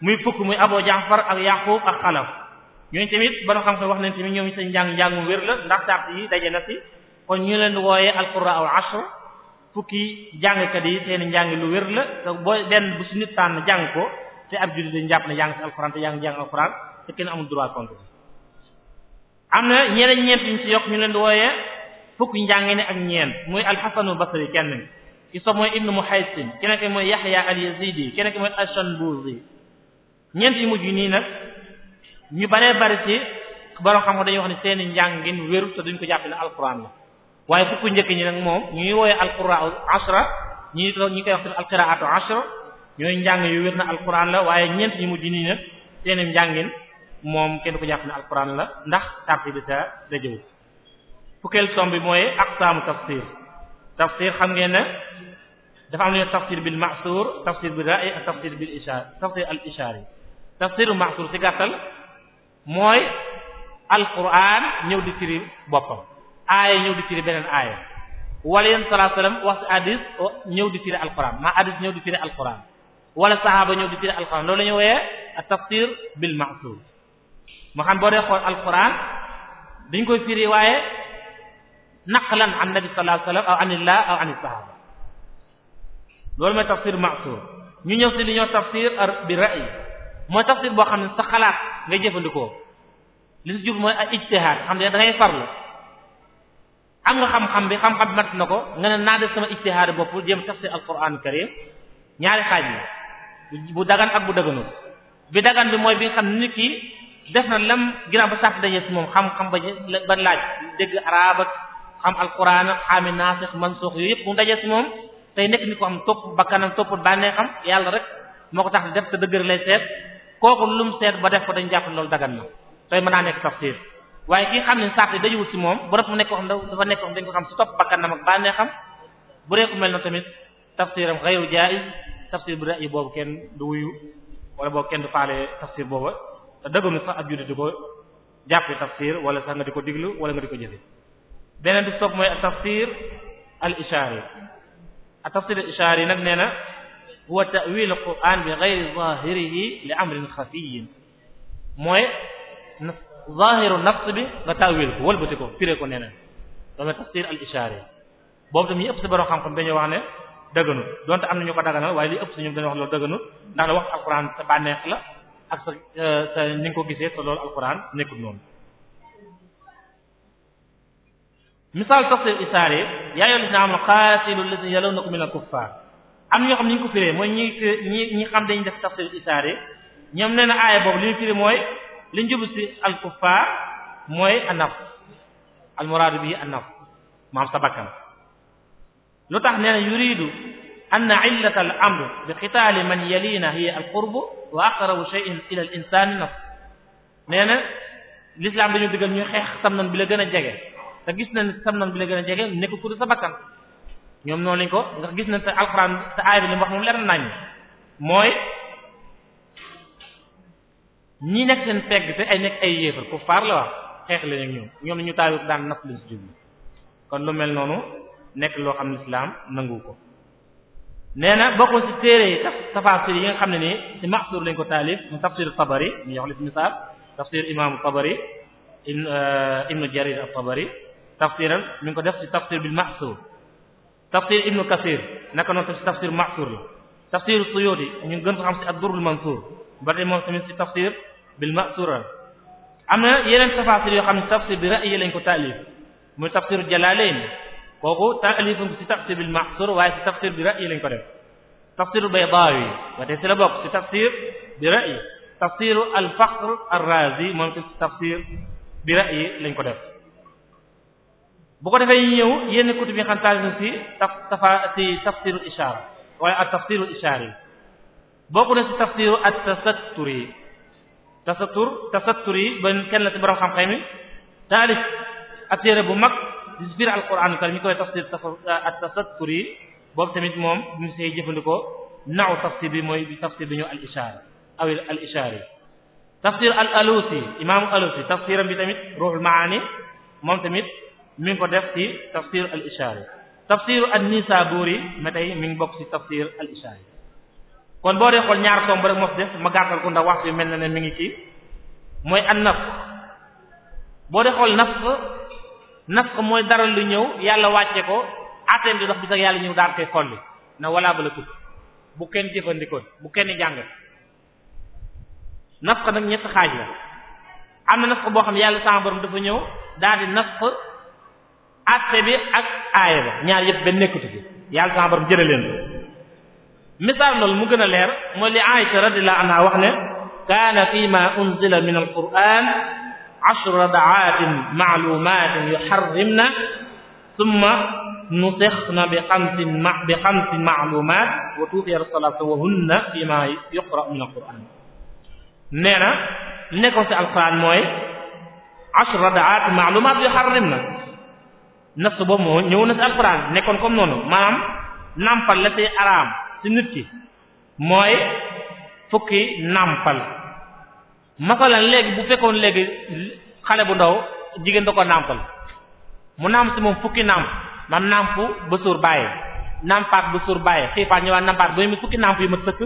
muy fukk muy Abu Jaafar ak Yaqub ak Xalaf tamit ba xam xam wax nañ tamit ñoom seen njàng njàngu wér la ndax sart yi daje na ci kon ñu leen wooyee alquraan al ashr fukki jàngkat yi seen njàng lu wér la te benn bu tànn jàng ko te ab jullit dañu jàpp ne jàng kenn amul droit contre am na ñeneen ñeent ñu ci yokk ñu leen di wooyee fukki njàngine ak ñeent muy alxasanul basri kenn ki so mooy ibnu muhaysin keneen ki mooy yaxya al yazidi keneen ki mooy yi ñeent yu mujj nii nag ñu baree bari ci borom xam nga dañuy wax ne seeni njàngin wéru te duñ ko jàppale alquran la waaye fukki njëkk ñi nag moom ñuy wooye alquraau ashra ñi ñi koy wax tamit alqiraatu ashra ñooy njàng yu wér na alquran la waaye ñeent yu mujj nii nag seeni njàngin moom kenn du ko jàppale alquran la ndax tarti bi sa dajëw fukkeel tom bi mooy aqsaamu tafsir tafsir xam ngeen ne dafa am lu ñuy tafsir bil ma'sur tafsir bil ra'i ak tafsir bil ishar tafsir al ishari tafsiru ma'sur ci gàttal mooy alquran ñëw di firi boppam aaya ñëw di firi beneen aaya wala yéen sallallahu alayhi wax ci hadis ñëw di firi alquran maa hadis ñëw di firi alquran wala saxaaba ñëw di firi alquran loolu la ñu wooyee tafsir bil ma'sur ma xam boo dee xool alquran dañ koy firi waaye naqlan an nabi sallallahu alayhi wa sallam loolu mooy tafsir ma'sur ñu ñëw ci li ñoo tafsir bi ra'y mooy tafsir boo xam ne sa xalaat ngay jëfandikoo li ci jub mooy ay ijtihaad xam ne da ngay farlu am nga xam-xam bi xam-xam bi mat na ko nga ne naa def sama ijtihaad bopp jëm tafsir alquran karim ñaari xaaj yi bu dagan ak bu daganul bi dagan bi mooy bi nga xam nit ki def na lam ginnaaw ba sàrt daje ci moom xam-xam ba ba laaj dégg arab xam alquran xaami naasix mansuux yooyu yëpp bu mu dajee si moom tey nekk ni ko xam topp bakkanam topp bànnee xam yàlla rek moo ko tax di def te dëgër lay seet kooku lu mu ba def ko dañ jàpp loolu dagan na tey waaye ki xam ne sax yi dajuwul moom bu mu nekk xam dafa nekk dañ ko xam si topp bakkanam ak bànnee xam bu dee ku mel na tamit tafsiram ghayru jaiz tafsir bu ra'yi boobu kenn du wuyu wala boobu kenn du faale tafsir booba te dëgg na juddi di ko jàppe tafsir wala sax nga di ko diglu wala nga di ko jëfe beneen bi sopp mooy tafsir al ishaari a tafsir al ishaari nag nee na huwa ta'wil al qur'an bi ghayri zahirihi li amrin xafiyin mooy zahiru nafs bi nga ta'wil ko wëlbati ko firé ko nee na loolu tafsir al ishaari boobu tam ñu ëpp ci borom xam-xam dañuy wax ne dëgganut donte am na ñu ko daganal waaye li ëpp ci ñoom dañuy wax loolu dëgganut ndax la wax alquran sa bànneex la ak sa euh, sa ni nga ko gisee sa loolu alquran nekkul noonu misaal tafsir isaare yaa ayyuhal lazina amanu qaatilu lazina yaloonakum minal kuffaar am na ñoo xam ne ñu ko firee mooy ñi ñi ñi xam dañuy def tafsir isaare ñoom nee na aaya boobu li ñu firee mooy li ñu jublu ci al kuffaar mooy an-nafs al muraadu bi an-nafs maam sa bakkan lu tax nee na yuriidu anna illata al amr bi qitaali man yaliina hiya al qurb wa aqrabu shay'in ila al insaani nafs nee na l'islam dañu digal ñuy xeex sam nan bi la gën a jege te gis na sam noon bi la gën a jege nekk ku dul sa bakkan ñoom noonu lañ ko ndax gis na te alxuraan te aaya bi li mu wax moom leer nañ mooy ñi nekk seen pegg te ay nekk ay yéefar ku faar la wax xeex leen ak ñoom ñu taal daan nas lañ si jógee kon lu mel noonu nekk loo xam lislaam nangu ko. nee na bokkul téere yi tafaasir yi nga xam ne nii ci maxsuur lañ ko taalif mu tafsir tabari ñu jox li ci misaal tafsir imaamu tabari euh, ibnu jarir at-tabari tafsiran mi ngi ko def ci tafsir bil mahsur tafsir ibnu kasir naka noonu ci tafsir mahsur la tafsir suyuti ñu gën ko xam ci ad-durrul mansur ba tey moom tamit ci tafsir bil mahsur am yeneen tafaasir yoo xam ne tafsir bi ra'yi lañ ko taalif muy tafsir jalalayn kooku taalifuñ ko ci tafsir bil mahsur waaye ci tafsir bi ra'yi lañ ko def tafsir baydawi ba tey ci la bokk ci tafsir bi ra'yi tafsir al-Fakhr ar-Razi moom ci tafsir bi ra'yi lañ ko def bu ko defee ñëw yenn kutub yi xam taalif si taf tafa si tafsiru ishaara waaye ak tafsiru ishaara yi bokk na si tafsiru ak tasattur yi tasattur tasattur yi ba kenn la si borom xam-xam yi taalif ak téere bu mag di si biir alquran karim ñu koy tafsir ak tasattur yi boobu tamit moom ñu see jëfandikoo naaw tafsir bi mooy tafsir bi ñu al ishaara aw al ishaara yi tafsir al alusi imaamu alusi tafsiram bi tamit ruhul maani moom tamit. mi ngi ko def ci tafsir al ishari tafsir an-Nisaburi ma tey mi ngi bokk ci tafsir al ishari kon boo dee xool ñaar tomb rek moo fi def ma gàttal ko ndax wax bi mel na ne mu ngi ci mooy an naf boo dee xool naf naf mooy dara lu ñëw yàlla wàcce ko atem di dox bi sax yàlla ñëw daal koy xolli na walaa ba la bu kenn jëfandikoon bu kenn jàngat naf nag ñett xaaj la am na naf boo xam yàlla sama borom dafa ñëw daal di naf atte bi ak aaya ba ñaar yëpp benn nekkatu fi yàlla sama borom jëlee leen ko misaal loolu mu gën a leer mooy li Aisha radiyallahu anha wax ne kaana fi ma unzila min alquran ashru radaatin maalumatin yuharrimna thumma nutikhna bi xamsin ma bi xamsin maalumat wa tuufiya salata wa hunna fi ma yuqra min alquran nee na nekkoon ci alquran mooy ashru radaatin maalumat yuharrimna nafs boobu moo ñëw na ci alxuraan nekkoon comme noonu maanaam nàmpal la ci araam ci nit ki mooy fukki nàmpal masalan léegi bu fekkoon léegi xale bu ndaw jigéen da ko nàmpal mu nàmp ci moom fukki nàmp man nàmp ba suur bàyyi nàmpaat ba suur bàyyi xiifaat ñëwaat nàmpaat ba mu fukki nàmp yi ma sëkk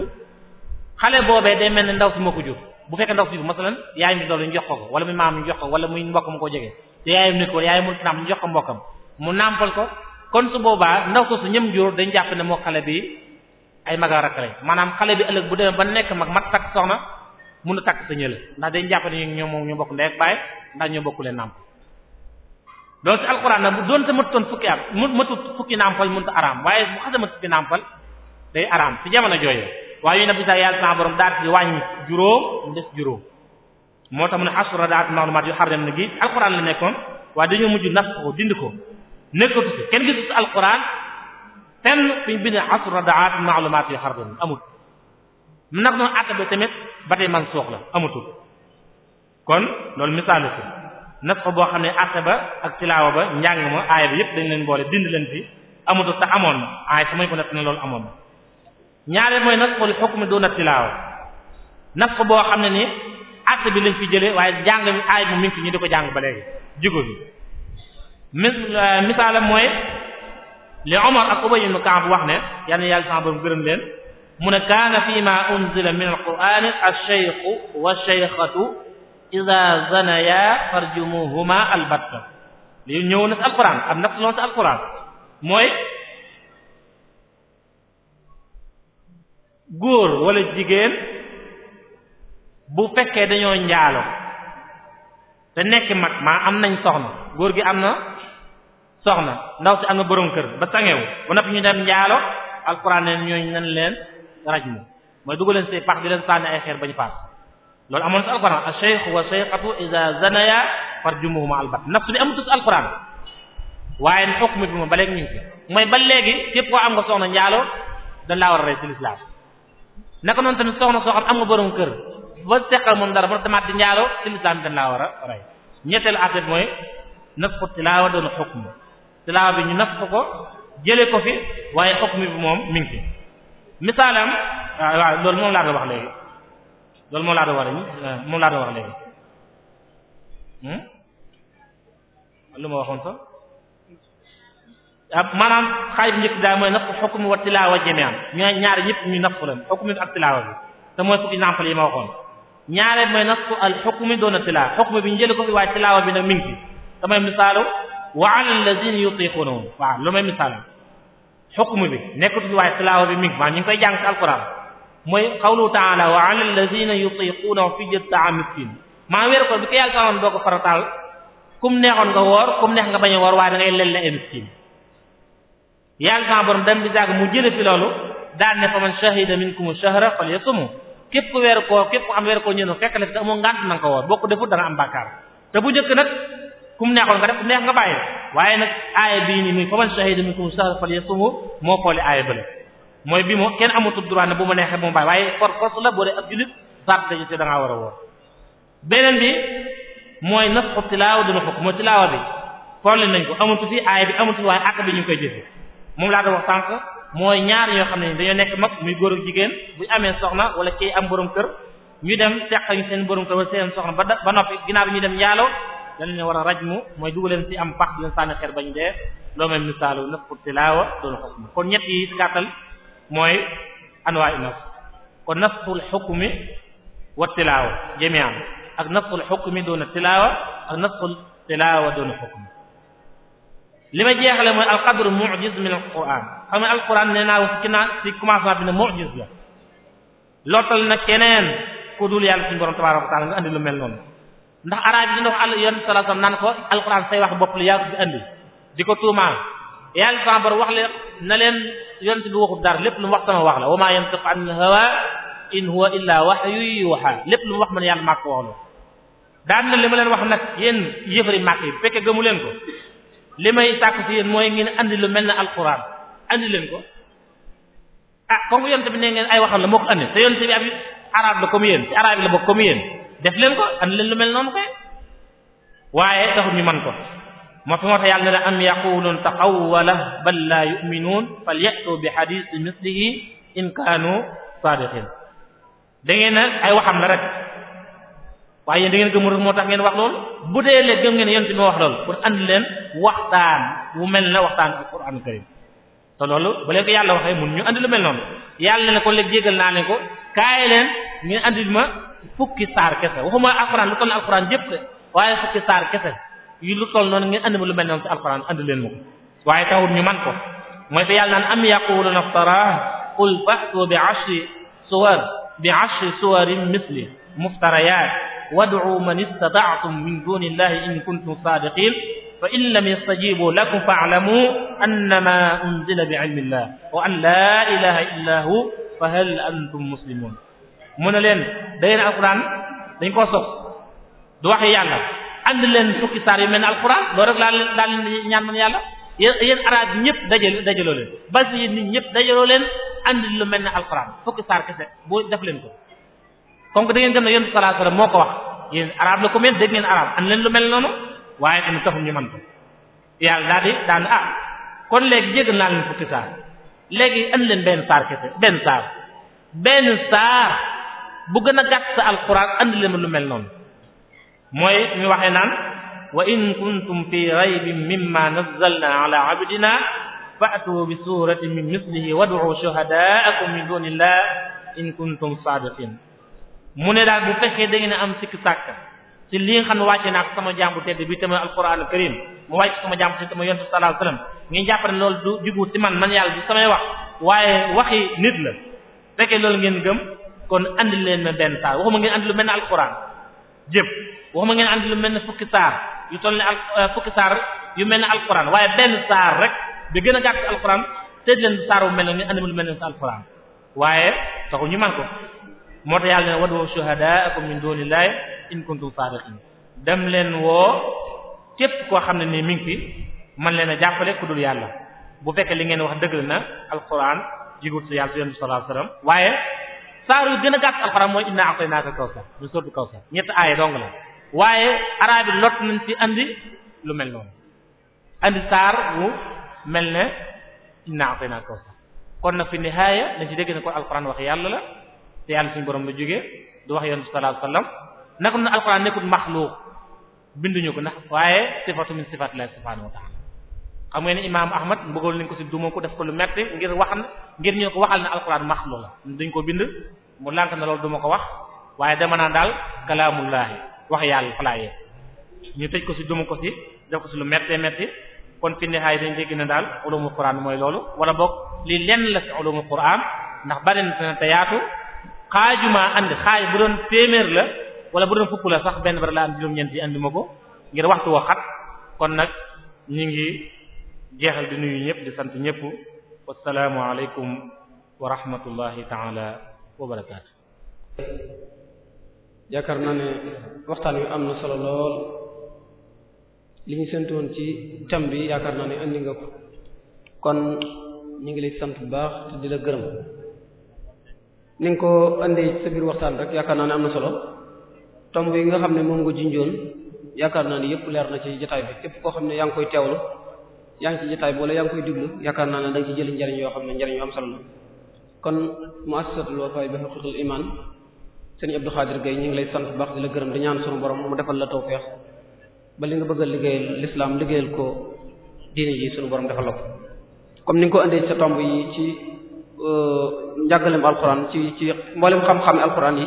xale boobee day mel ni ndaw si moo ko jur bu fekkee ndaw si jur masalan yaayam di dool ñu jox ko ko wala muy maam ñu jox ko wala muy mbokk mu ko jege te yaayam nit mu nàmp mu nàmpal ko kon su boobaa ndaw ko su ñëm jur dañ jàpp ne moo xale bi ay maga rakk lañ maanaam xale bi ëllëg bu demee ba nekk mag mat takk soxna mun a takk sa ñëla ndax dañ jàpp ne ñoom moom ñu bokk ndey ak baay ndax ñoo bokk leen nàmp loolu ci alxuraan na bu doon te matutoon fukki at mu matut fukki nàmpal mënut a araam waaye bu xasee matut fukki nàmpal day araam ci jamono jooju waaye yu ne bisa yàlla sa borom daal di wàññi juróom moo tax mu ne asura daal di maalumaat gi alxuraan la nekkoon waaye dañoo mujj nas ko dindi ko nekkatu ci kenn gisut ci alquran fenn suñ bind asru radaat maalumaat yu xardan amut nag noonu àtte bi tamit ba tey man suux la amutul kon loolu misaalu si nas ko boo xam ne àtte ba ak tilaawa ba njàng ma aaya bi yépp dañ leen boole dind leen fi amutul te amoon na aaya su may loolu amoon ñaareel mooy nas ko li xukmi doon a tilaawa ko boo xam ne ni àtte bi lañ fi jële waaye jàng mi ay bi mu ngi fi ñu di ko jàng ba léegi jigo bi mis euh, misaalam mooy li Umar ak Ubay ibn Ka'b wax ne yal na yàlla sax ba mu gërëm leen mu ne kaana fii maa unzila min al-Qur'aan ash-shaykhu wash-shaykhatu idhaa zanayaa farjumuhumaa albatta li ñëw na ci alquran am na loon ci alquran mooy góor wala jigéen bu fekkee dañoo njaalo te nekk mag maa am nañ soxna góor gi am na soxna ndaw si am na borom kër ba sangewu ba noppi ñu dem njaalo alxuraan ne ñooñ nañ leen raj mooy dugg leen say pax di leen sànni ay xeer bañu faat loolu amoon na si alxuraan ash-shaykhu wa shaykhatu idha zanaya farjumuhuma albat nafs bi amutu si alxuraan waaye xukm bi moom ba léegi mooy ba léegi képp koo am nga soxna njaalo dañ laa war a rey ci lislaam naka noonu tamit soxna soo xam am nga borom kër ba seqal moom dara ba demaat di njaalo ci lislaam dañ laa war a rey ñetteelu affaire mooy nafsu tilaawa doon xukm silaa bi ñu nas ko ko jële ko fi waaye xukm bi moom mi ngi misaalam ah, waaw loolu moom laa doon wax léegi loolu moom laa doon wax léegi ah, moom hmm? lu ma waxoon sax maanaam xaalis njëkk daal mooy naf xukm wa tilaawa jami'an ñëpp ñu naf leen xukm ak tilaawa bi te mooy fukki exemple yi ma waxoon ñaareel mooy naf al xukm doon na tilaawa xukm bi ñu jële ko fi waaye tilaawa bi nag mi ngi misaalu wa ala alladhina yutiqunahu waaw lu may misaalam xukmu bi nekkut fi waaye tilaawa bi mi ngi maanaam ñu ngi koy jàng ci alquran mooy qawlu ta'ala wa ala alladhina yutiqunahu fidyatun ta'amu miskin maa wér ko bi ko yàlla taxoon doo ko farataal kum neexoon nga woor kum neex nga bañ a woor waaye da ngay lel la miskin yàlla sama borom dem bi jaag mu jële fi loolu daan ne fa man shahida minkum shahra falyasum képp ku weeru koor képp ku am weeru koor ñëw fekk na fi amoo ngànt na ko woor boo ko defut da am bàkkaar ku mu neexoon nga def ku neex nga bàyyi waaye nag aaya bii nii muy faman shahida minkum shahra falyasumhu moo xooli aaya bële mooy bi moo kenn amatul droit ne bu ma neexee bu ma bàyyi waaye for force la boo dee ab jullit zaat la jotee war a woor beneen bi mooy nasxu tilaawa dina fokk mooy tilaawa bi forli nañ ko amatu fi aaya bi amatu waaye àq ñu koy jëfee moom laa doon wax sànq mooy ñaar ñoo xam ne dañoo nekk mag muy góor ak jigéen bu amee soxna wala kii am borom kër ñu dem teq ñu seen borom kër wala seen soxna ba ba noppi ginaar bi ñu dem njaaloo dañ leen war a rajmu mooy dugaleen ci am pax di leen sànni xeer bañ dee loo mel misaalu nafku tilaawa doon xukm kon ñett yi ci gàttal mooy anwaa naf kon nafsul xukmi wa tilaawa jami'an ak nafsul xukmi doona tilaawa ak nafsul tilaawa doona xukmi li ma jeexale mooy alqadru mu'jiz min alquran xam ne alquran nee naa wax ci naa ci commencement bi ne mu'jiz la lottal na keneen ku dul yàlla suñu borom tabaaraka wa taala nga andi lu mel noonu ndax araab yi dina ko àll yoon salaasam naan ko alxuraan say wax bopp la yaa ko fi di ko tuumaal yàlla sàmbar wax leen na leen yonent bi waxut dara lépp lu mu wax sama wax la wa maa yantiqu an hawa in huwa illaa wahyun lépp lu mu wax man yàlla maa ko wax na li leen wax nag yéen yëfari màkk yi bu gëmu leen ko li may sàkk ci yéen mooy ngeen andi lu mel ne alxuraan andi leen ko ah comme yonent bi ne ngeen ay waxam la moo ko andi te yonent bi ab araab la comme yéen ci araab la bokk comme yéen def leen ko and leen lu mel noonu koy waaye taxut ñu man ko moo fi moo tax yàlla ne la am yaqulun taqawwala bal la yu'minun falyatu bi hadith mislihi in kaanu sadiqin da ngeen ay waxam na rek waaye yéen da ngeen gëmul moo tax ngeen wax loolu bu dee leen gëm ngeen yéen ci moo wax loolu pour and leen waxtaan wu mel na waxtaan alquran karim te loolu ba leen ko yàlla waxee mun ñu andi lu mel noonu yàlla ne ko léegi jégal naa leen ko kaay leen ngeen andi ma fukki saar kese waxuma alxuraan lu toll ne alxuraan yëpp de waaye fukki saar kese yu lu toll noonu ngeen andi ma lu mel noonu ci alxuraan andi leen ma ko waaye tawul ñu man ko mooy te yàlla naan am yaquluna iftaraahu qul fa'tu bi ashri suwar bi ashri suwarin misli muftariyaat wad'u man istata'tum min duni llahi in kuntum saadiqin fa in lam yastajibu lakum fa'lamu annama unzila bi'ilmi llah wa an la ilaha illa hu fa hal antum muslimun mu ne leen da ngeen dañ koo sox du waxee yàlla ànd leen fukki yu mel ne alquran loolu rek leen laa leen yàlla yéen yéen arab ñëpp dajal leen bas yi nit ñëpp dajaloo leen ànd lu mel ne alquran fukki saar kese boo def leen ko comme que da ngeen gëm ne moo ko wax yéen arab la ko mel dégg ngeen arab ànd leen lu mel noonu waaye am taxu ñu mën ko yàlla daal daan a ah, kon léegi jégal naa leen fukki saar léegi ànd leen benn saar kese benn saar benn saar bu gën a gàtt sa alquran andi leen lu mel noonu mooy mi waxee naan wa in kuntum fi raybin mimma nazzalna ala bi suratin min mislihi wad'u shuhada'akum min dunillah in kuntum mu ne daal bu fekkee da ngeen am sikki sàkk li nga xam ne wàcce naa ko sama bi tamit alquran karim mu wàcc sama jàmbu ci sama yontu sallallahu alayhi wasallam ngeen jàpp ne wax waaye waxi nit la fekkee loolu ngeen gëm kon andi leen ma benn saar waxuma ngeen andi lu mel ne alxuraan jëpp waxuma ngeen andi lu mel ne fukki saar yu toll ne al euh, fukki saar yu mel al alxuraan waaye benn saar rek bi gën a gàtt ci alxuraan tëj leen saar bu mel ne ngeen andi lu mel ne alxuraan waaye taxu ñu man ko moo tax yàlla ne wad'u shuhadaakum min dunillahi in kuntum saadiqin dem leen woo képp koo xam ne nii mi ngi fi man leen a jàppale ku dul yàlla bu fekkee li ngeen wax dëgg na alxuraan jigul yàlla sallallahu alayhi wasallam waaye saar yu gën a gàtt alxuraan mooy inna a'taynaaka kawsar ñu sortu kawsar ñett aaya dong la waaye araab yi lot nañ ci andi lu mel noonu andi saar mu mel ne inna a'taynaaka kawsar kon nag fi nihaaya dañ ci dégg ne ko alxuraan wax yàlla la te yàlla suñu borom la jógee du wax yonent bi sallallahu alayhi wasallam naka noonu alxuraan nekkul maxluuq binduñu ko ndax waaye sifatu min sifaatillahi subhaanahu wa ta'ala xam ngeen ne imaam Ahmad bëggoon lañ ko ci duma ko def ko lu metti ngir wax ngir ñu ko waxal ne alxuraan maxluq la dañ ko bind mu lànk na loolu duma ko wax waaye dama naan daal kalaamullaahi wax yàlla falaaye ñu tëj ko ci duma ko ci def ko ci lu mettee metti kon fi nihaay dañ dégg na daal ulumul quraan mooy loolu wala boog lii lenn la ci ulumul quraan ndax bari na te yaatu xaajuma andi xaaj bu doon téeméer la wala bu doon fukk la sax benn bara la am di ñeent yi ko ngir waxtu woo xat kon nag jeexal di nuyu ñëpp di sant ñëpp wassalaamu aleykum wa rahmatullahi taala wa barakaatu yaakaar naa ne waxtaan wi am na solo lool li ñu séntu woon ci tam bi yaakaar naa ne andi nga ko kon ñu ngi lay sant bu baax te di la gërëm ni nga ko andee sa biir waxtaan rek yaakaar naa ne am na solo tomb yi nga xam ne moom nga jinjoon yaakaar naa ne yëpp leer na ci jotaay bi képp koo xam ne yaa ngi koy teewlu yaa ngi ci jotaay boole yaa ngi koy diglu yaakaar naa ne da nga ci jël njariñ yoo xam ne njariñ yoo am solo la kon muassasatul Wafa bi haqiqatul iman sëriñ Abdou Khadir Gueye ñu ngi lay sant baax di la gërëm di ñaan sunu borom moom defal la tawfeex ba li nga bëgg a liggéeyal lislaam liggéeyal ko diine ji sunu borom defal la ko comme ni nga ko indee sa tomb yi ci euh, njàngaleem alquran ci ci mboolem xam-xam alquran yi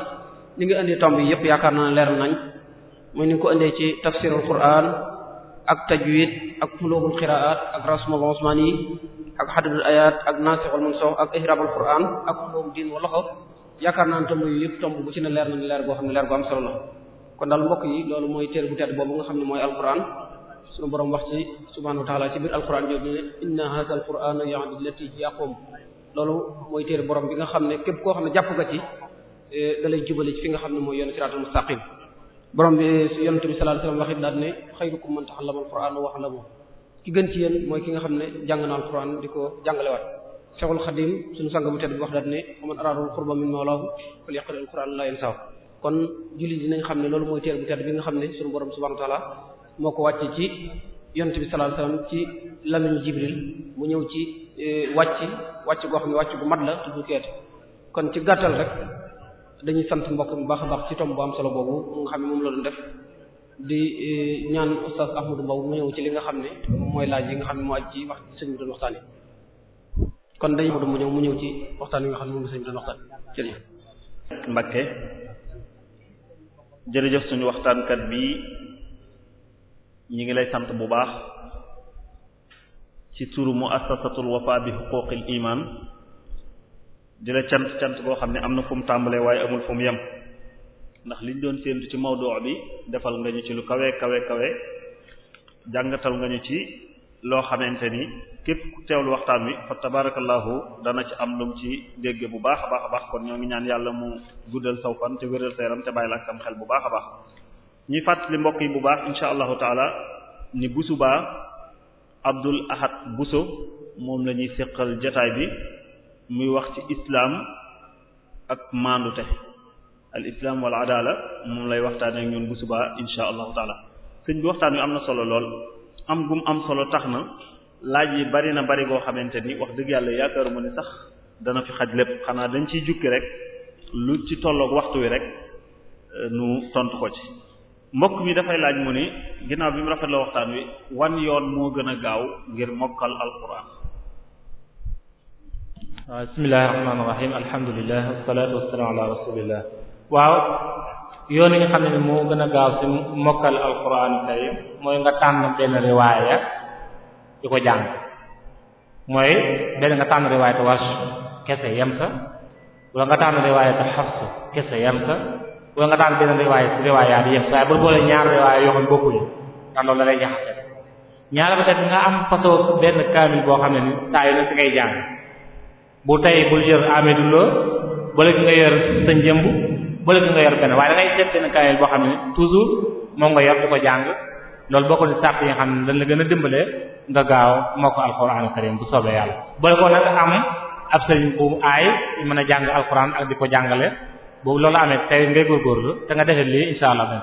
ni nga indi tomb yi yëpp yaakaar naa leer nañ mooy ni ko indee ci tafsirul quran ak tajwid ak fuluugul qiraat ak rasmul usmani ak hadadul ayat ak naasixul mansux ak ihrabul qur'an ak ulum diin wala xaw yaakaar naa ne tomb yooyu yëpp tomb bu ci ne leer na leer boo xam ne leer bu am solo la kon daal mbokk yi loolu mooy téere bu tedd boobu nga xam ne mooy alquran suñu borom wax ci subhaanahu wa ta'ala ci biir alquran jooju ne inna hadha alqur'ana yahdi lati yaqum loolu mooy téere borom bi nga xam ne képp koo xam ne jàpp nga ci eh, da jubale ci nga xam ne mooy yoonu siraatul mustaqim borom bi yonent bi sallallahu alayhi wasallam waxit daal ne xayrukum man ta'allama al-qur'ana wa 'allamahu ki gën ci yéen mooy ki nga xam ne jàng na al-qur'an di ko jàngalewaat Cheikhul Khadim suñu sang bu tedd bi wax daal ne man aradul qurba min mawlahu falyaqra al-qur'ana la yansahu kon jullit dinañ xam ne loolu mooy téere bu tedd bi nga xam ne suñu borom subhanahu wa ta'ala moo ko wàcce ci yonent bi sallallahu alayhi ci lamiñu Jibril mu ñëw ci eh, wàcc wàcc goo xam ne wàcc bu mat la te du kon ci gàttal rek dañuy sant mbokk mu baax baax ci tomb bu am solo boobu nga xam ne moom la doon def di eh, ñaan oustaz Ahmadou Mbow mu ñëw ci li nga xam ne mooy laaj yi nga xam ne moo aj ci wax sëñ mu ñëw mu ñëw ci waxtaan yi nga xam ne moom la sëñ doon waxtaan jërëjëf Mbacké jërëjëf suñu waxtaankat bi ñu ngi lay sant bu baax ci turu muassasatul wafa bi huquqil iman di la cant boo xam ne am na fu mu tàmbalee waaye amul fu yam ndax liñ doon séentu ci mawduu bi defal nga ñu ci lu kawe kawe kawe jàngatal nga ñu ci loo xamante ni képp ku waxtaan wi fa tabarakallahu dana ci am lum ci dégg bu baax a baax a baax kon ñoo ngi ñaan yàlla mu guddal saw fan te wéral sa yaram te bàyyi la ak sam xel bu baax a baax ñuy fàttali mbokk yi bu baax insha allahu taala ni bu subaa Abdul Ahad Bousso moom lañuy ñuy séqal jotaay bi muy wax ci islaam ak maandute al islaam wal adala moom lay waxtaaneek ak ñun bu subaa insha allahu taala sëñ bi waxtaan wi am na solo lool am gum am solo tax na laaj yi bari na bari goo xamante ni wax dëgg yàlla yaakaaruma ne sax dana fi xaj lépp xanaa dañ ciy jukki rek lu ci tolloog waxtu wi rek euh, nu tontu ko ci mbokk mi dafay laaj mu ni ginnaaw bi mu rafet la waxtaan wi wan yoon moo gën a gaaw ngir mokkal alquran waaw ah, bismillahir rahmanir rahim alhamdulillah waaw yoon yi xam ne ni moo gën a gaaw ci mokkal alquran karim mooy nga tànn benn riwaaya di ko jàng mooy benn nga tànn riwaaya te Warsh kese yem sa wala nga tànn riwaaya te Hafs kese yem sa wala nga tànn benn riwaaya riwaaya bi yem sa waaye bu boole ñaar riwaaya yoo xam bokkuñu ndax loolu la lay ñaar ba tey nga am façon benn kaamil boo xam ne ni saa yu ne si ngay jàng bu tey bul yor Amady Lo bële nga yor sa njëmb bële nga yor benn waaye da ngay def benn boo xam ne toujours moom nga yor bu ko jàng loolu boo ci sàrt yi dañ la gën a dimbale nga gaaw moo ko alxuraanu karim yàlla bële ko nag am ab sëriñ bu aay mën a jàng alxuraan ak di ko jàngale boobu loolu amee tey ngay góorgóorlu te nga defee lii insha allah benn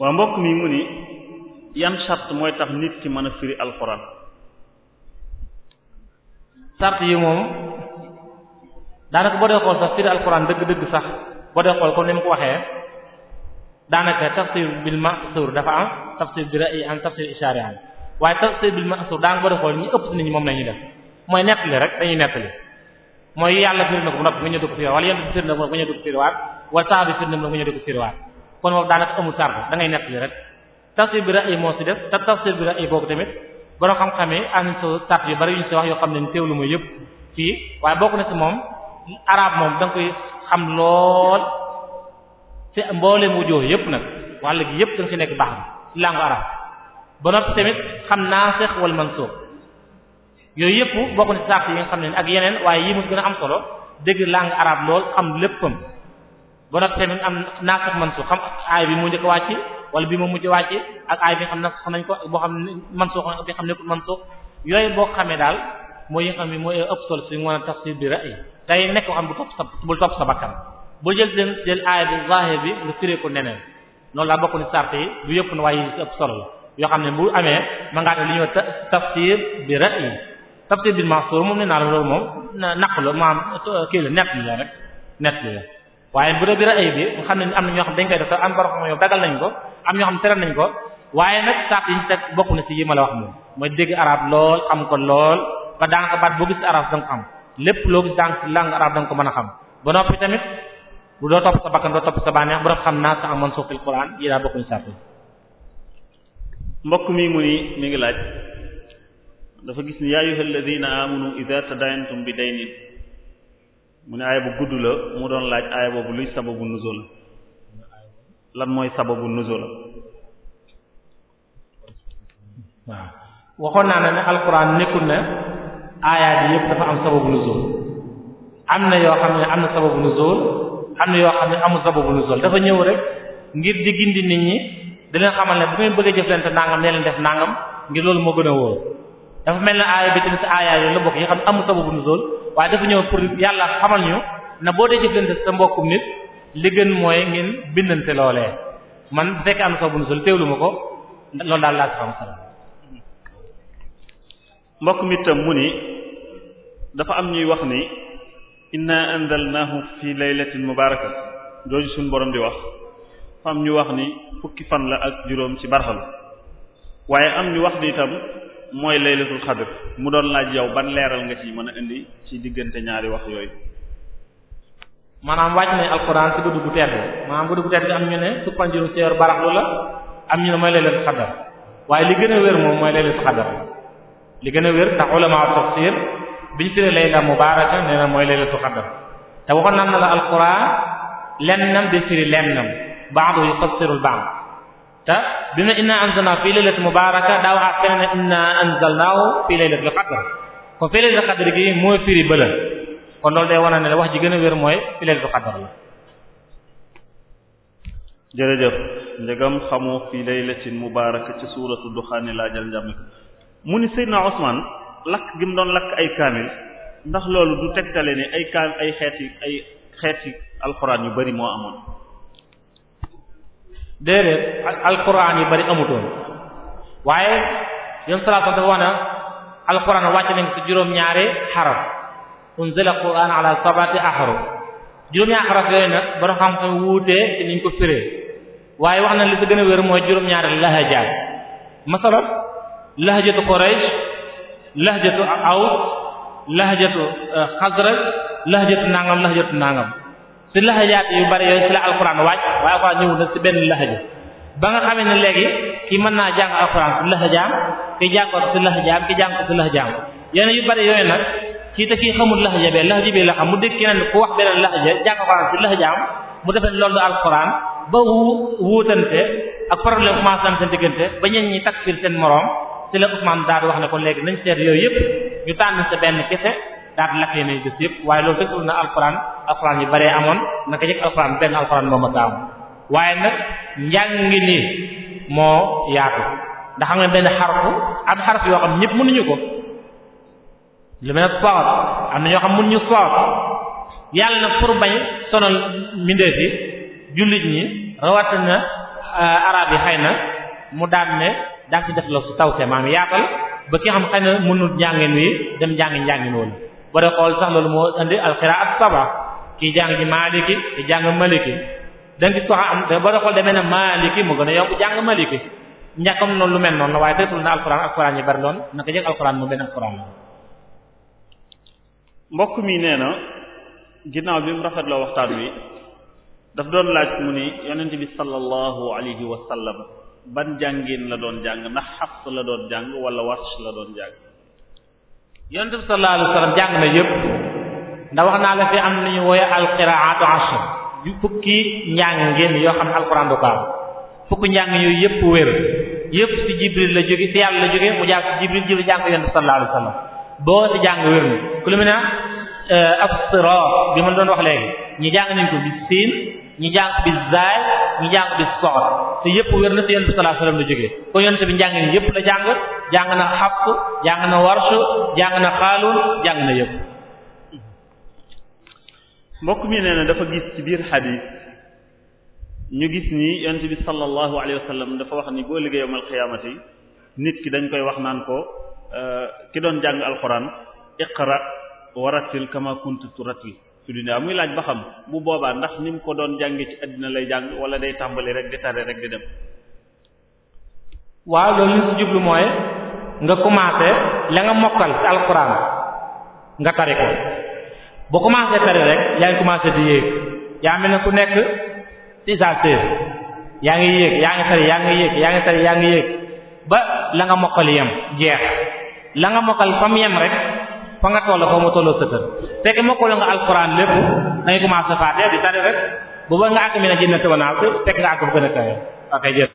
waaw mbokk mi mu ni mooy tax nit ki mën a firi alxuraan sart yi moom daanaka boo dee xool sax firi alquran dëgg-dëgg sax boo dee xool comme ni mu ko waxee daanaka tafsir bil ma'sur dafa am bi ra'yi am tafsir ishari am waaye tafsir bil ma'sur daanaka boo dee xool ëpp si nit moom la ñuy def mooy nettali rek dañuy nettali mooy yàlla firi a firi na ko nga ñëw di ko firiwaat wala saa bi firi ko nga ñëw di ko firiwaat amul sart da ngay nettali rek tafsir bi ra'yi moo si def te tafsir bi ra'yi boobu tamit borom xam-xam yi am nañ sa tàpp yu bari yu ñu si wax yoo xam ne teewlu ma yépp ci waaye bokk na ci moom araab moom danga koy xam lool ci mbooleem wujoo yépp nag wàll gi yëpp da ci nekk baax na ci langue arab ba noppi tamit xam naasix wal mansuux yooyu yëpp bokk na ci sart yi nga xam ne ak yeneen waaye yi mu gën a am solo dégg langue araab lool xam léppam ba a tamit am naasix mansuux xam aay bi mu njëkk wàcc wala bi moom mujj wàcce ak ay bi xam ne sax nañ ko boo xam ne mansuux bi xam ne nekkul yooyu boo xamee daal mooy yi nga xam ne mooy ëpp solo si mën a tafsir bi ra'yi tey nekk ko xam bu jël seen jël aaya bi bi ko neneen noonu laa bokk ni yi yëpp na waaye yi la yoo xam ne bu amee ma ngaa te li ñuy wax tafsir bi ra'yi tafsir bi mansuux moom ne naa la loolu moom naq la maam kii la nett li la rek nett li la waaye bu dee biir ay bi nga xam ne am na ñoo xam dañ koy def am borom xam dagal nañ ko am ñoo xam tere nañ ko waaye nag saat yi ñu teg bokk na ci yi ma la wax moom mooy dégg arab lool xam ko lool ba daanaka baat boo gis ci arab da ko am lépp loo gis daanaka ci langue arab da ko mën a xam ba noppi tamit bu doo topp sa bakkan doo topp sa bànneex bu doo xam naa sa amoon suufil Qur'an yi daa bokk na saat mbokk mi mu ni mi ngi laaj dafa gis mu ne aaya bu gudd la mu doon laaj aaya boobu luy sababu nuzul lan mooy sababu nuzul waaw waxoon naa ne ne alxuraan nekkul ne aayaat yi yëpp dafa am sababu nuzul am na yoo xam ne am na sababu nuzul am na yoo xam ne amul sababu nuzul dafa ñëw rek ngir di gindi nit ñi di leen xamal ne bu ngeen bëggee jëflante nangam nee leen def nangam ngir loolu moo gën a wóor dafa mel ne aaya bi tamit aayaat yooyu la bokk yi xam ne amul sababu nuzul waaye dafa ñëw pour yàlla xamal ñu na boo dee jëflante sa mbokkum nit li gën mooy ngeen bindante loolee man bu fekkee am na soo bund sol teewlu ma ko loolu daal laa si xam salaam mbokk mi tam mu ni dafa am ñuy wax ni inna anzalnahu fi laylatin mubaraka jooju suñu borom di wax fa am ñu wax ni fukki fan la ak juróom ci barxal waaye am ñu wax ni itam mooy laylatul xadr mu doon laaj yow ban leeral nga ci mën a indi ci diggante ñaari wax yooyu maanaam wàcc nañ alxuraan ci guddi gu tedd maanaam guddi gu tedd bi am ñu ne suppandiru seer baraxlu la am ñu ne mooy laylatul xadr waaye li gën a wér moom mooy laylatul xadr li gën a wér tax ulama tafsir biñu firee layla mubaaraka nee na mooy laylatul xadr te waxoon nan na la alxuraan lennam di firi lennam ba'du yufassiru al-ba'd te dina inna anzalnaahu fii laylatin mubaaraka daa waxaat feneen inna anzalnaahu fii laylatil qadr kon mooy firi bële kon loolu day wane ne wax ji gën a wér mooy fii laylatil qadr la. jërëjëf ndegam xamoo fii laylatin mubaaraka ci suuratu duxaani laajal njàmm mu ni Seydina Usmaan lakk gi mu doon lakk ay kaamil ndax loolu du tegtale ni ay kaam ay xeeti ay xeeti alxuraan yu bari moo amoon. déedéet alquran yi bari amutoon waaye yoon sallallahu alayhi wa sallam dafa wàcc nañ ko juróom-ñaari xaraf unzila alquran ala sab'ati ahruf juróom-ñaari xaraf yooyu nag borom xam ko wuutee te ko firee waaye wax na li sa gën a wér mooy juróom-ñaari lahajaat masalan lahajatu quraish lahajatu aws lahajatu eh, xazraj lahajatu nangam lahajatu nangam ci laxajaat yu bari yooyu ci la alxuraan waaj waaye alxuraan ñëw na ci benn laxaja ba nga xamee na léegi ki mën naa jàng alxuraan ci laxajaam ki jàng ko ci laxajaam ki jàng ko ci laxajaam yeneen yu bari yooyu nag ci te kii xamul laxaja bee laxaja bii la xam mu dégg keneen ku wax beneen laxaja jàng alxuraan ci laxajaam mu defee loolu alxuraan ba wu wuutante ak problème commencé am seen diggante ba ñeen ñi takfir seen moroom ci la Ousmane daal wax ne ko léegi nañ seet yooyu yëpp ñu tànn sa benn kese daal lakk yeneen bés yëpp waaye loolu dëggal na alxuraan alxuraan yu bare amoon naka jëkk alxuraan benn alxuraan moo ma taamu waaye nag njàng ngi nii moo yaatu ndax benn xarfu am yoo xam ñëpp mënuñu ko lu na ñoo xam mënuñu soot yàlla nag pour bañ sonal mbindeef yi jullit ñi rawatina euh, arab yi xëy na mu daan ne daa ci def la su tawte maanaam yaatal ba ki xam xëy na mënul njàngin wi dem njàngi njàngin woon boo dee xool sax loolu moo indi alxiraat saba kii jàng ci maliki ki jàng maliki danga gis ko xam boo dee xool demee na maliki mu gën a yomb jàng maliki njàkkam noonu lu mel noonu la waaye teetul na alxuraan alxuraan yi bari loon naka jëkk alxuraan mu mi nee na ginnaaw bi mu waxtaan wi daf doon laaj mu ni yonent bi sallallahu alayhi wa ban jàngin la doon jàng ndax xafs la doon jàng wala warsh la doon jàng yonent bi sallallahu alayhi wasallam jàng na yëpp ndax wax naa la fi am nañu wooye alqiraatu ashr ju fukki njàng ngeen yoo xam ne alquran du ko am fukki njàng yooyu yëpp wér yëpp ci jibril la jóge ci yàlla la jóge mu jaar ci jibril jibril jàng ko yonent bi sallallahu alayhi boo ci jàng wér na ku lu mu ne eh, as-sirat bi ma doon wax léegi ñu jàng nañ ko bi siin ñi jàng bi zaal ñi jàng bi soxor te yëpp wér na te yonent bi sallallahu alayhi wasallam la jógee kon yonent bi njàng ni yëpp jàng jàng na xafs jàng na warsh jàng na xaaluun mbokk mi nee na dafa gis ci biir xadiis ñu gis ni yonent bi sallallahu alayhi wasallam dafa wax ni boo liggéey yawmal qiyaamati nit ki dañ koy wax naan ko euh, ki doon jàng alxuraan iqra waratil kama kuntu turatil su dunyaa muy laaj ba xam bu boobaa ndax ni mu ko doon jànge ci àddina lay jàng wala day tàmbali rek di tare rek di dem waaw loolu li ci jublu mooy nga commencé la nga mokkal ci alxuraan nga tari ko boo commencé tari rek yaa ngi commencé di yéeg yaa mel ne ku nekk ci yaa ngi yéeg yaa ngi tari yaa ngi yéeg ba la nga mokkal yem jeex la nga mokkal fam yem rek fa nga toll foo ma tolloo sa kër fekk mokkoo nga alquran lépp dangay commencé faatee di tari rek bu ba nga àgg mi na te tëba naa fekk nga àgg bu gën a kawe ok jërëjëf